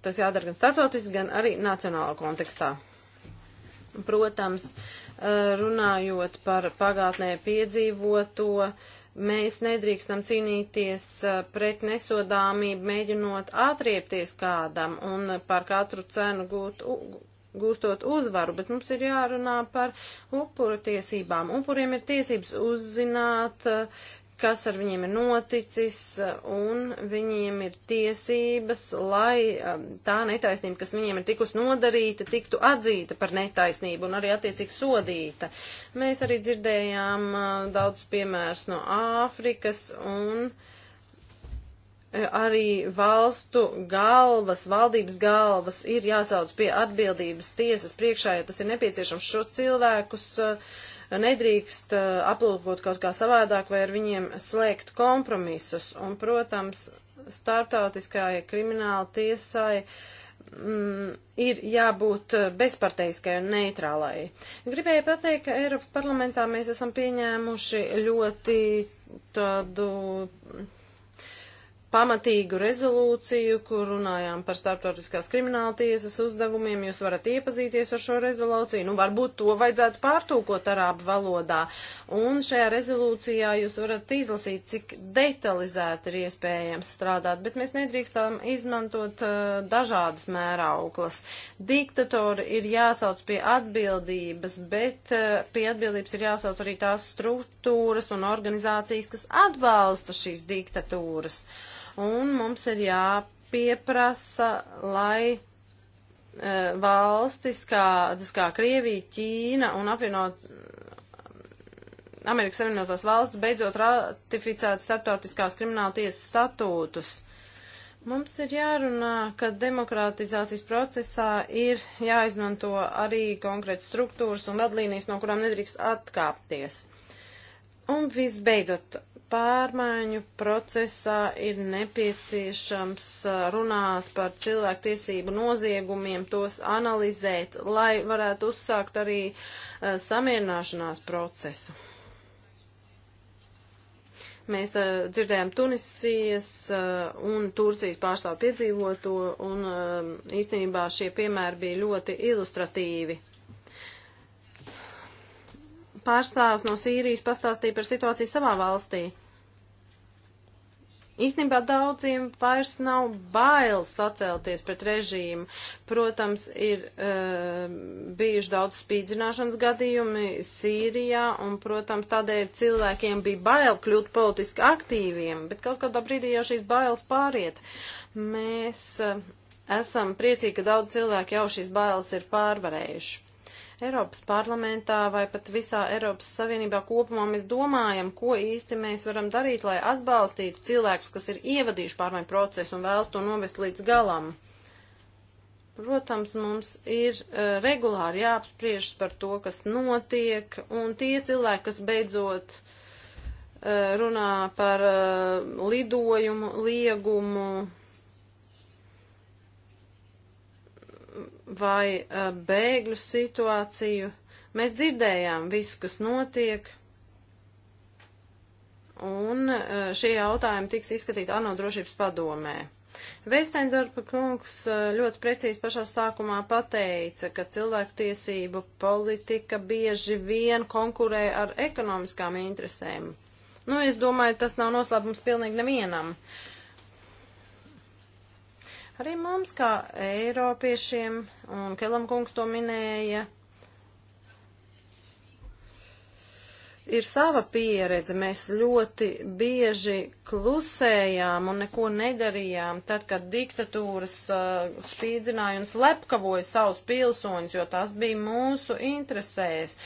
S1: tas jādara gan starptautiski, gan arī nacionālā kontekstā. Protams, eh, runājot par pagātnē piedzīvoto, mēs nedrīkstam cīnīties eh, pret nesodāmību, mēģinot atriepties kādam un par katru cenu gūt, gūstot uzvaru, bet mums ir jārunā par upuru tiesībām. Upuriem ir tiesības uzzināt, kas ar viņiem ir noticis, un viņiem ir tiesības, lai um, tā netaisnība, kas viņiem ir tikus nodarīta, tiktu atzīta par netaisnību un arī attiecīgi sodīta. Mēs arī dzirdējām uh, daudz piemērs no Āfrikas un uh, arī valstu galvas, valdības galvas ir jāsauc pie atbildības tiesas priekšā, ja tas ir nepieciešams šos cilvēkus uh, nedrīkst uh, aplūkot kaut kā savādāk vai ar viņiem slēgt kompromisus. Un, protams, starptautiskajai krimināla tiesai mm, ir jābūt uh, bezparteiskai un neitrālai. Gribēju pateikt, ka Eiropas parlamentā mēs esam pieņēmuši ļoti tādu pamatīgu rezolūciju, kur runājām par starptautiskās krimināla tiesas uzdevumiem. Jūs varat iepazīties ar šo rezolūciju. Nu, varbūt to vajadzētu pārtūkot arābu valodā. Un šajā rezolūcijā jūs varat izlasīt, cik detalizēti ir iespējams strādāt, bet mēs nedrīkstam izmantot uh, dažādas mērauklas. Diktatori ir jāsauc pie atbildības, bet uh, pie atbildības ir jāsauc arī tās struktūras un organizācijas, kas atbalsta šīs diktatūras. Uh, un mums ir jāpieprasa, lai e, valstis kā, kā Krievija, Ķīna un apvienot Amerikas Savienotās valsts beidzot ratificētu starptautiskās krimināla tiesas statūtus. Mums ir jārunā, ka demokratizācijas procesā ir jāizmanto arī konkrēti struktūras un vadlīnijas, no kurām nedrīkst atkāpties. Un visbeidzot, pārmaiņu procesā ir nepieciešams runāt par cilvēktiesību noziegumiem, tos analizēt, lai varētu uzsākt arī uh, samierināšanās procesu. Mēs uh, dzirdējām Tunisijas uh, un Turcijas pārstāvu piedzīvoto, un īstenībā šie piemēri bija ļoti ilustratīvi pārstāvs no Sīrijas pastāstīja par situāciju savā valstī. Īstenībā daudziem vairs nav bailes sacelties pret režīmu. Protams, ir e, bijuši daudz spīdzināšanas gadījumi Sīrijā, un, protams, tādēļ cilvēkiem bija bail kļūt politiski aktīviem, bet kaut kādā brīdī jau šīs bailes pāriet. Mēs e, esam priecīgi, ka daudz cilvēku jau šīs bailes ir pārvarējuši. Eiropas parlamentā vai pat visā Eiropas Savienībā kopumā mēs domājam, ko īsti mēs varam darīt, lai atbalstītu cilvēkus, kas ir ievadījuši pārmaiņu procesu un vēlas to novest līdz galam. Protams, mums ir uh, regulāri jāapspriežas par to, kas notiek, un tie cilvēki, kas beidzot uh, runā par uh, lidojumu, liegumu, vai uh, bēgļu situāciju. Mēs dzirdējām visu, kas notiek. Un uh, šie jautājumi tiks izskatīti ANO drošības padomē. Veistendorpa kungs ļoti precīzi pašā sākumā pateica, ka cilvēktiesību politika bieži vien konkurē ar ekonomiskām interesēm. Nu, es domāju, tas nav noslēpums pilnīgi nevienam. Uh, Arī mums, kā Eiropiešiem, un Kelam kungs to minēja, ir sava pieredze. Mēs ļoti bieži klusējām un neko nedarījām, tad, kad diktatūras uh, spīdzināja un slepkavoja savus pilsoņus, jo tas bija mūsu interesēs.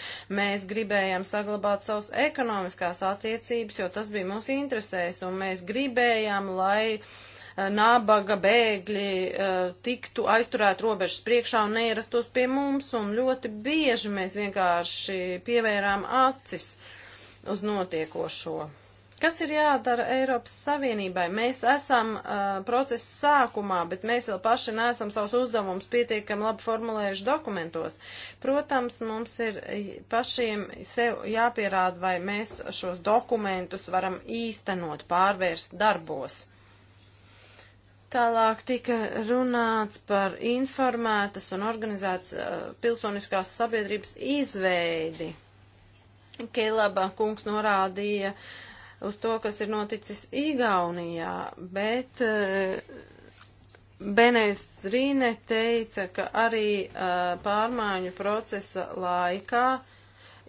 S1: Mēs gribējām saglabāt savus ekonomiskās attiecības, jo tas bija mūsu interesēs, un mēs gribējām, lai. Uh, Eh, nabaga bēgļi eh, tiktu aizturēt robežas priekšā un neierastos pie mums, un ļoti bieži mēs vienkārši pievērām acis uz notiekošo. Kas ir jādara Eiropas Savienībai? Mēs esam uh, procesa sākumā, bet mēs vēl paši neesam savus uzdevumus pietiekami labi formulējuši dokumentos. Protams, mums ir pašiem sev jāpierāda, vai mēs šos dokumentus varam īstenot, pārvērst darbos. Tālāk tika runāts par informētas un organizētas uh, pilsoniskās sabiedrības izveidi. Kelaba kungs norādīja uz to, kas ir noticis Igaunijā, bet uh, Benēs Rīne teica, ka arī uh, pārmaiņu procesa laikā uh,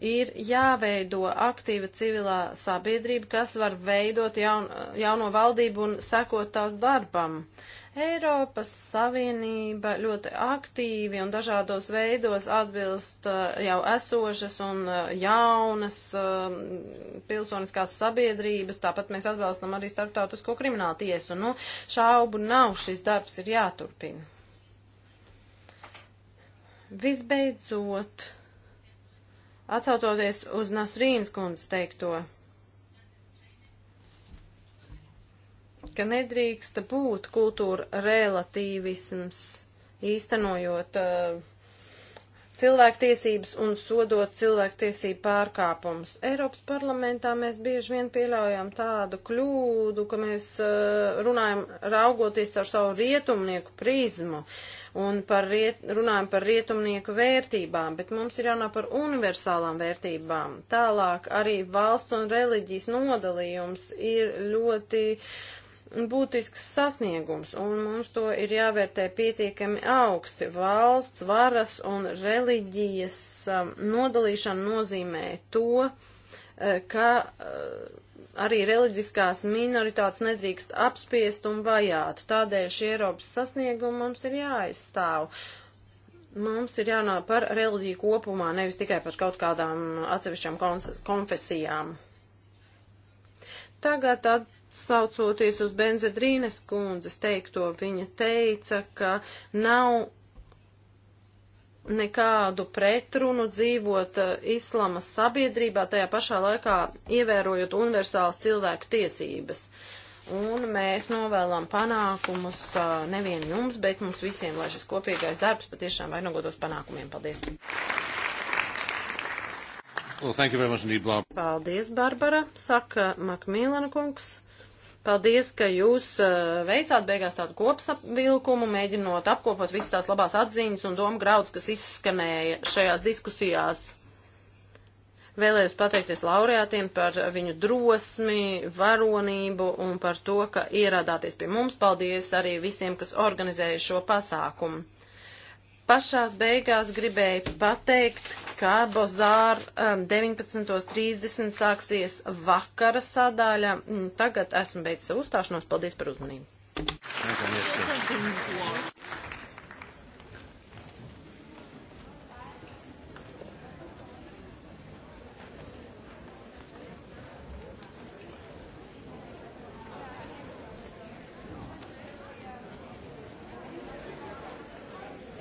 S1: ir jāveido aktīva civilā sabiedrība, kas var veidot jaun, jauno valdību un sekot tās darbam. Eiropas Savienība ļoti aktīvi un dažādos veidos atbilst uh, jau esošas un uh, jaunas um, pilsoniskās sabiedrības, tāpat mēs atbalstam arī starptautisko kriminālu tiesu. Nu, šaubu nav, šis darbs ir jāturpina. Visbeidzot, Atsaucoties uz Nasrīnas kundzes teikto, ka nedrīksta būt kultūra relatīvisms īstenojot uh, cilvēktiesības un sodot cilvēktiesību pārkāpumus. Eiropas parlamentā mēs bieži vien pieļaujam tādu kļūdu, ka mēs uh, runājam raugoties ar savu rietumnieku prizmu un par riet, runājam par rietumnieku vērtībām, bet mums ir jānāk par universālām vērtībām. Tālāk arī valsts un reliģijas nodalījums ir ļoti uh, būtisks sasniegums, un mums to ir jāvērtē pietiekami augsti. Valsts, varas un reliģijas um, nodalīšana nozīmē to, eh, ka eh, arī reliģiskās minoritātes nedrīkst apspiest un vajāt. Tādēļ šie Eiropas sasniegumi mums ir jāaizstāv. Mums ir jānā par reliģiju kopumā, nevis tikai par kaut kādām atsevišķām konfesijām. Tagad at Saucoties uz Benzedrīnes kundzes teikto, viņa teica, ka nav nekādu pretrunu dzīvot uh, islamas sabiedrībā, tajā pašā laikā ievērojot universālas cilvēku tiesības. Un mēs novēlam panākumus uh, nevien jums, bet mums visiem, lai šis kopīgais darbs patiešām vainagotos panākumiem. Paldies!
S2: Well, thank you very much indeed, Barbara.
S1: Paldies, Barbara, saka Makmīlana kungs. Paldies, ka jūs eh, veicāt beigās tādu kopsavilkumu, mēģinot apkopot visas tās labās atziņas un domu grauds, kas izskanēja šajās diskusijās. Vēlējos pateikties laureātiem par viņu drosmi, varonību un par to, ka ieradāties pie mums. Paldies arī visiem, kas organizēja šo pasākumu pašās beigās gribēju pateikt, ka Bozāra um, 19.30 sāksies vakara sadaļa. Mm, tagad esmu beidzis uzstāšanos. Paldies par uzmanību!
S2: Thank
S1: you.